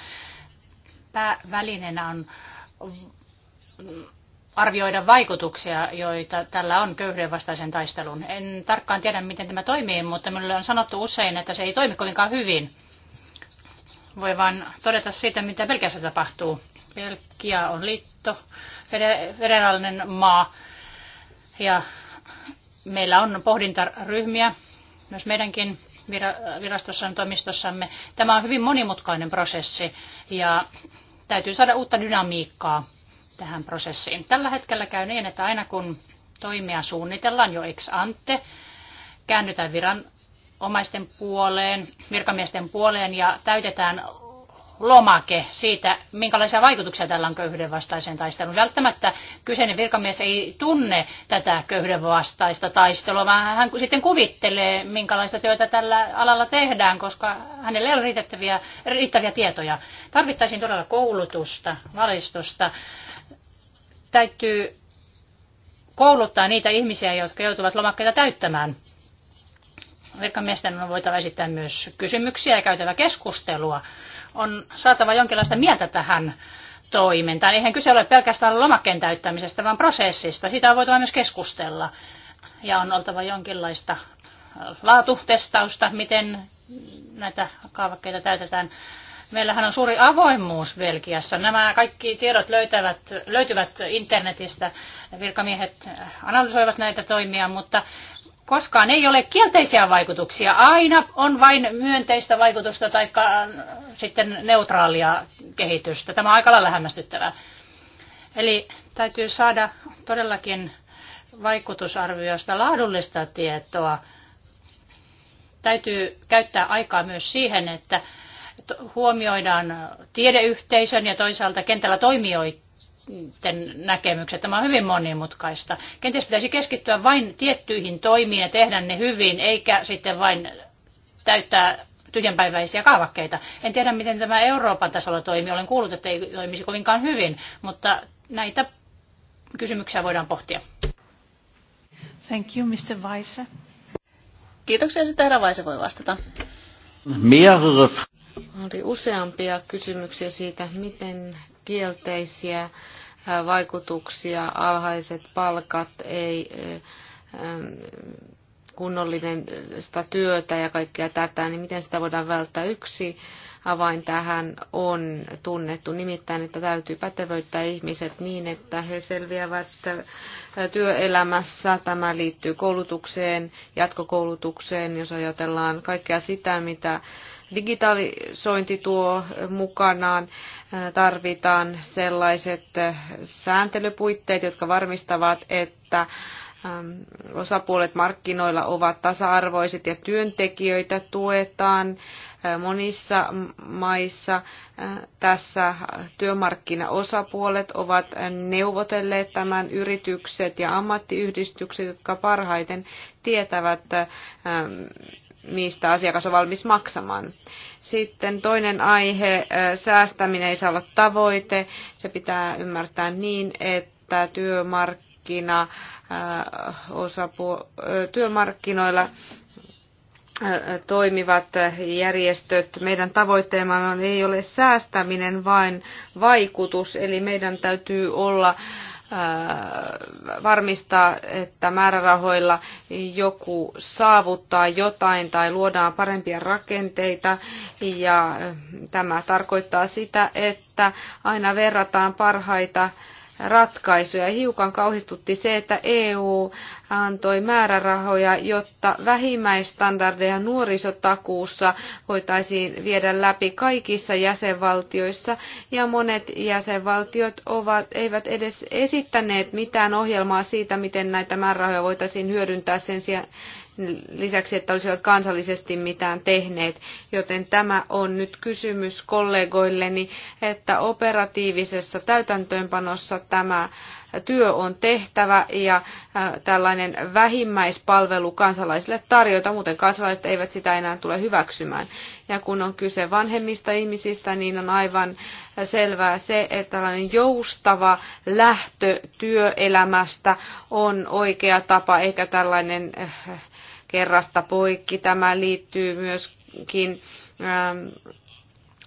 [SPEAKER 1] Päävälineenä on arvioida vaikutuksia, joita tällä on köyhyyden vastaisen taistelun. En tarkkaan tiedä, miten tämä toimii, mutta minulle on sanottu usein, että se ei toimi kovinkaan hyvin. Voi vain todeta siitä, mitä Belgiassa tapahtuu. Belgia on liitto, federaalinen maa ja meillä on pohdintaryhmiä, myös meidänkin virastossa ja toimistossamme. Tämä on hyvin monimutkainen prosessi ja täytyy saada uutta dynamiikkaa tähän prosessiin. Tällä hetkellä käy niin, että aina kun toimia suunnitellaan jo ex ante, käännytään viranomaisten puoleen, virkamiesten puoleen ja täytetään lomake siitä, minkälaisia vaikutuksia tällä on köyhyyden vastaiseen taisteluun. Välttämättä kyseinen virkamies ei tunne tätä köyhyyden vastaista taistelua, vaan hän sitten kuvittelee, minkälaista työtä tällä alalla tehdään, koska hänellä ei ole riittäviä, riittäviä tietoja. Tarvittaisiin todella koulutusta, valistusta täytyy kouluttaa niitä ihmisiä, jotka joutuvat lomakkeita täyttämään. Virkamiesten on voitava esittää myös kysymyksiä ja käytävä keskustelua. On saatava jonkinlaista mieltä tähän toimintaan. Eihän kyse ole pelkästään lomakkeen täyttämisestä, vaan prosessista. Siitä on voitava myös keskustella. Ja on oltava jonkinlaista laatutestausta, miten näitä kaavakkeita täytetään. Meillähän on suuri avoimuus Belgiassa. Nämä kaikki tiedot löytävät, löytyvät internetistä. Virkamiehet analysoivat näitä toimia, mutta koskaan ei ole kielteisiä vaikutuksia. Aina on vain myönteistä vaikutusta tai sitten neutraalia kehitystä. Tämä on aika lailla hämmästyttävää. Eli täytyy saada todellakin vaikutusarvioista laadullista tietoa. Täytyy käyttää aikaa myös siihen, että huomioidaan tiedeyhteisön ja toisaalta kentällä toimijoiden näkemykset. Tämä on hyvin monimutkaista. Kenties pitäisi keskittyä vain tiettyihin toimiin ja tehdä ne hyvin, eikä sitten vain täyttää tyhjänpäiväisiä kaavakkeita. En tiedä, miten tämä Euroopan tasolla toimii. Olen kuullut, että ei toimisi kovinkaan hyvin, mutta näitä kysymyksiä voidaan pohtia. Thank you, Mr. Weisse. Kiitoksia,
[SPEAKER 3] sitten herra Weisse voi vastata.
[SPEAKER 2] Mehrere
[SPEAKER 3] oli useampia kysymyksiä siitä, miten kielteisiä vaikutuksia alhaiset palkat, ei kunnollinen sitä työtä ja kaikkea tätä, niin miten sitä voidaan välttää. Yksi avain tähän on tunnettu, nimittäin, että täytyy pätevöittää ihmiset niin, että he selviävät työelämässä. Tämä liittyy koulutukseen, jatkokoulutukseen, jos ajatellaan kaikkea sitä, mitä Digitalisointi tuo mukanaan tarvitaan sellaiset sääntelypuitteet, jotka varmistavat, että osapuolet markkinoilla ovat tasa-arvoiset ja työntekijöitä tuetaan monissa maissa. Tässä työmarkkinaosapuolet ovat neuvotelleet tämän yritykset ja ammattiyhdistykset, jotka parhaiten tietävät mistä asiakas on valmis maksamaan. Sitten toinen aihe, säästäminen ei saa olla tavoite. Se pitää ymmärtää niin, että työmarkkina, osapu, työmarkkinoilla toimivat järjestöt. Meidän tavoitteemme ei ole säästäminen, vaan vaikutus. Eli meidän täytyy olla äh, varmistaa, että määrärahoilla joku saavuttaa jotain tai luodaan parempia rakenteita. Ja tämä tarkoittaa sitä, että aina verrataan parhaita ratkaisuja. Hiukan kauhistutti se, että EU antoi määrärahoja, jotta vähimmäistandardeja nuorisotakuussa voitaisiin viedä läpi kaikissa jäsenvaltioissa, ja monet jäsenvaltiot ovat, eivät edes esittäneet mitään ohjelmaa siitä, miten näitä määrärahoja voitaisiin hyödyntää sen sijaan, lisäksi, että olisivat kansallisesti mitään tehneet. Joten tämä on nyt kysymys kollegoilleni, että operatiivisessa täytäntöönpanossa tämä työ on tehtävä ja tällainen vähimmäispalvelu kansalaisille tarjota, muuten kansalaiset eivät sitä enää tule hyväksymään. Ja kun on kyse vanhemmista ihmisistä, niin on aivan selvää se, että tällainen joustava lähtö työelämästä on oikea tapa, eikä tällainen äh, kerrasta poikki. Tämä liittyy myöskin ähm,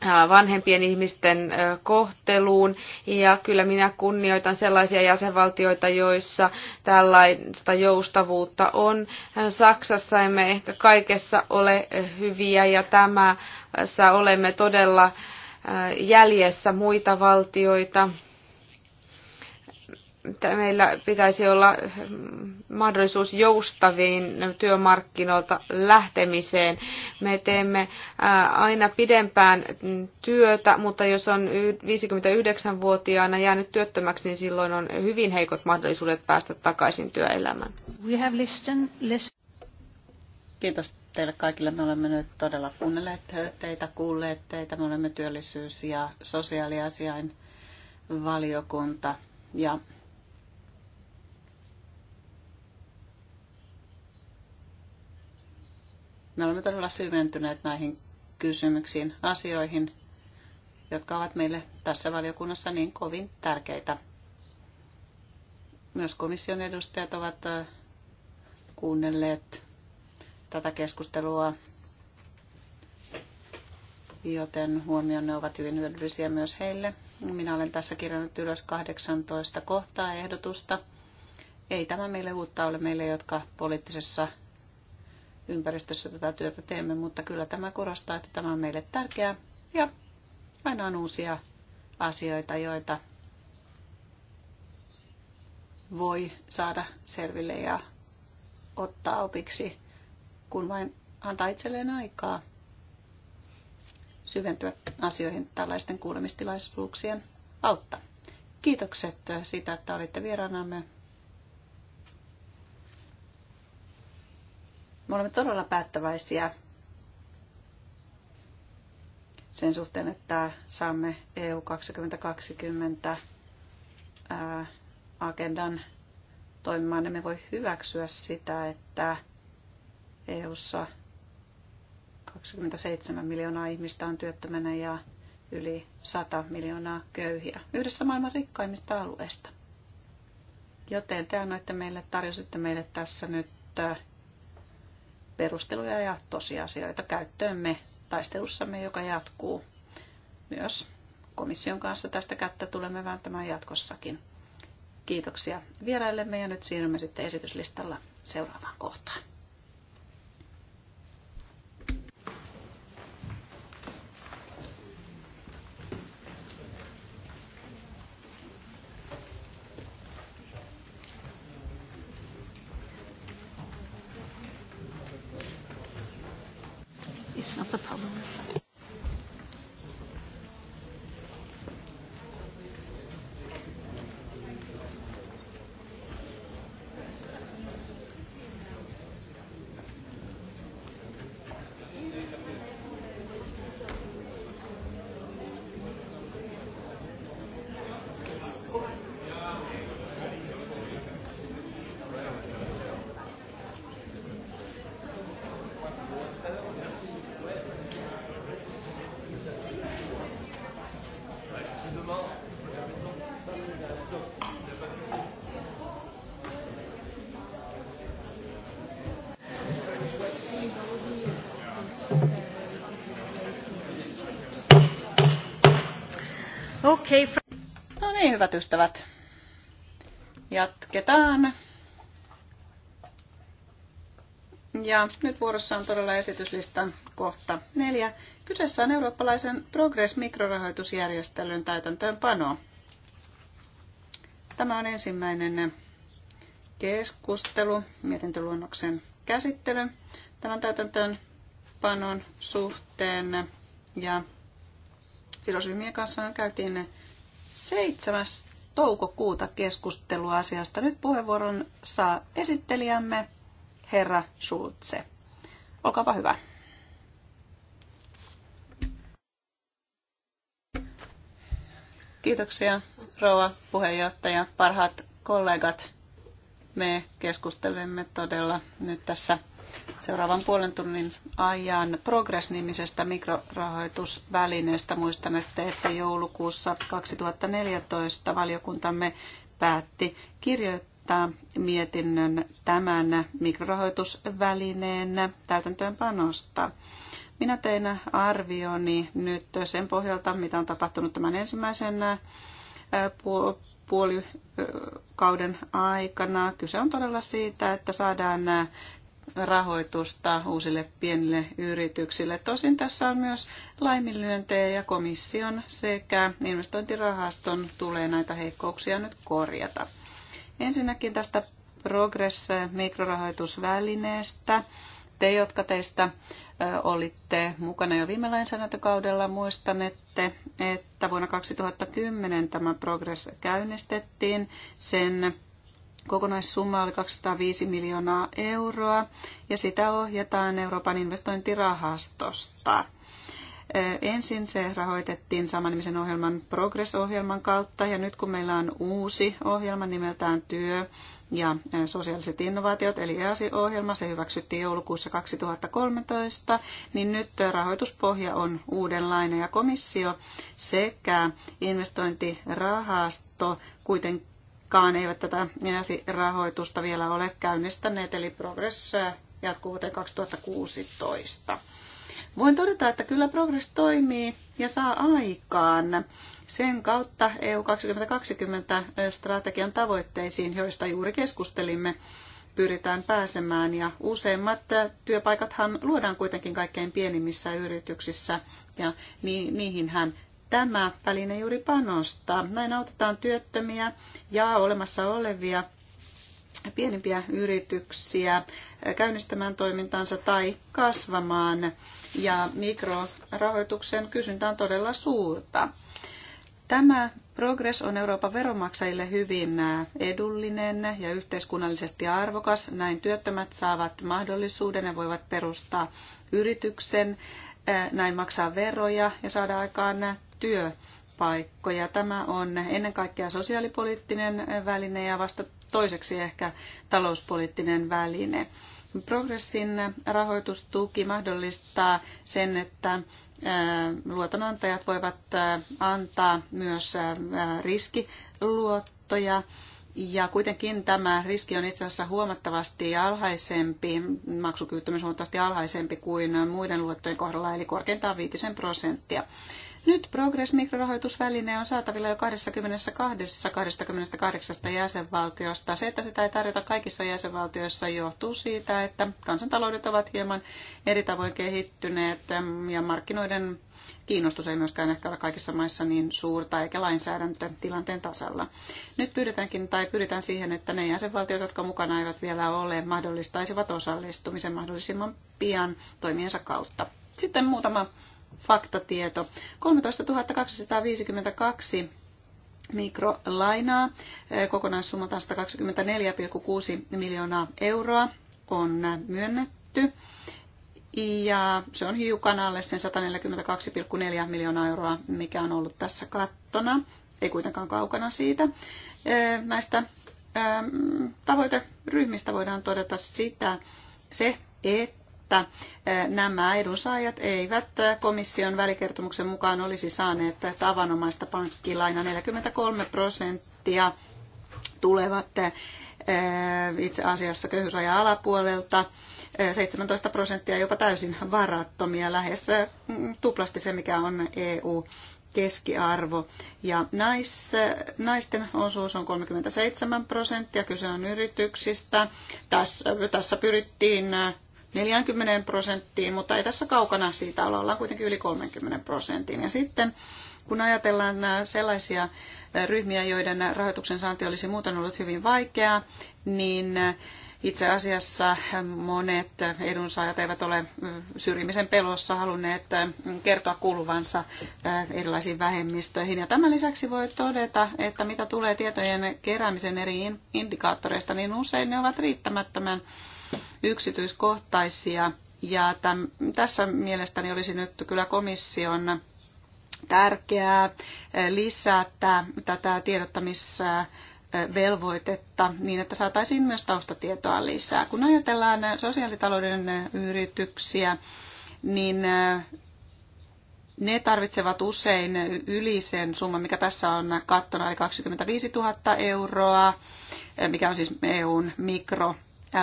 [SPEAKER 3] äh, vanhempien ihmisten äh, kohteluun. Ja kyllä minä kunnioitan sellaisia jäsenvaltioita, joissa tällaista joustavuutta on. Saksassa emme ehkä kaikessa ole hyviä ja tämässä olemme todella äh, jäljessä muita valtioita meillä pitäisi olla eh, mahdollisuus joustaviin työmarkkinoilta lähtemiseen. Me teemme eh, aina pidempään työtä, mutta jos on 59-vuotiaana jäänyt työttömäksi, niin silloin on hyvin heikot mahdollisuudet päästä takaisin työelämään.
[SPEAKER 2] We have listen, listen. Kiitos teille kaikille. Me olemme nyt todella kuunnelleet teitä, kuulleet teitä. Me olemme työllisyys- ja sosiaaliasiain valiokunta. Ja Me olemme todella syventyneet näihin kysymyksiin, asioihin, jotka ovat meille tässä valiokunnassa niin kovin tärkeitä. Myös komission edustajat ovat kuunnelleet tätä keskustelua, joten huomionne ovat hyvin hyödyllisiä myös heille. Minä olen tässä kirjannut ylös 18 kohtaa ehdotusta. Ei tämä meille uutta ole meille, jotka poliittisessa ympäristössä tätä työtä teemme, mutta kyllä tämä korostaa, että tämä on meille tärkeää ja aina on uusia asioita, joita voi saada selville ja ottaa opiksi, kun vain antaa itselleen aikaa syventyä asioihin tällaisten kuulemistilaisuuksien autta. Kiitokset siitä, että olitte vieraanamme Me olemme todella päättäväisiä sen suhteen, että saamme EU 2020 agendan toimimaan. Emme voi hyväksyä sitä, että EUssa 27 miljoonaa ihmistä on työttömänä ja yli 100 miljoonaa köyhiä yhdessä maailman rikkaimmista alueista. Joten te annoitte meille, tarjositte meille tässä nyt perusteluja ja tosiasioita käyttöömme taistelussamme, joka jatkuu myös komission kanssa. Tästä kättä tulemme vääntämään jatkossakin. Kiitoksia vieraillemme ja nyt siirrymme sitten esityslistalla seuraavaan kohtaan. Okay. No niin, hyvät ystävät. Jatketaan. Ja nyt vuorossa on todella esityslistan kohta neljä. Kyseessä on eurooppalaisen Progress-mikrorahoitusjärjestelyn täytäntöönpano. Tämä on ensimmäinen keskustelu, mietintöluonnoksen käsittely tämän täytäntöönpanon suhteen. Ja sidosryhmien kanssa käytiin 7. toukokuuta keskustelua asiasta. Nyt puheenvuoron saa esittelijämme herra Schulze. Olkaapa hyvä. Kiitoksia rouva puheenjohtaja, parhaat kollegat. Me keskustelemme todella nyt tässä seuraavan puolen tunnin ajan Progress-nimisestä mikrorahoitusvälineestä. Muistan, että joulukuussa 2014 valiokuntamme päätti kirjoittaa mietinnön tämän mikrorahoitusvälineen täytäntöönpanosta. Minä tein arvioni nyt sen pohjalta, mitä on tapahtunut tämän ensimmäisen puolikauden aikana. Kyse on todella siitä, että saadaan rahoitusta uusille pienille yrityksille. Tosin tässä on myös laiminlyöntejä ja komission sekä investointirahaston tulee näitä heikkouksia nyt korjata. Ensinnäkin tästä Progress-mikrorahoitusvälineestä. Te, jotka teistä olitte mukana jo viime lainsäädäntökaudella, muistanette, että vuonna 2010 tämä Progress käynnistettiin. Sen Kokonaissumma oli 205 miljoonaa euroa ja sitä ohjataan Euroopan investointirahastosta. Ensin se rahoitettiin samanimisen ohjelman Progress-ohjelman kautta ja nyt kun meillä on uusi ohjelma nimeltään Työ ja sosiaaliset innovaatiot eli EASI-ohjelma, se hyväksyttiin joulukuussa 2013, niin nyt rahoituspohja on uudenlainen ja komissio sekä investointirahasto kuitenkin kaan eivät tätä rahoitusta vielä ole käynnistäneet, eli Progress jatkuu vuoteen 2016. Voin todeta, että kyllä Progress toimii ja saa aikaan sen kautta EU 2020 strategian tavoitteisiin, joista juuri keskustelimme, pyritään pääsemään ja useimmat työpaikathan luodaan kuitenkin kaikkein pienimmissä yrityksissä ja niihinhän tämä väline juuri panostaa. Näin autetaan työttömiä ja olemassa olevia pienempiä yrityksiä käynnistämään toimintansa tai kasvamaan. Ja mikrorahoituksen kysyntä on todella suurta. Tämä progress on Euroopan veronmaksajille hyvin edullinen ja yhteiskunnallisesti arvokas. Näin työttömät saavat mahdollisuuden ja voivat perustaa yrityksen, näin maksaa veroja ja saada aikaan työpaikkoja. Tämä on ennen kaikkea sosiaalipoliittinen väline ja vasta toiseksi ehkä talouspoliittinen väline. Progressin rahoitustuki mahdollistaa sen, että luotonantajat voivat antaa myös riskiluottoja. Ja kuitenkin tämä riski on itse asiassa huomattavasti alhaisempi, maksukyvyttömyys huomattavasti alhaisempi kuin muiden luottojen kohdalla, eli korkeintaan 5 prosenttia. Nyt Progress-mikrorahoitusväline on saatavilla jo 22-28 jäsenvaltiosta. Se, että sitä ei tarjota kaikissa jäsenvaltioissa, johtuu siitä, että kansantaloudet ovat hieman eri tavoin kehittyneet ja markkinoiden kiinnostus ei myöskään ehkä ole kaikissa maissa niin suurta eikä lainsäädäntö tilanteen tasalla. Nyt pyydetäänkin tai pyritään siihen, että ne jäsenvaltiot, jotka mukana eivät vielä ole, mahdollistaisivat osallistumisen mahdollisimman pian toimiensa kautta. Sitten muutama faktatieto. 13 252 mikrolainaa, kokonaissumma 124,6 miljoonaa euroa on myönnetty. Ja se on hiukan alle sen 142,4 miljoonaa euroa, mikä on ollut tässä kattona. Ei kuitenkaan kaukana siitä. Näistä tavoiteryhmistä voidaan todeta sitä, se, että että nämä edunsaajat eivät komission välikertomuksen mukaan olisi saaneet tavanomaista pankkilaina 43 prosenttia tulevat itse asiassa köyhyysrajan alapuolelta. 17 prosenttia jopa täysin varattomia, lähes tuplasti se, mikä on EU keskiarvo. Ja nais, naisten osuus on 37 prosenttia, kyse on yrityksistä. Tässä, tässä pyrittiin 40 prosenttiin, mutta ei tässä kaukana siitä olla, ollaan kuitenkin yli 30 prosenttiin. Ja sitten kun ajatellaan äh, sellaisia äh, ryhmiä, joiden rahoituksen saanti olisi muuten ollut hyvin vaikeaa, niin äh, itse asiassa monet edunsaajat eivät ole syrjimisen pelossa halunneet kertoa kuuluvansa erilaisiin vähemmistöihin. Ja tämän lisäksi voi todeta, että mitä tulee tietojen keräämisen eri indikaattoreista, niin usein ne ovat riittämättömän yksityiskohtaisia. Ja tämän, tässä mielestäni olisi nyt kyllä komission tärkeää eh, lisätä tätä velvoitetta niin, että saataisiin myös taustatietoa lisää. Kun ajatellaan sosiaalitalouden yrityksiä, niin eh, ne tarvitsevat usein yli sen summan, mikä tässä on kattona, eli 25 000 euroa, eh, mikä on siis EUn mikro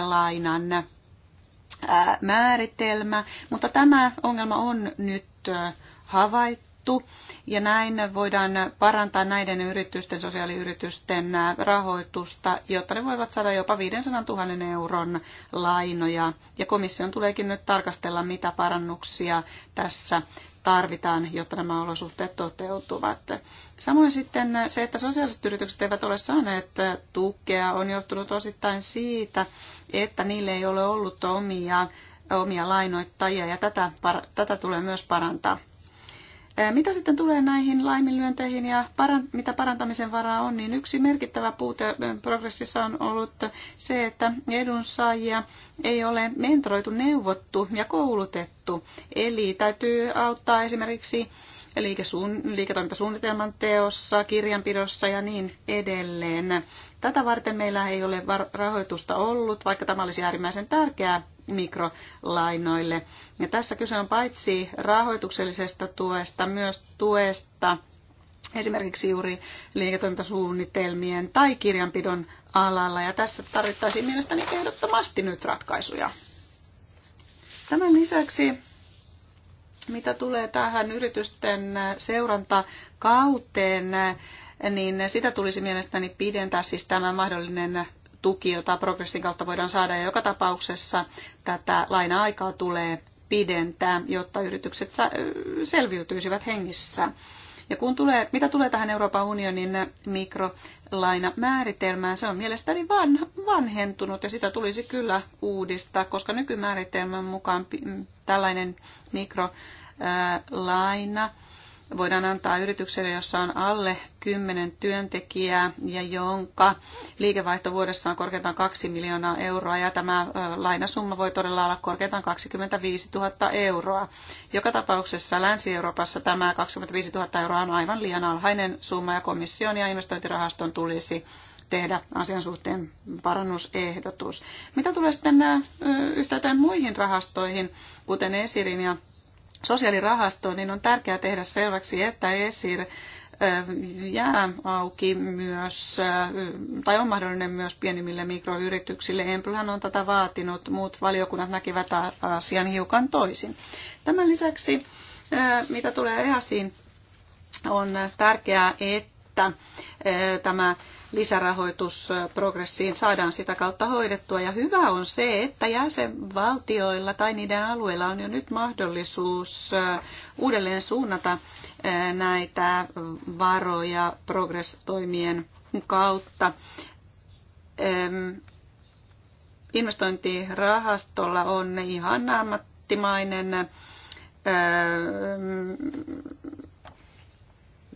[SPEAKER 2] lainan äh, määritelmä, mutta tämä ongelma on nyt äh, havaittu sovittu. Ja näin voidaan parantaa näiden yritysten, sosiaaliyritysten rahoitusta, jotta ne voivat saada jopa 500 000 euron lainoja. Ja komission tuleekin nyt tarkastella, mitä parannuksia tässä tarvitaan, jotta nämä olosuhteet toteutuvat. Samoin sitten se, että sosiaaliset yritykset eivät ole saaneet tukea, on johtunut osittain siitä, että niille ei ole ollut omia, omia lainoittajia, ja tätä, tätä tulee myös parantaa. Mitä sitten tulee näihin laiminlyönteihin ja parant- mitä parantamisen varaa on, niin yksi merkittävä puute progressissa on ollut se, että edunsaajia ei ole mentoroitu, neuvottu ja koulutettu. Eli täytyy auttaa esimerkiksi liiketoimintasuunnitelman teossa, kirjanpidossa ja niin edelleen. Tätä varten meillä ei ole rahoitusta ollut, vaikka tämä olisi äärimmäisen tärkeää mikrolainoille. Ja tässä kyse on paitsi rahoituksellisesta tuesta, myös tuesta esimerkiksi juuri liiketoimintasuunnitelmien tai kirjanpidon alalla. Ja tässä tarvittaisiin mielestäni ehdottomasti nyt ratkaisuja. Tämän lisäksi mitä tulee tähän yritysten seurantakauteen, niin sitä tulisi mielestäni pidentää siis tämä mahdollinen tuki, jota progressin kautta voidaan saada. Ja joka tapauksessa tätä laina-aikaa tulee pidentää, jotta yritykset selviytyisivät hengissä. Ja kun tulee, mitä tulee tähän Euroopan unionin mikrolainamääritelmään, se on mielestäni van, vanhentunut ja sitä tulisi kyllä uudistaa, koska nykymääritelmän mukaan tällainen mikrolaina voidaan antaa yritykselle, jossa on alle 10 työntekijää ja jonka liikevaihto vuodessa on korkeintaan 2 miljoonaa euroa ja tämä lainasumma voi todella olla korkeintaan 25 000 euroa. Joka tapauksessa Länsi-Euroopassa tämä 25 000 euroa on aivan liian alhainen summa ja komission ja investointirahaston tulisi tehdä asian suhteen parannusehdotus. Mitä tulee sitten yhtä muihin rahastoihin, kuten Esirin ja sosiaalirahastoon, niin on tärkeää tehdä selväksi, että ESIR jää auki myös, tai on mahdollinen myös pienimmille mikroyrityksille. Emplyhän on tätä vaatinut, muut valiokunnat näkivät asian hiukan toisin. Tämän lisäksi, mitä tulee EASiin, on tärkeää, että että e, tämä lisärahoitus progressiin saadaan sitä kautta hoidettua. Ja hyvä on se, että jäsenvaltioilla tai niiden alueilla on jo nyt mahdollisuus e, uudelleen suunnata e, näitä varoja progress-toimien kautta. Investointirahastolla on ihan ammattimainen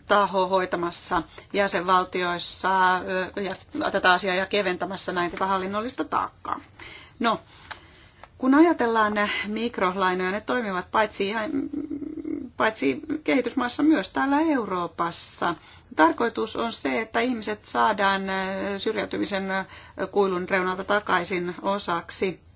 [SPEAKER 2] taho hoitamassa jäsenvaltioissa ja tätä asiaa ja keventämässä näin tätä hallinnollista taakkaa. No, kun ajatellaan ne mikrolainoja, ne toimivat paitsi, paitsi kehitysmaissa myös täällä Euroopassa. Tarkoitus on se, että ihmiset saadaan syrjäytymisen kuilun reunalta takaisin osaksi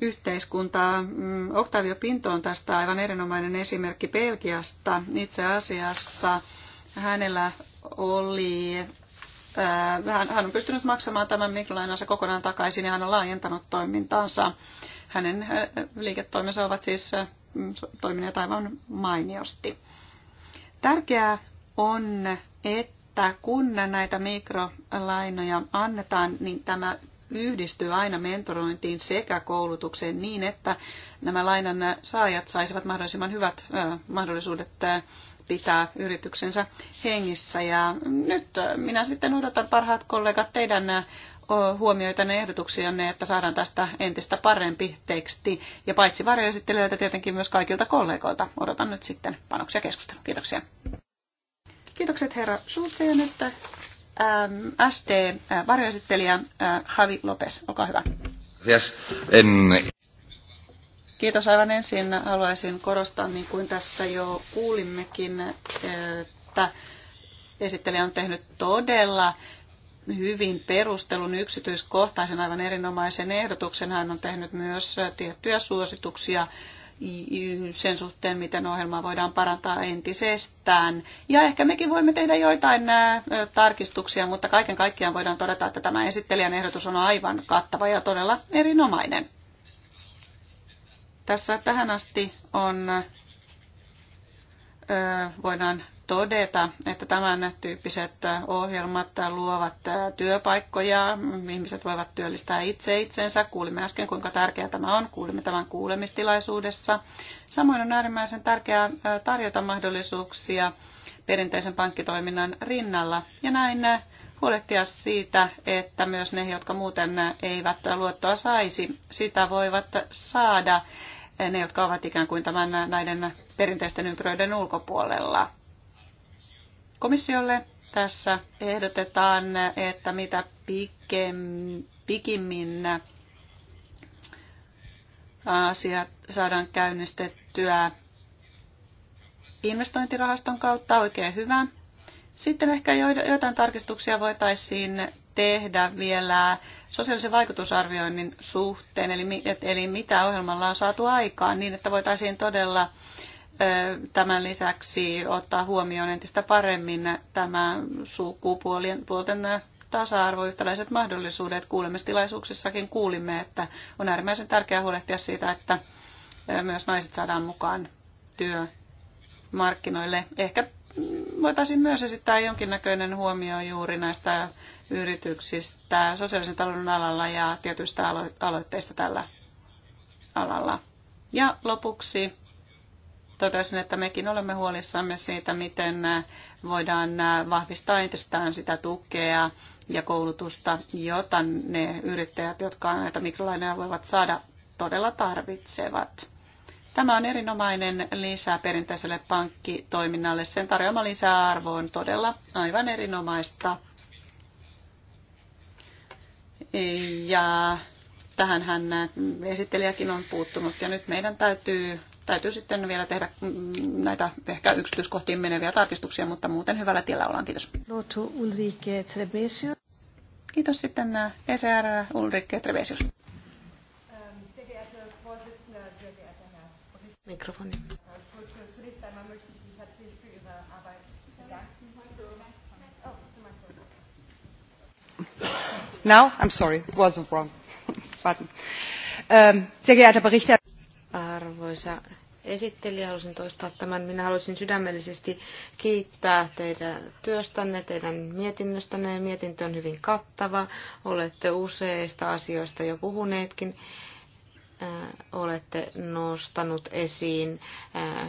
[SPEAKER 2] yhteiskuntaa. Mm, Octavio Pinto on tästä aivan erinomainen esimerkki Belgiasta. Itse asiassa hänellä oli hän on pystynyt maksamaan tämän mikrolainansa kokonaan takaisin ja hän on laajentanut toimintaansa. Hänen liiketoimensa ovat siis mm, toimineet aivan mainiosti. Tärkeää on, että kun näitä mikrolainoja annetaan, niin tämä yhdistyy aina mentorointiin sekä koulutukseen niin, että nämä lainan saajat saisivat mahdollisimman hyvät mahdollisuudet pitää yrityksensä hengissä. Ja nyt minä sitten odotan parhaat kollegat teidän huomioita huomioitanne ehdotuksianne, että saadaan tästä entistä parempi teksti. Ja paitsi varjoesittelijöiltä tietenkin myös kaikilta kollegoilta. Odotan nyt sitten panoksia keskustelua. Kiitoksia. Kiitokset herra Schulze ja nyt Ähm, ST-varjoesittelijä äh, äh, Javi Lopes, olkaa hyvä.
[SPEAKER 1] Yes. En...
[SPEAKER 2] Kiitos aivan ensin. Haluaisin korostaa, niin kuin tässä jo kuulimmekin, että esittelijä on tehnyt todella hyvin perustelun yksityiskohtaisen aivan erinomaisen ehdotuksen. Hän on tehnyt myös tiettyjä suosituksia sen suhteen, miten ohjelmaa voidaan parantaa entisestään. Ja ehkä mekin voimme tehdä joitain tarkistuksia, mutta kaiken kaikkiaan voidaan todeta, että tämä esittelijän ehdotus on aivan kattava ja todella erinomainen. Tässä tähän asti on, voidaan todeta, että tämän tyyppiset ohjelmat luovat työpaikkoja, ihmiset voivat työllistää itse itsensä. Kuulimme äsken, kuinka tärkeää tämä on, kuulimme tämän kuulemistilaisuudessa. Samoin on äärimmäisen tärkeää tarjota mahdollisuuksia perinteisen pankkitoiminnan rinnalla ja näin huolehtia siitä, että myös ne, jotka muuten eivät luottoa saisi, sitä voivat saada ne, jotka ovat ikään kuin tämän, näiden perinteisten ympyröiden ulkopuolella komissiolle. Tässä ehdotetaan, että mitä pikimmin asiat saadaan käynnistettyä investointirahaston kautta. Oikein hyvä. Sitten ehkä joitain tarkistuksia voitaisiin tehdä vielä sosiaalisen vaikutusarvioinnin suhteen, eli, eli mitä ohjelmalla on saatu aikaan, niin että voitaisiin todella tämän lisäksi ottaa huomioon entistä paremmin tämä sukupuolten tasa-arvo, yhtäläiset mahdollisuudet. Kuulemistilaisuuksissakin kuulimme, että on äärimmäisen tärkeää huolehtia siitä, että myös naiset saadaan mukaan työmarkkinoille. Ehkä voitaisiin myös esittää jonkinnäköinen huomio juuri näistä yrityksistä sosiaalisen talouden alalla ja tietyistä aloitteista tällä alalla. Ja lopuksi totesin, että mekin olemme huolissamme siitä, miten voidaan vahvistaa entistään sitä tukea ja koulutusta, jota ne yrittäjät, jotka näitä mikrolaineja voivat saada, todella tarvitsevat. Tämä on erinomainen lisä perinteiselle pankkitoiminnalle. Sen tarjoama lisäarvo on todella aivan erinomaista. Ja tähän hän esittelijäkin on puuttunut ja nyt meidän täytyy täytyy sitten vielä tehdä mm, näitä ehkä yksityiskohtiin meneviä tarkistuksia, mutta muuten hyvällä tiellä ollaan. Kiitos. Lotu Ulrike Trebesius. Kiitos sitten ECR äh, äh, Ulrike Trebesius. Mikrofoni.
[SPEAKER 3] Now, I'm sorry, was wrong button. [LAUGHS] Ähm, sehr geehrter Berichter. Arvoisa esittelijä, haluaisin toistaa tämän. Minä haluaisin sydämellisesti kiittää teidän työstänne, teidän mietinnöstänne. Mietintö on hyvin kattava. Olette useista asioista jo puhuneetkin. Äh, olette nostanut esiin ähm,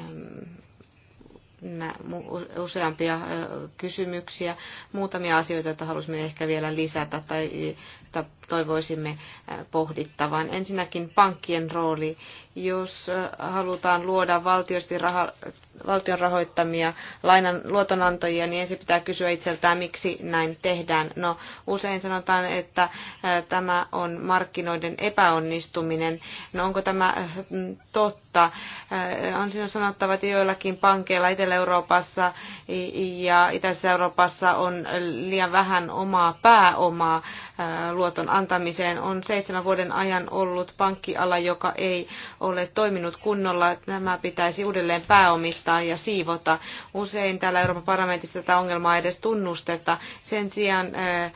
[SPEAKER 3] useampia kysymyksiä, muutamia asioita, joita halusimme ehkä vielä lisätä tai toivoisimme pohdittavan. Ensinnäkin pankkien rooli. Jos halutaan luoda valtiosti raha, valtion rahoittamia lainan luotonantajia, niin ensin pitää kysyä itseltään, miksi näin tehdään. No, usein sanotaan, että tämä on markkinoiden epäonnistuminen. No, onko tämä totta? On siinä sanottava, että joillakin pankeilla etelä Euroopassa ja Itäisessä Euroopassa on liian vähän omaa pääomaa äh, luoton antamiseen. On seitsemän vuoden ajan ollut pankkiala, joka ei ole toiminut kunnolla. Nämä pitäisi uudelleen pääomittaa ja siivota. Usein täällä Euroopan parlamentissa tätä ongelmaa ei edes tunnusteta. Sen sijaan äh,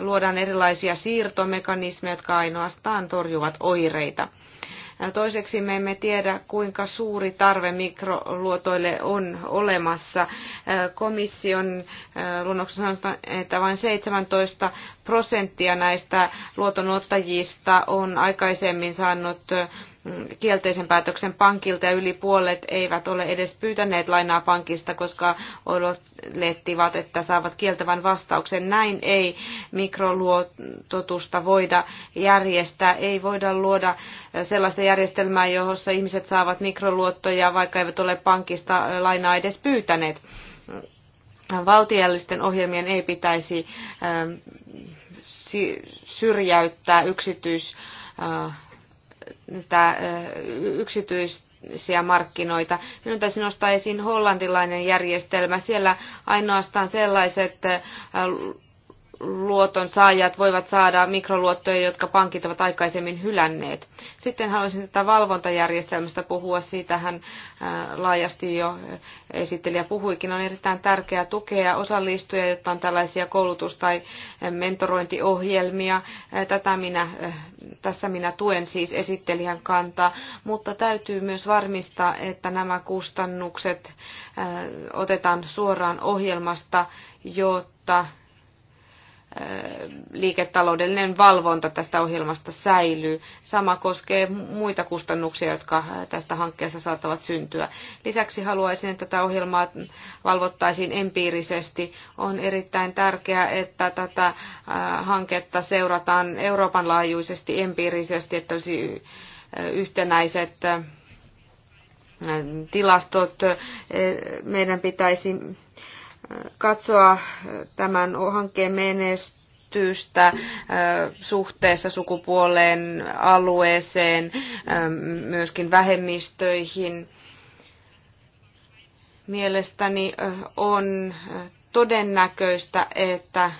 [SPEAKER 3] luodaan erilaisia siirtomekanismeja, jotka ainoastaan torjuvat oireita. Toiseksi me emme tiedä, kuinka suuri tarve mikroluotoille on olemassa. Komission luonnoksessa sanotaan, että vain 17 prosenttia näistä luotonottajista on aikaisemmin saanut kielteisen päätöksen pankilta ja yli puolet eivät ole edes pyytäneet lainaa pankista, koska odotettivat, että saavat kieltävän vastauksen. Näin ei mikroluototusta voida järjestää. Ei voida luoda sellaista järjestelmää, jossa ihmiset saavat mikroluottoja, vaikka eivät ole pankista lainaa edes pyytäneet. Valtiollisten ohjelmien ei pitäisi ähm, syrjäyttää yksityis äh, yksityisiä markkinoita. Minun täytyy nostaa esiin hollantilainen järjestelmä. Siellä ainoastaan sellaiset luoton saajat voivat saada mikroluottoja, jotka pankit ovat aikaisemmin hylänneet. Sitten haluaisin tätä valvontajärjestelmästä puhua. Siitähän laajasti jo esittelijä puhuikin. On erittäin tärkeää tukea osallistujia, jotta on tällaisia koulutus- tai mentorointiohjelmia. Tätä minä, tässä minä tuen siis esittelijän kantaa, mutta täytyy myös varmistaa, että nämä kustannukset otetaan suoraan ohjelmasta, jotta liiketaloudellinen valvonta tästä ohjelmasta säilyy. Sama koskee muita kustannuksia, jotka tästä hankkeesta saattavat syntyä. Lisäksi haluaisin, että tätä ohjelmaa valvottaisiin empiirisesti. On erittäin tärkeää, että tätä hanketta seurataan Euroopan laajuisesti empiirisesti, että olisi yhtenäiset tilastot. Meidän pitäisi katsoa tämän hankkeen menestystä äh, suhteessa sukupuoleen, alueeseen, ähm, myöskin vähemmistöihin. Mielestäni äh, on todennäköistä, että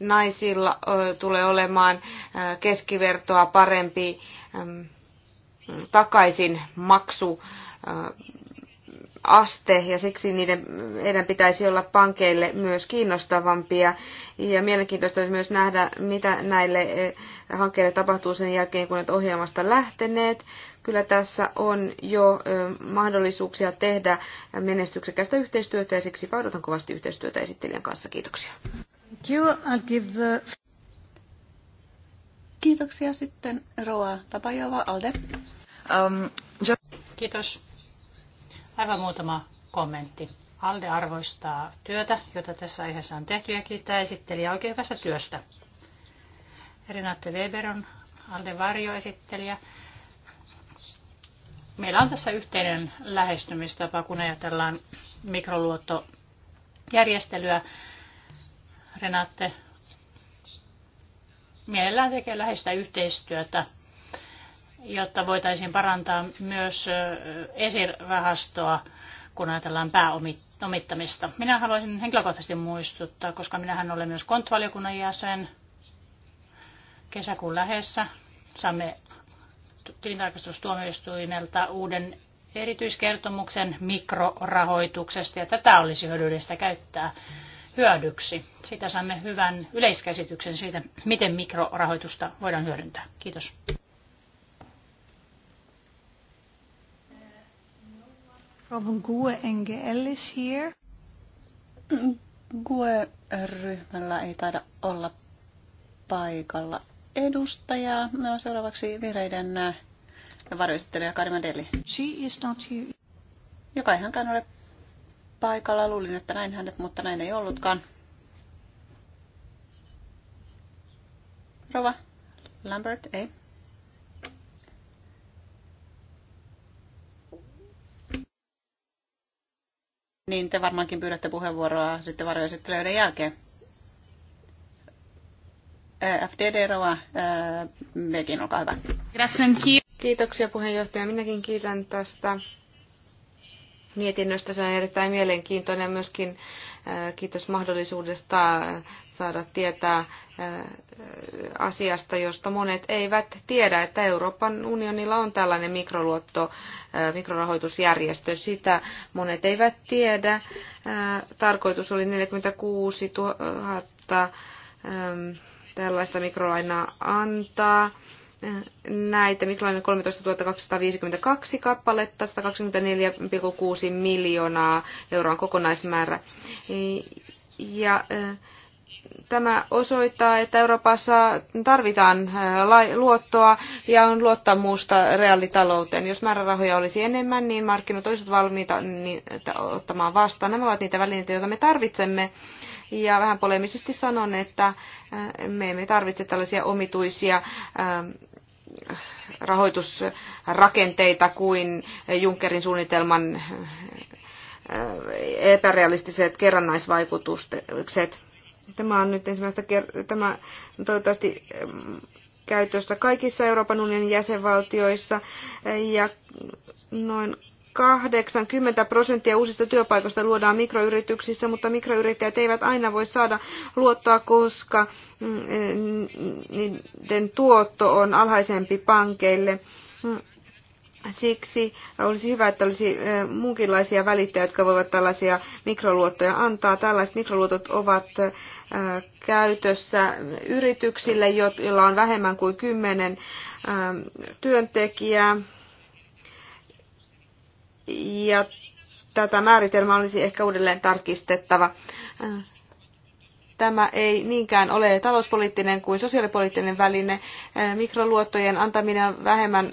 [SPEAKER 3] naisilla äh, tulee olemaan keskivertoa parempi ähm, takaisin maksu aste ja siksi niiden, heidän pitäisi olla pankeille myös kiinnostavampia. Ja mielenkiintoista olisi myös nähdä, mitä näille eh, hankkeille tapahtuu sen jälkeen, kun ne ohjelmasta lähteneet. Kyllä tässä on jo eh, mahdollisuuksia tehdä menestyksekästä yhteistyötä ja siksi odotan kovasti yhteistyötä esittelijän kanssa. Kiitoksia.
[SPEAKER 2] Kiitoksia sitten Roa Tapajova Alde.
[SPEAKER 3] Um,
[SPEAKER 1] just... Kiitos Aivan muutama kommentti. Alde arvoistaa työtä, jota tässä aiheessa on tehty ja kiittää esittelijä oikein hyvästä työstä. Renate Weber on Alde varjoesittelijä. Meillä on tässä yhteinen lähestymistapa, kun ajatellaan mikroluottojärjestelyä. Renate mielellään tekee läheistä yhteistyötä jotta voitaisiin parantaa myös esirahastoa, kun ajatellaan pääomittamista. Minä haluaisin henkilökohtaisesti muistuttaa, koska minähän olen myös kontvaliokunnan jäsen kesäkuun lähessä. Saamme tilintarkastustuomioistuimelta uuden erityiskertomuksen mikrorahoituksesta, ja tätä olisi hyödyllistä käyttää hyödyksi. Siitä saamme hyvän yleiskäsityksen siitä, miten mikrorahoitusta voidaan hyödyntää. Kiitos.
[SPEAKER 2] from GUE NGL is here. GUE-ryhmällä ei taida olla paikalla edustajaa. No, seuraavaksi ja äh, varjoesittelijä Karima Deli. She is not here. Joka ei hänkään ole paikalla. Luulin, että näin hänet, mutta näin ei ollutkaan. Rova Lambert, ei. Niin te varmaankin pyydätte puheenvuoroa sitten varjoesittelyiden jälkeen.
[SPEAKER 3] FDD Roa, mekin olkaa hyvä. Kiitoksia puheenjohtaja. Minäkin kiitän tästä mietinnöstä. Se on erittäin mielenkiintoinen myöskin Äh, kiitos mahdollisuudesta äh, saada tietää äh, asiasta, josta monet eivät tiedä, että Euroopan unionilla on tällainen mikroluotto, mikrorahoitusjärjestö. Sitä monet eivät tiedä. Tarkoitus oli 46 000 ähm, tällaista mikrolainaa antaa näitä, Miklainen 13 252 kappaletta, 124,6 miljoonaa euroa kokonaismäärä. Ja tämä osoittaa, että Euroopassa tarvitaan luottoa ja on luottamusta reaalitalouteen. Jos määrärahoja olisi enemmän, niin markkinat olisivat valmiita ottamaan vastaan. Nämä ovat niitä välineitä, joita me tarvitsemme. Ja vähän polemisesti sanon, että me emme tarvitse tällaisia omituisia rahoitusrakenteita kuin Junckerin suunnitelman äh, epärealistiset kerrannaisvaikutukset. Tämä on nyt ensimmäistä kertaa, tämä on toivottavasti ähm, käytössä kaikissa Euroopan unionin jäsenvaltioissa äh, ja noin 80 prosenttia uusista työpaikoista luodaan mikroyrityksissä, mutta mikroyrittäjät eivät aina voi saada luottoa, koska mm, eh, niiden tuotto on alhaisempi pankeille. Mm, siksi olisi hyvä, että olisi eh, muunkinlaisia välittäjiä, jotka voivat tällaisia mikroluottoja antaa. Tällaiset mikroluotot ovat eh, käytössä yrityksille, joilla on vähemmän kuin kymmenen työntekijää. Ja tätä määritelmää olisi ehkä uudelleen tarkistettava. Tämä ei niinkään ole talouspoliittinen kuin sosiaalipoliittinen väline. Mikroluottojen antaminen on vähemmän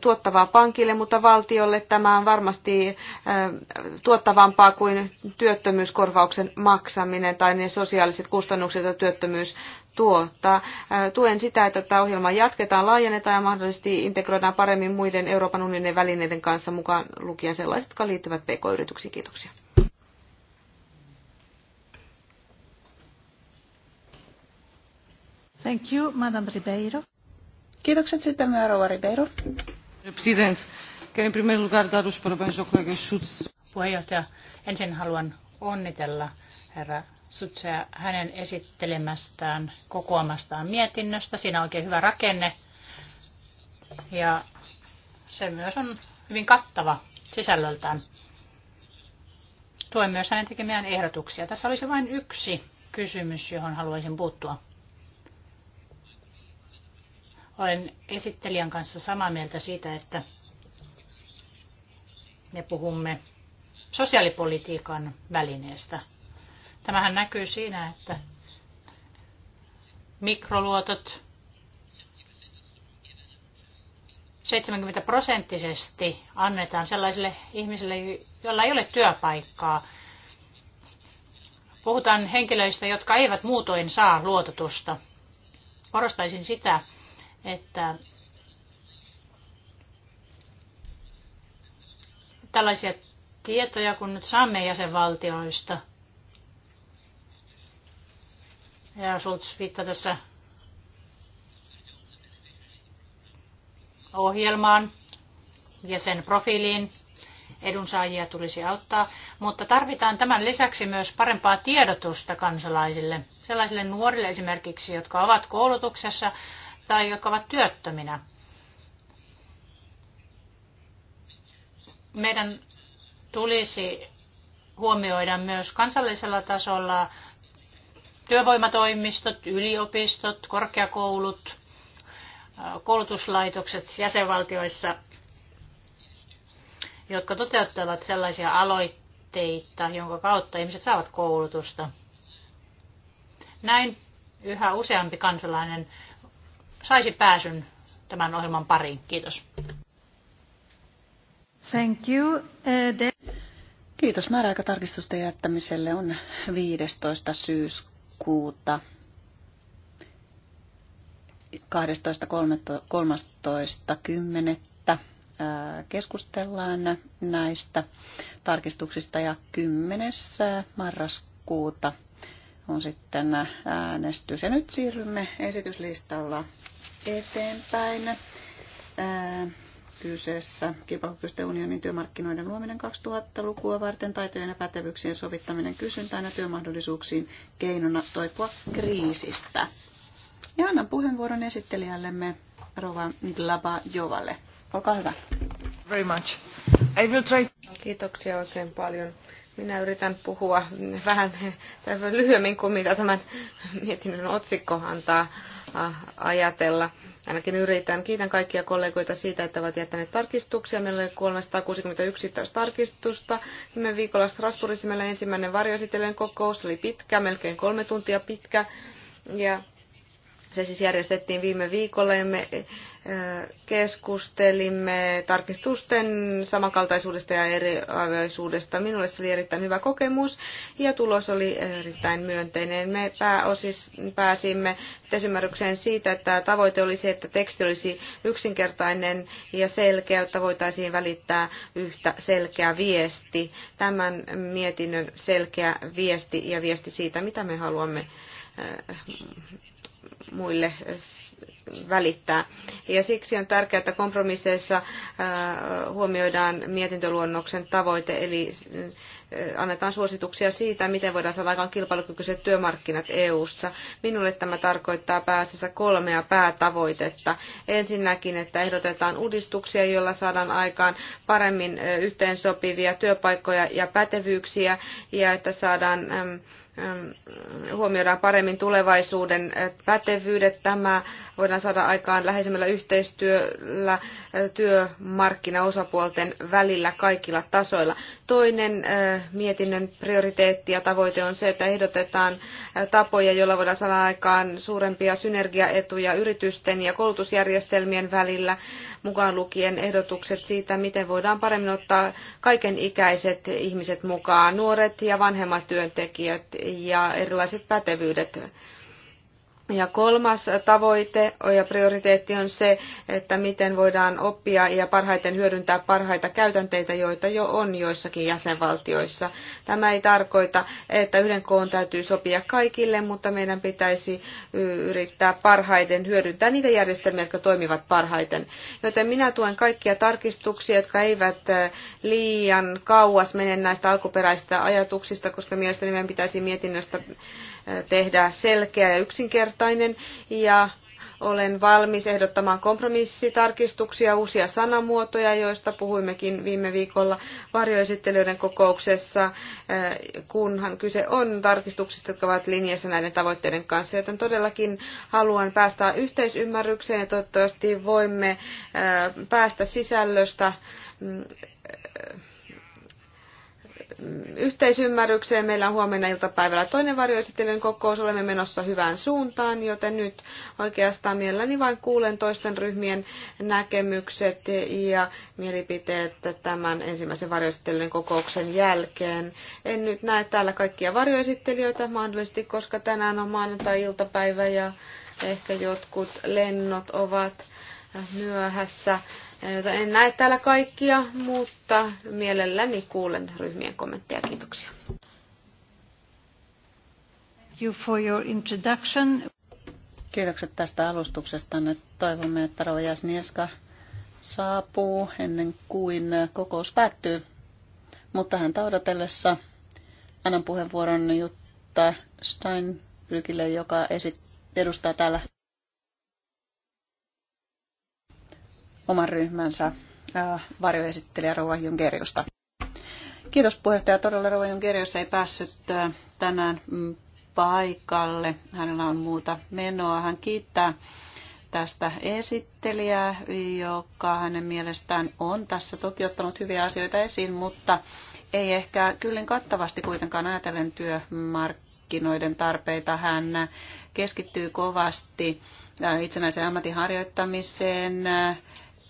[SPEAKER 3] tuottavaa pankille, mutta valtiolle tämä on varmasti tuottavampaa kuin työttömyyskorvauksen maksaminen tai ne sosiaaliset kustannukset, joita työttömyys tuottaa. Tuen sitä, että tämä ohjelma jatketaan, laajennetaan ja mahdollisesti integroidaan paremmin muiden Euroopan unionin välineiden kanssa mukaan lukien sellaiset, jotka liittyvät pk-yrityksiin. Kiitoksia.
[SPEAKER 2] Thank you, Madame Ribeiro. Kiitokset sitten, Rouva Ribeiro.
[SPEAKER 1] lugar dar os parabéns ao colega Puheenjohtaja, ensin haluan onnitella herra Sutsea hänen esittelemästään, kokoamastaan mietinnöstä. Siinä on oikein hyvä rakenne ja se myös on hyvin kattava sisällöltään. Tuen myös hänen tekemään ehdotuksia. Tässä olisi vain yksi kysymys, johon haluaisin puuttua. Olen esittelijän kanssa samaa mieltä siitä, että me puhumme sosiaalipolitiikan välineestä – Tämähän näkyy siinä, että mikroluotot 70 prosenttisesti annetaan sellaisille ihmisille, joilla ei ole työpaikkaa. Puhutaan henkilöistä, jotka eivät muutoin saa luototusta. Korostaisin sitä, että tällaisia tietoja kun nyt saamme jäsenvaltioista – Herra Schultz viittaa tässä ohjelmaan ja sen profiiliin. Edunsaajia tulisi auttaa, mutta tarvitaan tämän lisäksi myös parempaa tiedotusta kansalaisille, sellaisille nuorille esimerkiksi, jotka ovat koulutuksessa tai jotka ovat työttöminä. Meidän tulisi huomioida myös kansallisella tasolla työvoimatoimistot, yliopistot, korkeakoulut, koulutuslaitokset jäsenvaltioissa, jotka toteuttavat sellaisia aloitteita, jonka kautta ihmiset saavat koulutusta. Näin yhä useampi kansalainen saisi pääsyn tämän ohjelman pariin. Kiitos.
[SPEAKER 2] Thank you. Eh, Kiitos. Määräaikatarkistusten jättämiselle on 15. syyskuuta lokakuuta 12.13.10. keskustellaan näistä tarkistuksista ja 10. marraskuuta on sitten äänestys. Ja nyt siirrymme esityslistalla eteenpäin kyseessä kilpailukykyisten unionin työmarkkinoiden luominen 2000-lukua varten, taitojen ja pätevyyksien sovittaminen kysyntään ja työmahdollisuuksiin keinona toipua kriisistä. Ja annan puheenvuoron esittelijällemme Rova Glaba Jovalle. Olkaa hyvä.
[SPEAKER 3] Very much. I will try... Kiitoksia oikein paljon. Minä yritän puhua vähän [LAUGHS] lyhyemmin kuin mitä tämän mietinnön otsikko antaa Äh, ajatella. Ainakin yritän. Kiitän kaikkia kollegoita siitä, että ovat jättäneet tarkistuksia. Meillä oli 361 tarkistusta. Viime viikolla Strasbourgissa meillä ensimmäinen varjoesitellen kokous oli pitkä, melkein kolme tuntia pitkä. Ja se siis järjestettiin viime viikolla ja me keskustelimme tarkistusten samankaltaisuudesta ja eriarvoisuudesta. Minulle se oli erittäin hyvä kokemus ja tulos oli erittäin myönteinen. Me pääosis pääsimme yhteisymmärrykseen siitä, että tavoite oli se, että teksti olisi yksinkertainen ja selkeä, että voitaisiin välittää yhtä selkeä viesti. Tämän mietinnön selkeä viesti ja viesti siitä, mitä me haluamme muille välittää. Ja siksi on tärkeää, että kompromisseissa äh, huomioidaan mietintöluonnoksen tavoite, eli äh, annetaan suosituksia siitä, miten voidaan saada aikaan kilpailukykyiset työmarkkinat EU-ssa. Minulle tämä tarkoittaa pääasiassa kolmea päätavoitetta. Ensinnäkin, että ehdotetaan uudistuksia, joilla saadaan aikaan paremmin äh, yhteensopivia työpaikkoja ja pätevyyksiä, ja että saadaan huomioidaan paremmin tulevaisuuden pätevyydet. Tämä voidaan saada aikaan läheisemmällä yhteistyöllä työmarkkinaosapuolten välillä kaikilla tasoilla. Toinen mietinnön prioriteetti ja tavoite on se, että ehdotetaan tapoja, joilla voidaan saada aikaan suurempia synergiaetuja yritysten ja koulutusjärjestelmien välillä, mukaan lukien ehdotukset siitä, miten voidaan paremmin ottaa kaikenikäiset ihmiset mukaan, nuoret ja vanhemmat työntekijät ja erilaiset pätevyydet. Ja kolmas tavoite ja prioriteetti on se, että miten voidaan oppia ja parhaiten hyödyntää parhaita käytänteitä, joita jo on joissakin jäsenvaltioissa. Tämä ei tarkoita, että yhden koon täytyy sopia kaikille, mutta meidän pitäisi yrittää parhaiten hyödyntää niitä järjestelmiä, jotka toimivat parhaiten. Joten minä tuen kaikkia tarkistuksia, jotka eivät liian kauas mene näistä alkuperäisistä ajatuksista, koska mielestäni meidän pitäisi mietinnöstä tehdä selkeä ja yksinkertainen ja olen valmis ehdottamaan kompromissitarkistuksia, uusia sanamuotoja, joista puhuimmekin viime viikolla varjoesittelijöiden kokouksessa, kunhan kyse on tarkistuksista, jotka ovat linjassa näiden tavoitteiden kanssa. Joten todellakin haluan päästä yhteisymmärrykseen ja toivottavasti voimme päästä sisällöstä mm, yhteisymmärrykseen. Meillä on huomenna iltapäivällä toinen varjoesittelyn kokous. Olemme menossa hyvään suuntaan, joten nyt oikeastaan mielelläni vain kuulen toisten ryhmien näkemykset ja mielipiteet tämän ensimmäisen varjoesittelyn kokouksen jälkeen. En nyt näe täällä kaikkia varjoesittelijöitä mahdollisesti, koska tänään on maanantai-iltapäivä ja ehkä jotkut lennot ovat myöhässä. Joten en näe täällä kaikkia, mutta mielelläni kuulen ryhmien kommentteja. Kiitoksia.
[SPEAKER 2] You for your introduction. Kiitokset tästä alustuksesta. Nyt toivomme, että Rova Jasnieska saapuu ennen kuin kokous päättyy. Mutta hän odotellessa annan puheenvuoron Jutta Steinbrückille, joka esit- edustaa täällä oman ryhmänsä varjoesittelijä Rova Junkeriusta. Kiitos puheenjohtaja. Todella Rova Junkerius ei päässyt tänään mm, paikalle. Hänellä on muuta menoa. Hän kiittää tästä esittelijää, joka hänen mielestään on tässä toki ottanut hyviä asioita esiin, mutta ei ehkä kyllin kattavasti kuitenkaan ajatellen työmarkkinoiden tarpeita. Hän keskittyy kovasti itsenäisen ammatinharjoittamiseen,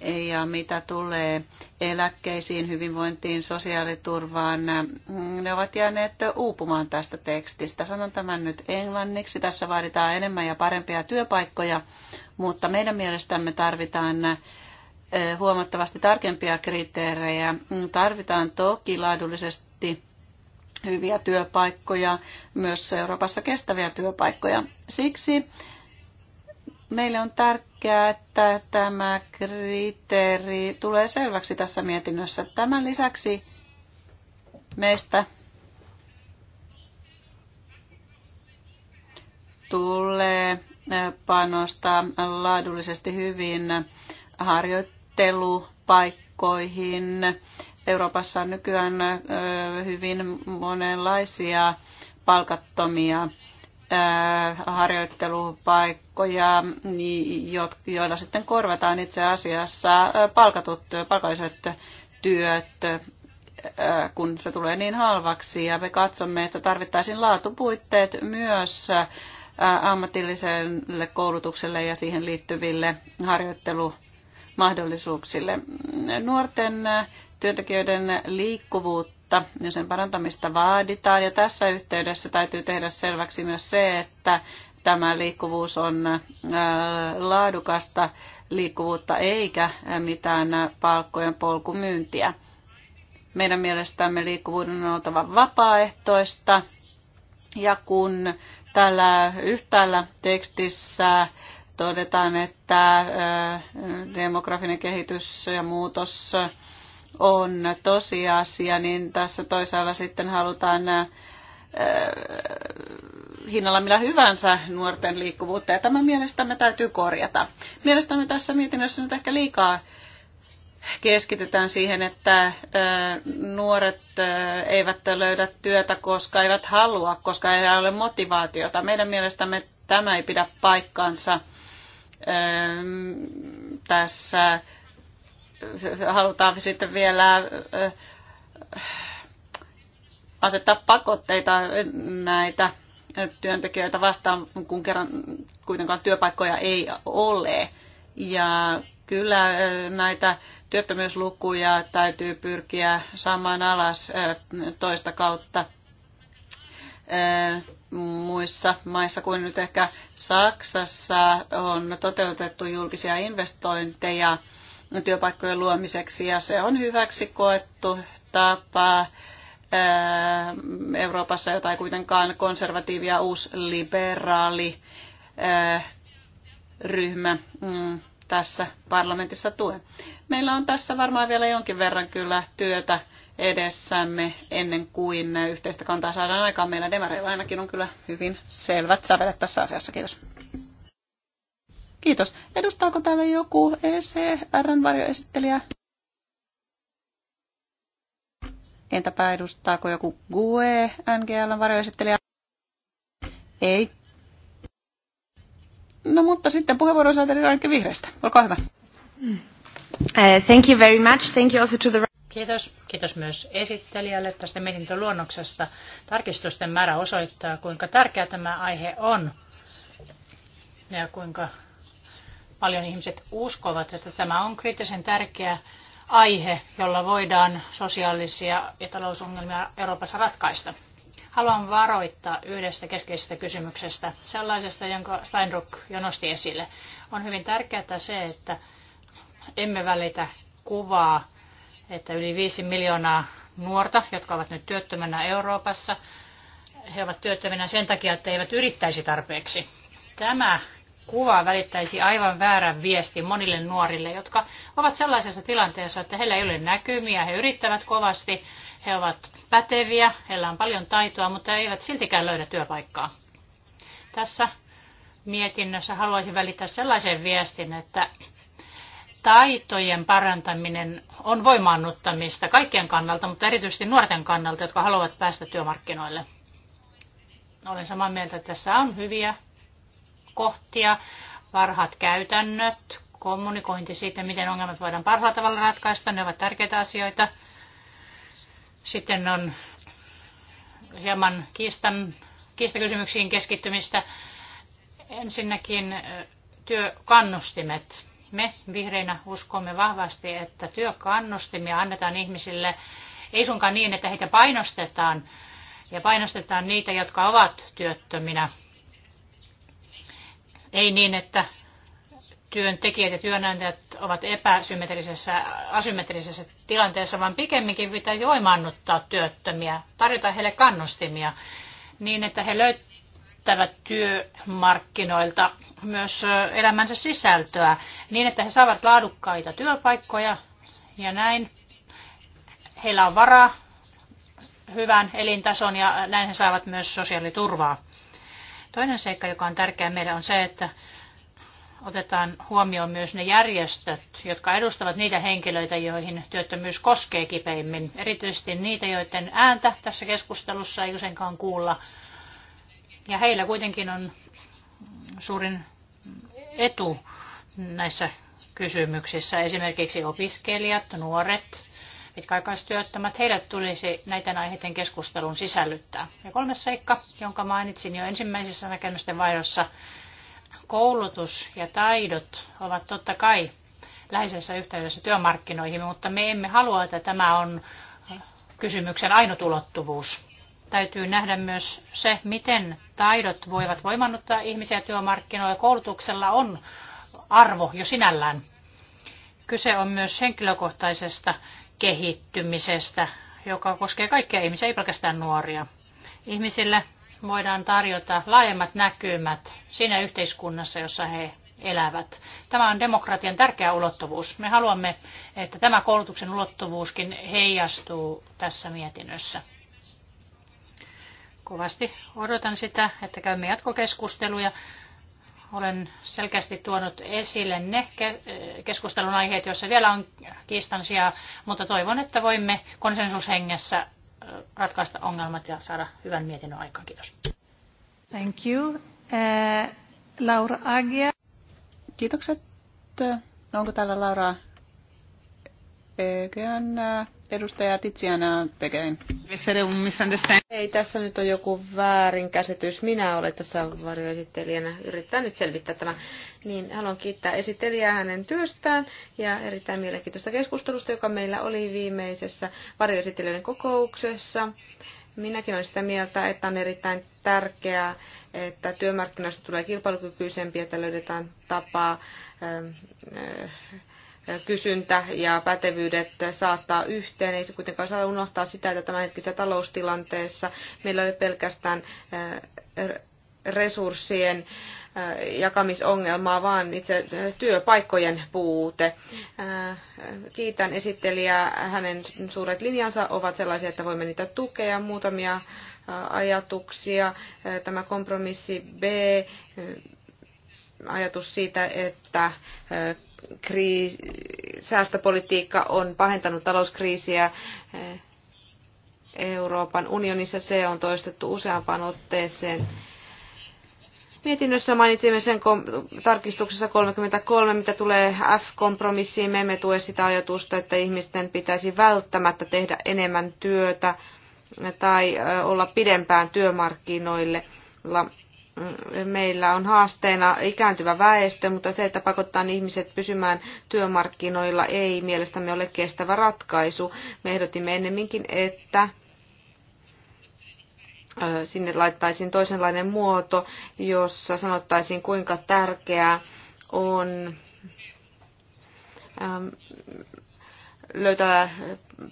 [SPEAKER 2] ja mitä tulee eläkkeisiin, hyvinvointiin, sosiaaliturvaan, ne ovat jääneet uupumaan tästä tekstistä. Sanon tämän nyt englanniksi. Tässä vaaditaan enemmän ja parempia työpaikkoja, mutta meidän mielestämme tarvitaan huomattavasti tarkempia kriteerejä. Tarvitaan toki laadullisesti hyviä työpaikkoja, myös Euroopassa kestäviä työpaikkoja. Siksi meille on tärkeää, että tämä kriteeri tulee selväksi tässä mietinnössä. Tämän lisäksi meistä tulee eh, panostaa laadullisesti hyvin harjoittelupaikkoihin. Euroopassa on nykyään eh, hyvin monenlaisia palkattomia Äh, harjoittelupaikkoja, niin joilla sitten korvataan itse asiassa äh, palkatut, palkalliset työt, äh, kun se tulee niin halvaksi. Ja me katsomme, että tarvittaisiin laatupuitteet myös ammatilliselle koulutukselle ja siihen liittyville harjoittelumahdollisuuksille. Nuorten työntekijöiden liikkuvuutta tilannetta ja sen parantamista vaaditaan. Ja tässä yhteydessä täytyy tehdä selväksi myös se, että tämä liikkuvuus on äh, laadukasta liikkuvuutta eikä äh, mitään palkkojen polkumyyntiä. Meidän mielestämme liikkuvuuden on oltava vapaaehtoista ja kun täällä yhtäällä tekstissä todetaan, että äh, demografinen kehitys ja muutos on tosiasia, niin tässä toisaalla sitten halutaan äh, hinnalla millä hyvänsä nuorten liikkuvuutta, ja tämä mielestämme täytyy korjata. Mielestämme tässä mietinnössä nyt ehkä liikaa keskitetään siihen, että äh, nuoret äh, eivät löydä työtä, koska eivät halua, koska ei ole motivaatiota. Meidän mielestämme tämä ei pidä paikkansa ähm, tässä halutaan sitten vielä asettaa pakotteita näitä työntekijöitä vastaan, kun kerran kuitenkaan työpaikkoja ei ole. Ja kyllä näitä työttömyyslukuja täytyy pyrkiä saamaan alas toista kautta muissa maissa kuin nyt ehkä Saksassa on toteutettu julkisia investointeja – työpaikkojen luomiseksi ja se on hyväksi koettu tapa Euroopassa, jota ei kuitenkaan konservatiivi ja uusliberaali ryhmä mm, tässä parlamentissa tue. Meillä on tässä varmaan vielä jonkin verran kyllä työtä edessämme ennen kuin yhteistä kantaa saadaan aikaan. Meillä demareilla ainakin on kyllä hyvin selvät sävelet tässä asiassa. Kiitos. Kiitos. Edustaako täällä joku ECRn varjoesittelijä? Entäpä edustaako joku GUE ngl varjoesittelijä? Ei. No mutta sitten puheenvuoron saa teille vihreästä. Olkaa hyvä.
[SPEAKER 3] Uh, thank you very much. Thank
[SPEAKER 2] you
[SPEAKER 1] also to the... Kiitos. Kiitos myös esittelijälle tästä mietintöluonnoksesta. Tarkistusten määrä osoittaa, kuinka tärkeä tämä aihe on ja kuinka paljon ihmiset uskovat, että tämä on kriittisen tärkeä aihe, jolla voidaan sosiaalisia ja talousongelmia Euroopassa ratkaista. Haluan varoittaa yhdestä keskeisestä kysymyksestä, sellaisesta, jonka Steinruck jo nosti esille. On hyvin tärkeää se, että emme välitä kuvaa, että yli 5 miljoonaa nuorta, jotka ovat nyt työttömänä Euroopassa, he ovat työttöminä sen takia, että eivät yrittäisi tarpeeksi. Tämä kuva välittäisi aivan väärän viestin monille nuorille, jotka ovat sellaisessa tilanteessa, että heillä ei ole näkymiä, he yrittävät kovasti, he ovat päteviä, heillä on paljon taitoa, mutta eivät siltikään löydä työpaikkaa. Tässä mietinnössä haluaisin välittää sellaisen viestin, että taitojen parantaminen on voimaannuttamista kaikkien kannalta, mutta erityisesti nuorten kannalta, jotka haluavat päästä työmarkkinoille. Olen samaa mieltä, että tässä on hyviä kohtia, varhat käytännöt, kommunikointi siitä, miten ongelmat voidaan parhaalla tavalla ratkaista, ne ovat tärkeitä asioita. Sitten on hieman kiistan, kiistakysymyksiin keskittymistä. Ensinnäkin työkannustimet. Me vihreinä uskomme vahvasti, että työkannustimia annetaan ihmisille, ei suinkaan niin, että heitä painostetaan ja painostetaan niitä, jotka ovat työttöminä – ei niin, että työntekijät ja työnantajat ovat epäsymmetrisessä, asymmetrisessä tilanteessa, vaan pikemminkin pitäisi voimaannuttaa työttömiä, tarjota heille kannustimia niin, että he löytävät työmarkkinoilta myös elämänsä sisältöä, niin että he saavat laadukkaita työpaikkoja ja näin. Heillä on varaa hyvän elintason ja näin he saavat myös sosiaaliturvaa. Toinen seikka, joka on tärkeä meille, on se, että otetaan huomioon myös ne järjestöt, jotka edustavat niitä henkilöitä, joihin työttömyys koskee kipeimmin. Erityisesti niitä, joiden ääntä tässä keskustelussa ei useinkaan kuulla. Ja heillä kuitenkin on suurin etu näissä kysymyksissä. Esimerkiksi opiskelijat, nuoret, pitkäaikaistyöttömät, heidät tulisi näiden aiheiden keskusteluun sisällyttää. Ja kolmas seikka, jonka mainitsin jo ensimmäisessä näkemysten vaihdossa, koulutus ja taidot ovat totta kai läheisessä yhteydessä työmarkkinoihin, mutta me emme halua, että tämä on kysymyksen ainutulottuvuus. Täytyy nähdä myös se, miten taidot voivat voimannuttaa ihmisiä työmarkkinoilla. Koulutuksella on arvo jo sinällään. Kyse on myös henkilökohtaisesta kehittymisestä, joka koskee kaikkia ihmisiä, ei pelkästään nuoria. Ihmisille voidaan tarjota laajemmat näkymät siinä yhteiskunnassa, jossa he elävät. Tämä on demokratian tärkeä ulottuvuus. Me haluamme, että tämä koulutuksen ulottuvuuskin heijastuu tässä mietinnössä. Kovasti odotan sitä, että käymme jatkokeskusteluja. Olen selkeästi tuonut esille ne keskustelun aiheet, joissa vielä on kiistansia, mutta toivon, että voimme konsensushengessä ratkaista ongelmat ja saada hyvän mietinnön aikaan. Kiitos. Thank you. Uh, Laura Agia. Kiitokset.
[SPEAKER 2] Onko täällä Laura
[SPEAKER 1] Pekeän
[SPEAKER 3] äh, edustaja Tiziana Pekein. Ei tässä nyt on joku väärinkäsitys. Minä olen tässä varjoesittelijänä. Yrittää nyt selvittää tämä. Niin, haluan kiittää esittelijää hänen työstään ja erittäin mielenkiintoista keskustelusta, joka meillä oli viimeisessä varjoesittelijöiden kokouksessa. Minäkin olen sitä mieltä, että on erittäin tärkeää, että työmarkkinoista tulee kilpailukykyisempiä, että löydetään tapaa ähm, äh, kysyntä ja pätevyydet saattaa yhteen. Ei se kuitenkaan saa unohtaa sitä, että tämänhetkisessä taloustilanteessa meillä oli pelkästään eh, resurssien eh, jakamisongelmaa, vaan itse työpaikkojen puute. Eh, kiitän esittelijää. Hänen suuret linjansa ovat sellaisia, että voimme niitä tukea. Muutamia ajatuksia. Tämä kompromissi B, ajatus siitä, että kriis, säästöpolitiikka on pahentanut talouskriisiä eh, Euroopan unionissa. Se on toistettu useampaan otteeseen. Mietinnössä mainitsimme sen tarkistuksessa 33, mitä tulee F-kompromissiin. Me emme tue sitä ajatusta, että ihmisten pitäisi välttämättä tehdä enemmän työtä tai eh, olla pidempään työmarkkinoilla meillä on haasteena ikääntyvä väestö, mutta se, että pakottaa ihmiset pysymään työmarkkinoilla, ei mielestämme ole kestävä ratkaisu. Me ehdotimme ennemminkin, että sinne laittaisiin toisenlainen muoto, jossa sanottaisiin, kuinka tärkeää on löytää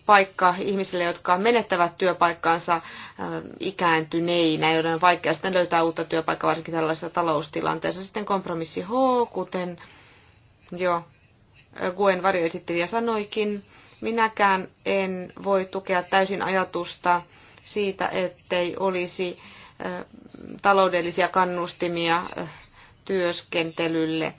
[SPEAKER 3] paikka ihmisille, jotka menettävät työpaikkaansa ähm, ikääntyneinä, joiden on vaikea sitten löytää uutta työpaikkaa, varsinkin tällaisessa taloustilanteessa. Sitten kompromissi H, kuten jo Guen ja sanoikin, minäkään en voi tukea täysin ajatusta siitä, ettei olisi äh, taloudellisia kannustimia äh, työskentelylle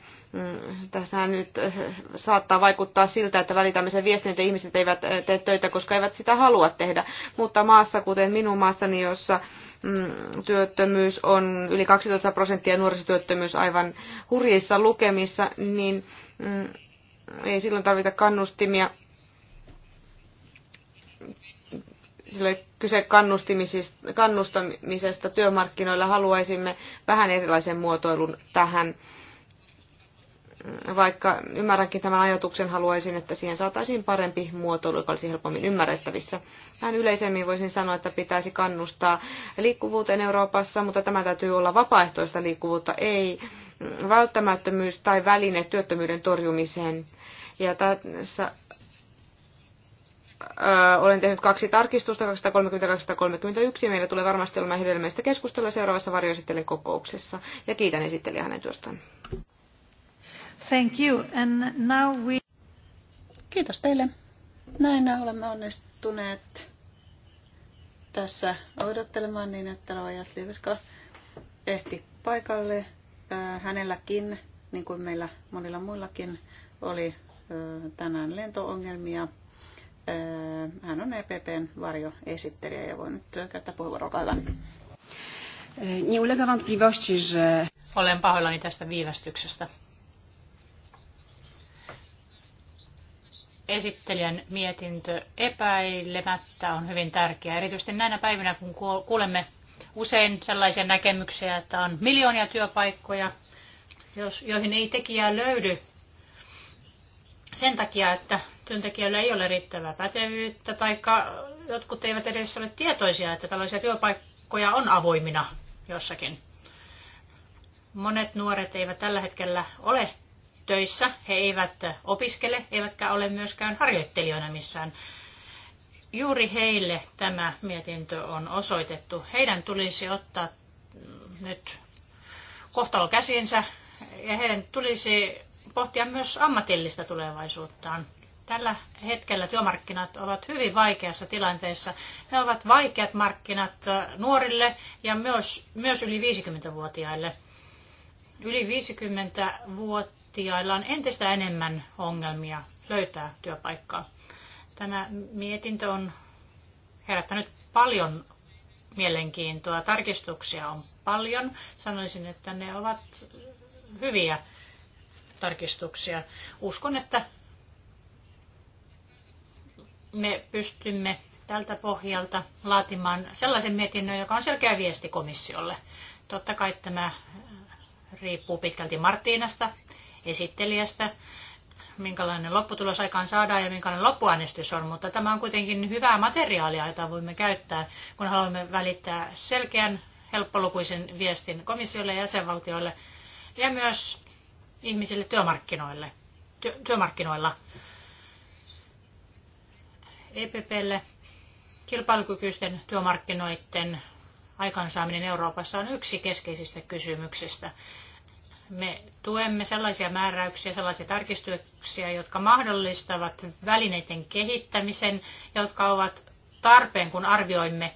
[SPEAKER 3] tässä nyt äh, saattaa vaikuttaa siltä, että välitämisen viestin, että ihmiset eivät äh, tee töitä, koska eivät sitä halua tehdä. Mutta maassa, kuten minun maassani, jossa mm, työttömyys on yli 12 prosenttia nuorisotyöttömyys aivan hurjissa lukemissa, niin mm, ei silloin tarvita kannustimia. Silloin kyse kannustamisesta työmarkkinoilla haluaisimme vähän erilaisen muotoilun tähän vaikka ymmärränkin tämän ajatuksen, haluaisin, että siihen saataisiin parempi muotoilu, joka olisi helpommin ymmärrettävissä. Vähän yleisemmin voisin sanoa, että pitäisi kannustaa liikkuvuuteen Euroopassa, mutta tämä täytyy olla vapaaehtoista liikkuvuutta, ei välttämättömyys tai väline työttömyyden torjumiseen. Ja tässä olen tehnyt kaksi tarkistusta, 230-231. Meillä tulee varmasti olemaan hedelmällistä keskustelua seuraavassa varjoesittelijän kokouksessa. Ja kiitän esittelijä hänen työstään.
[SPEAKER 2] Thank you. And now we... Kiitos teille. Näin olemme onnistuneet tässä odottelemaan niin, että Rojas Lieveska ehti paikalle. Äh, hänelläkin, niin kuin meillä monilla muillakin, oli äh, tänään lentoongelmia. Äh, hän on EPPn varjoesittelijä ja voi nyt käyttää puheenvuoroa
[SPEAKER 1] Nie ulega wątpliwości, że... Olen pahoillani tästä viivästyksestä. esittelijän mietintö epäilemättä on hyvin tärkeä. Erityisesti näinä päivinä, kun kuulemme usein sellaisia näkemyksiä, että on miljoonia työpaikkoja, jos, joihin ei tekijää löydy sen takia, että työntekijöillä ei ole riittävää pätevyyttä tai jotkut eivät edes ole tietoisia, että tällaisia työpaikkoja on avoimina jossakin. Monet nuoret eivät tällä hetkellä ole töissä, he eivät opiskele, eivätkä ole myöskään harjoittelijoina missään. Juuri heille tämä mietintö on osoitettu. Heidän tulisi ottaa nyt kohtalo käsiinsä ja heidän tulisi pohtia myös ammatillista tulevaisuuttaan. Tällä hetkellä työmarkkinat ovat hyvin vaikeassa tilanteessa. Ne ovat vaikeat markkinat nuorille ja myös, myös yli 50-vuotiaille. Yli 50 vuotta ammattilaisilla on entistä enemmän ongelmia löytää työpaikkaa. Tämä mietintö on herättänyt paljon mielenkiintoa. Tarkistuksia on paljon. Sanoisin, että ne ovat hyviä tarkistuksia. Uskon, että me pystymme tältä pohjalta laatimaan sellaisen mietinnön, joka on selkeä viesti komissiolle. Totta kai tämä riippuu pitkälti Martinasta, esittelijästä, minkälainen lopputulos aikaan saadaan ja minkälainen loppuäänestys on, mutta tämä on kuitenkin hyvää materiaalia, jota voimme käyttää, kun haluamme välittää selkeän, helppolukuisen viestin komissiolle ja jäsenvaltioille ja myös ihmisille työmarkkinoille, työ, työmarkkinoilla. EPPlle kilpailukykyisten työmarkkinoiden aikaansaaminen Euroopassa on yksi keskeisistä kysymyksistä. Me tuemme sellaisia määräyksiä, sellaisia tarkistuksia, jotka mahdollistavat välineiden kehittämisen, jotka ovat tarpeen, kun arvioimme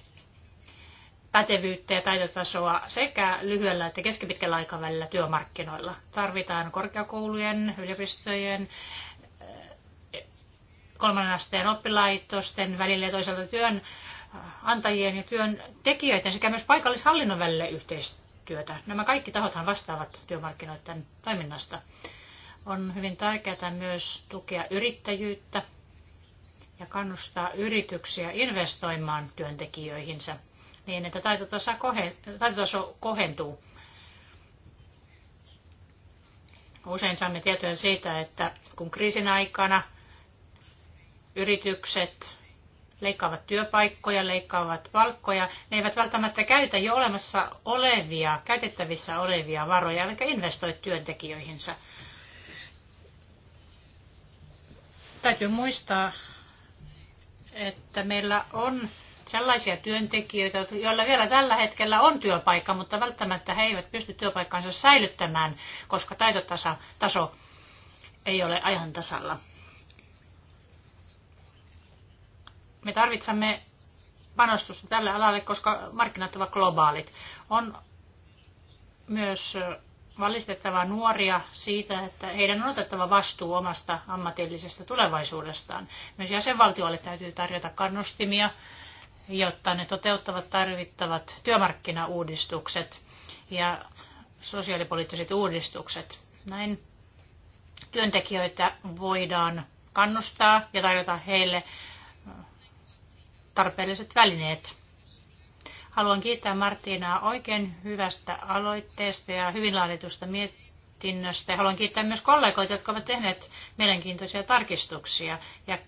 [SPEAKER 1] pätevyyttä ja taitotasoa sekä lyhyellä että keskipitkällä aikavälillä työmarkkinoilla. Tarvitaan korkeakoulujen, yliopistojen, eh, kolmannen asteen oppilaitosten välillä ja toisaalta työnantajien ja työntekijöiden sekä myös paikallishallinnon välillä yhteistyötä työtä. Nämä kaikki tahothan vastaavat työmarkkinoiden toiminnasta. On hyvin tärkeää myös tukea yrittäjyyttä ja kannustaa yrityksiä investoimaan työntekijöihinsä niin, että taitotaso kohentuu. Usein saamme tietoja siitä, että kun kriisin aikana yritykset leikkaavat työpaikkoja, leikkaavat palkkoja. Ne eivät välttämättä käytä jo olemassa olevia, käytettävissä olevia varoja, eli investoi työntekijöihinsä. Täytyy muistaa, että meillä on sellaisia työntekijöitä, joilla vielä tällä hetkellä on työpaikka, mutta välttämättä he eivät pysty työpaikkaansa säilyttämään, koska taitotaso taso ei ole ajan tasalla. Me tarvitsemme panostusta tälle alalle, koska markkinat ovat globaalit. On myös valistettava nuoria siitä, että heidän on otettava vastuu omasta ammatillisesta tulevaisuudestaan. Myös jäsenvaltioille täytyy tarjota kannustimia, jotta ne toteuttavat tarvittavat työmarkkinauudistukset ja sosiaalipoliittiset uudistukset. Näin työntekijöitä voidaan kannustaa ja tarjota heille tarpeelliset välineet. Haluan kiittää Martinaa oikein hyvästä aloitteesta ja hyvin laaditusta mietinnöstä. Haluan kiittää myös kollegoita, jotka ovat tehneet mielenkiintoisia tarkistuksia. Ja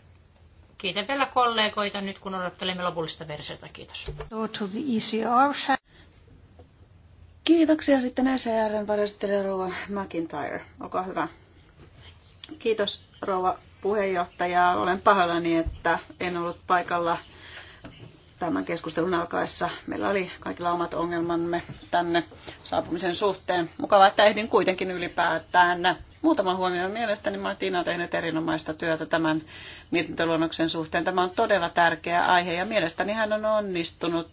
[SPEAKER 1] kiitän vielä kollegoita nyt, kun odottelemme lopullista versiota. Kiitos. E
[SPEAKER 2] Kiitoksia sitten SRN e varastelija Rouva McIntyre. Olkaa hyvä. Kiitos Rouva puheenjohtaja. Olen pahoillani, että en ollut paikalla tämän keskustelun alkaessa. Meillä oli kaikilla omat ongelmamme tänne saapumisen suhteen. Mukavaa, että ehdin kuitenkin ylipäätään. Muutama huomio mielestäni Martina on tehnyt erinomaista työtä tämän mietintöluonnoksen suhteen. Tämä on todella tärkeä aihe ja mielestäni hän on onnistunut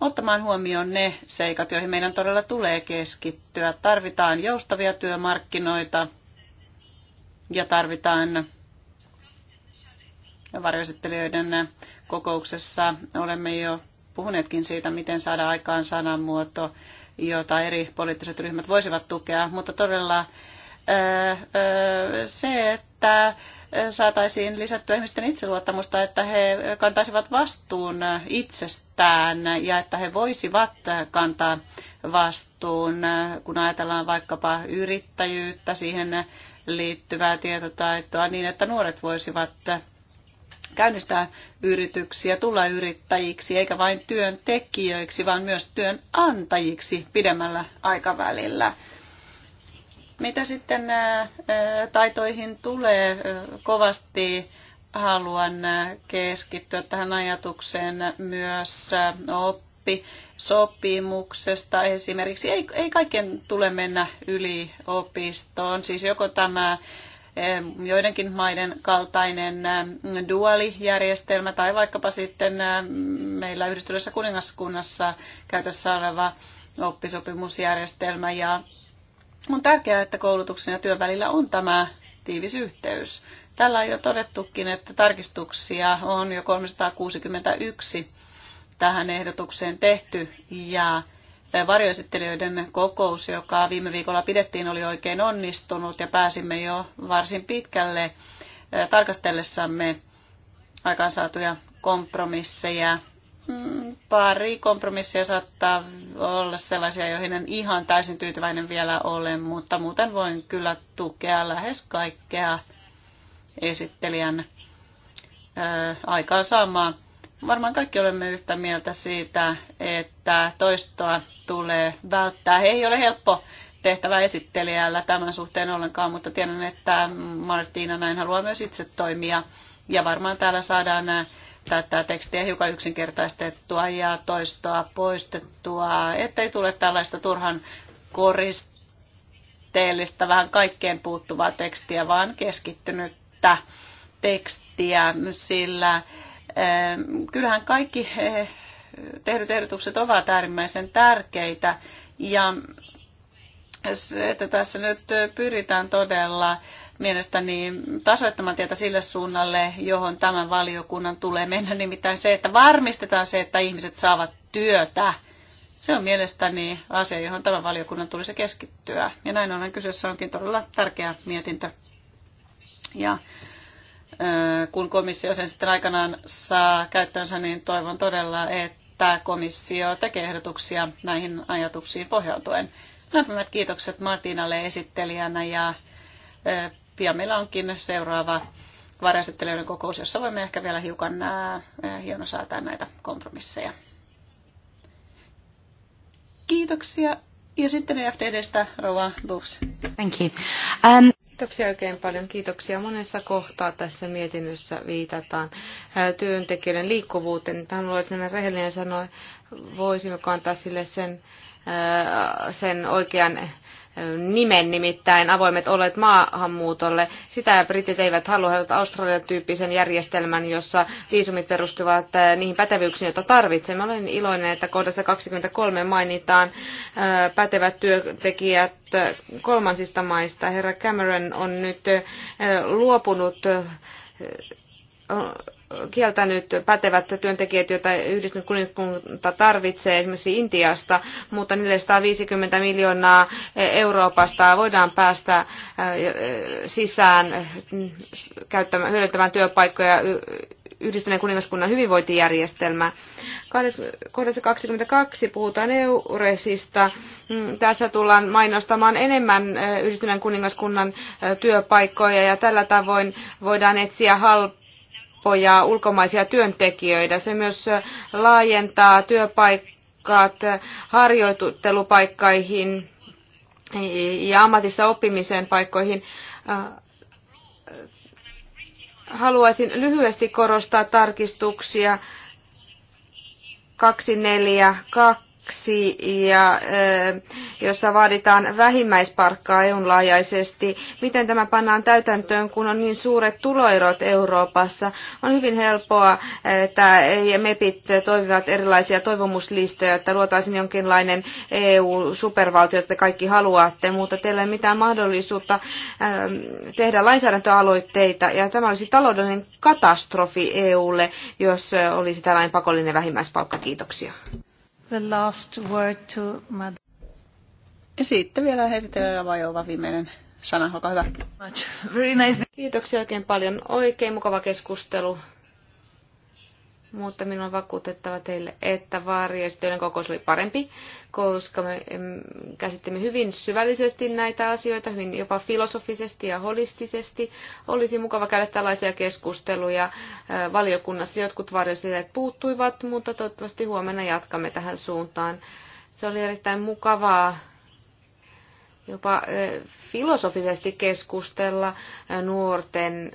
[SPEAKER 2] ottamaan huomioon ne seikat, joihin meidän todella tulee keskittyä. Tarvitaan joustavia työmarkkinoita ja tarvitaan varjoesittelijöiden kokouksessa olemme jo puhuneetkin siitä, miten saada aikaan sanamuoto, jota eri poliittiset ryhmät voisivat tukea, mutta todella se, että saataisiin lisättyä ihmisten itseluottamusta, että he kantaisivat vastuun itsestään ja että he voisivat kantaa vastuun, kun ajatellaan vaikkapa yrittäjyyttä, siihen liittyvää tietotaitoa, niin että nuoret voisivat käynnistää yrityksiä, tulla yrittäjiksi, eikä vain työntekijöiksi, vaan myös työnantajiksi pidemmällä aikavälillä. Mitä sitten taitoihin tulee, kovasti haluan keskittyä tähän ajatukseen myös oppisopimuksesta esimerkiksi. Ei, ei kaikkien tule mennä yliopistoon, siis joko tämä joidenkin maiden kaltainen duaalijärjestelmä tai vaikkapa sitten meillä yhdistyneessä kuningaskunnassa käytössä oleva oppisopimusjärjestelmä. Ja on tärkeää, että koulutuksen ja työn välillä on tämä tiivis yhteys. Tällä on jo todettukin, että tarkistuksia on jo 361 tähän ehdotukseen tehty ja varjoesittelijöiden kokous, joka viime viikolla pidettiin, oli oikein onnistunut ja pääsimme jo varsin pitkälle tarkastellessamme aikaansaatuja kompromisseja. Mm, pari kompromissia saattaa olla sellaisia, joihin en ihan täysin tyytyväinen vielä ole, mutta muuten voin kyllä tukea lähes kaikkea esittelijän aikaansaamaa Varmaan kaikki olemme yhtä mieltä siitä, että toistoa tulee välttää. Ei ole helppo tehtävä esittelijällä tämän suhteen ollenkaan, mutta tiedän, että Martina näin haluaa myös itse toimia. Ja varmaan täällä saadaan nämä tätä tekstiä hiukan yksinkertaistettua ja toistoa poistettua, ettei tule tällaista turhan koristeellista, vähän kaikkeen puuttuvaa tekstiä, vaan keskittynyttä tekstiä, sillä Kyllähän kaikki tehdyt ehdotukset ovat äärimmäisen tärkeitä ja se, että tässä nyt pyritään todella mielestäni tasoittamaan tietä sille suunnalle, johon tämän valiokunnan tulee mennä, nimittäin se, että varmistetaan se, että ihmiset saavat työtä. Se on mielestäni asia, johon tämän valiokunnan tulisi keskittyä. Ja näin ollen kyseessä onkin todella tärkeä mietintö. Ja Äh, kun komissio sen sitten aikanaan saa käyttöönsä, niin toivon todella, että komissio tekee ehdotuksia näihin ajatuksiin pohjautuen. Lämpimät kiitokset Martinalle esittelijänä ja äh, pian meillä onkin seuraava varjaesittelijöiden kokous, jossa voimme ehkä vielä hiukan äh, hienosäätää näitä kompromisseja.
[SPEAKER 3] Kiitoksia. Ja sitten EFDDstä
[SPEAKER 2] Rova Buffs.
[SPEAKER 3] Thank you. Um... Kiitoksia oikein paljon. Kiitoksia. Monessa kohtaa tässä mietinnössä viitataan työntekijöiden liikkuvuuteen. Tähän haluaisin rehellinen sanoa, voisimmeko antaa sille sen, sen oikean nimen, nimittäin avoimet olet maahanmuutolle. Sitä britit eivät halua, että Australian tyyppisen järjestelmän, jossa viisumit perustuvat äh, niihin pätevyyksiin, joita tarvitsemme. Olen iloinen, että kohdassa 23 mainitaan äh, pätevät työntekijät kolmansista maista. Herra Cameron on nyt äh, luopunut kieltänyt pätevät työntekijät, joita yhdistynyt kuninkunta tarvitsee esimerkiksi Intiasta, mutta 450 miljoonaa Euroopasta voidaan päästä äh, sisään mm, käyttämään, hyödyntämään työpaikkoja yhdistyneen kuningaskunnan hyvinvointijärjestelmä. Kohdassa 22 puhutaan Euresista. Mm, tässä tullaan mainostamaan enemmän äh, yhdistyneen kuningaskunnan äh, työpaikkoja ja tällä tavoin voidaan etsiä halpaa kauppoja, ulkomaisia työntekijöitä. Se myös laajentaa työpaikat harjoittelupaikkaihin ja ammatissa oppimisen paikkoihin. Haluaisin lyhyesti korostaa tarkistuksia 242 kaksi, ja jossa vaaditaan vähimmäisparkkaa EUn laajaisesti. Miten tämä pannaan täytäntöön, kun on niin suuret tuloerot Euroopassa? On hyvin helppoa, että MEPit toivivat erilaisia toivomuslistoja, että luotaisiin jonkinlainen EU-supervaltio, että kaikki haluatte, mutta teillä ei ole mitään mahdollisuutta tehdä lainsäädäntöaloitteita, ja tämä olisi taloudellinen katastrofi EUlle, jos olisi tällainen pakollinen vähimmäispalkka. Kiitoksia
[SPEAKER 1] the last word to
[SPEAKER 2] Madam. Ja sitten vielä esitellään Ravajova viimeinen sana, olkaa hyvä.
[SPEAKER 3] Very nice. Kiitoksia oikein paljon. Oikein mukava keskustelu mutta minun on vakuutettava teille, että vaariesitöiden kokous oli parempi, koska me käsittimme hyvin syvällisesti näitä asioita, hyvin jopa filosofisesti ja holistisesti. Olisi mukava käydä tällaisia keskusteluja valiokunnassa. Jotkut varjoesitöt puuttuivat, mutta toivottavasti huomenna jatkamme tähän suuntaan. Se oli erittäin mukavaa jopa filosofisesti keskustella nuorten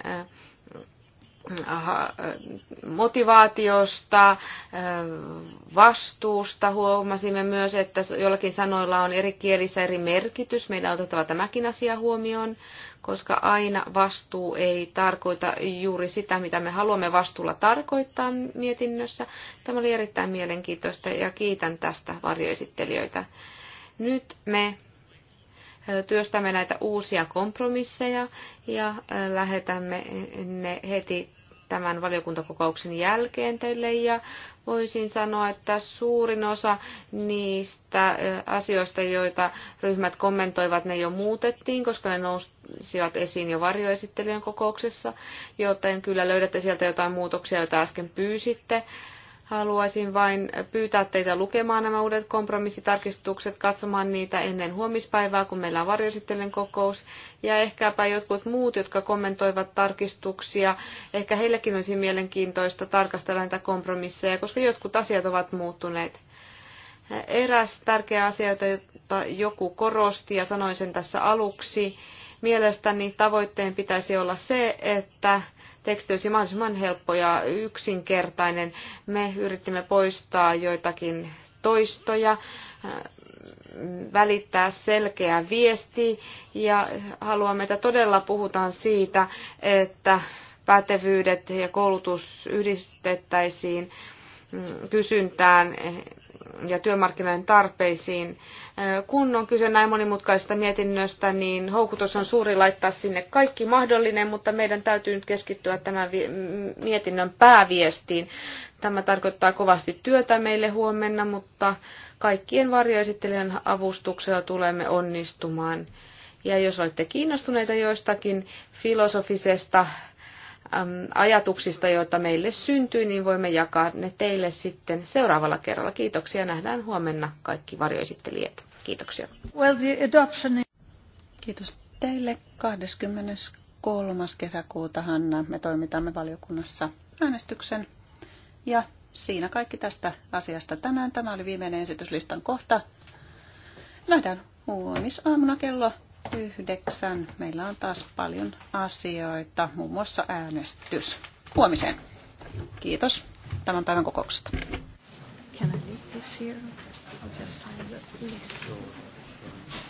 [SPEAKER 3] motivaatiosta, vastuusta. Huomasimme myös, että jollakin sanoilla on eri kielissä eri merkitys. Meidän on otettava tämäkin asia huomioon, koska aina vastuu ei tarkoita juuri sitä, mitä me haluamme vastuulla tarkoittaa mietinnössä. Tämä oli erittäin mielenkiintoista ja kiitän tästä varjoesittelijöitä. Nyt me työstämme näitä uusia kompromisseja ja lähetämme ne heti tämän valiokuntakokouksen jälkeen teille ja voisin sanoa, että suurin osa niistä asioista, joita ryhmät kommentoivat, ne jo muutettiin, koska ne nousivat esiin jo varjoesittelijän kokouksessa, joten kyllä löydätte sieltä jotain muutoksia, joita äsken pyysitte. Haluaisin vain pyytää teitä lukemaan nämä uudet kompromissitarkistukset, katsomaan niitä ennen huomispäivää, kun meillä on varjosittelen kokous. Ja ehkäpä jotkut muut, jotka kommentoivat tarkistuksia, ehkä heillekin olisi mielenkiintoista tarkastella näitä kompromisseja, koska jotkut asiat ovat muuttuneet. Eräs tärkeä asia, jota joku korosti ja sanoin sen tässä aluksi, Mielestäni tavoitteen pitäisi olla se, että teksti olisi mahdollisimman helppo ja yksinkertainen. Me yritimme poistaa joitakin toistoja, äh, välittää selkeä viesti ja haluamme, että todella puhutaan siitä, että pätevyydet ja koulutus yhdistettäisiin mm, kysyntään ja työmarkkinoiden tarpeisiin. Kun on kyse näin monimutkaisesta mietinnöstä, niin houkutus on suuri laittaa sinne kaikki mahdollinen, mutta meidän täytyy nyt keskittyä tämän mietinnön pääviestiin. Tämä tarkoittaa kovasti työtä meille huomenna, mutta kaikkien varjoesittelijän avustuksella tulemme onnistumaan. Ja jos olette kiinnostuneita joistakin filosofisesta ajatuksista, joita meille syntyy, niin voimme jakaa ne teille sitten seuraavalla kerralla. Kiitoksia. Nähdään huomenna kaikki varjoesittelijät. Kiitoksia.
[SPEAKER 2] Well, the adoption... Kiitos teille. 23. kesäkuuta, Hanna, me toimitamme valiokunnassa äänestyksen. Ja siinä kaikki tästä asiasta tänään. Tämä oli viimeinen esityslistan kohta. Nähdään huomisaamuna kello yhdeksän. Meillä on taas paljon asioita, muun muassa äänestys. Huomiseen. Kiitos tämän päivän kokouksesta.
[SPEAKER 3] Can I leave this here? I'll just sign the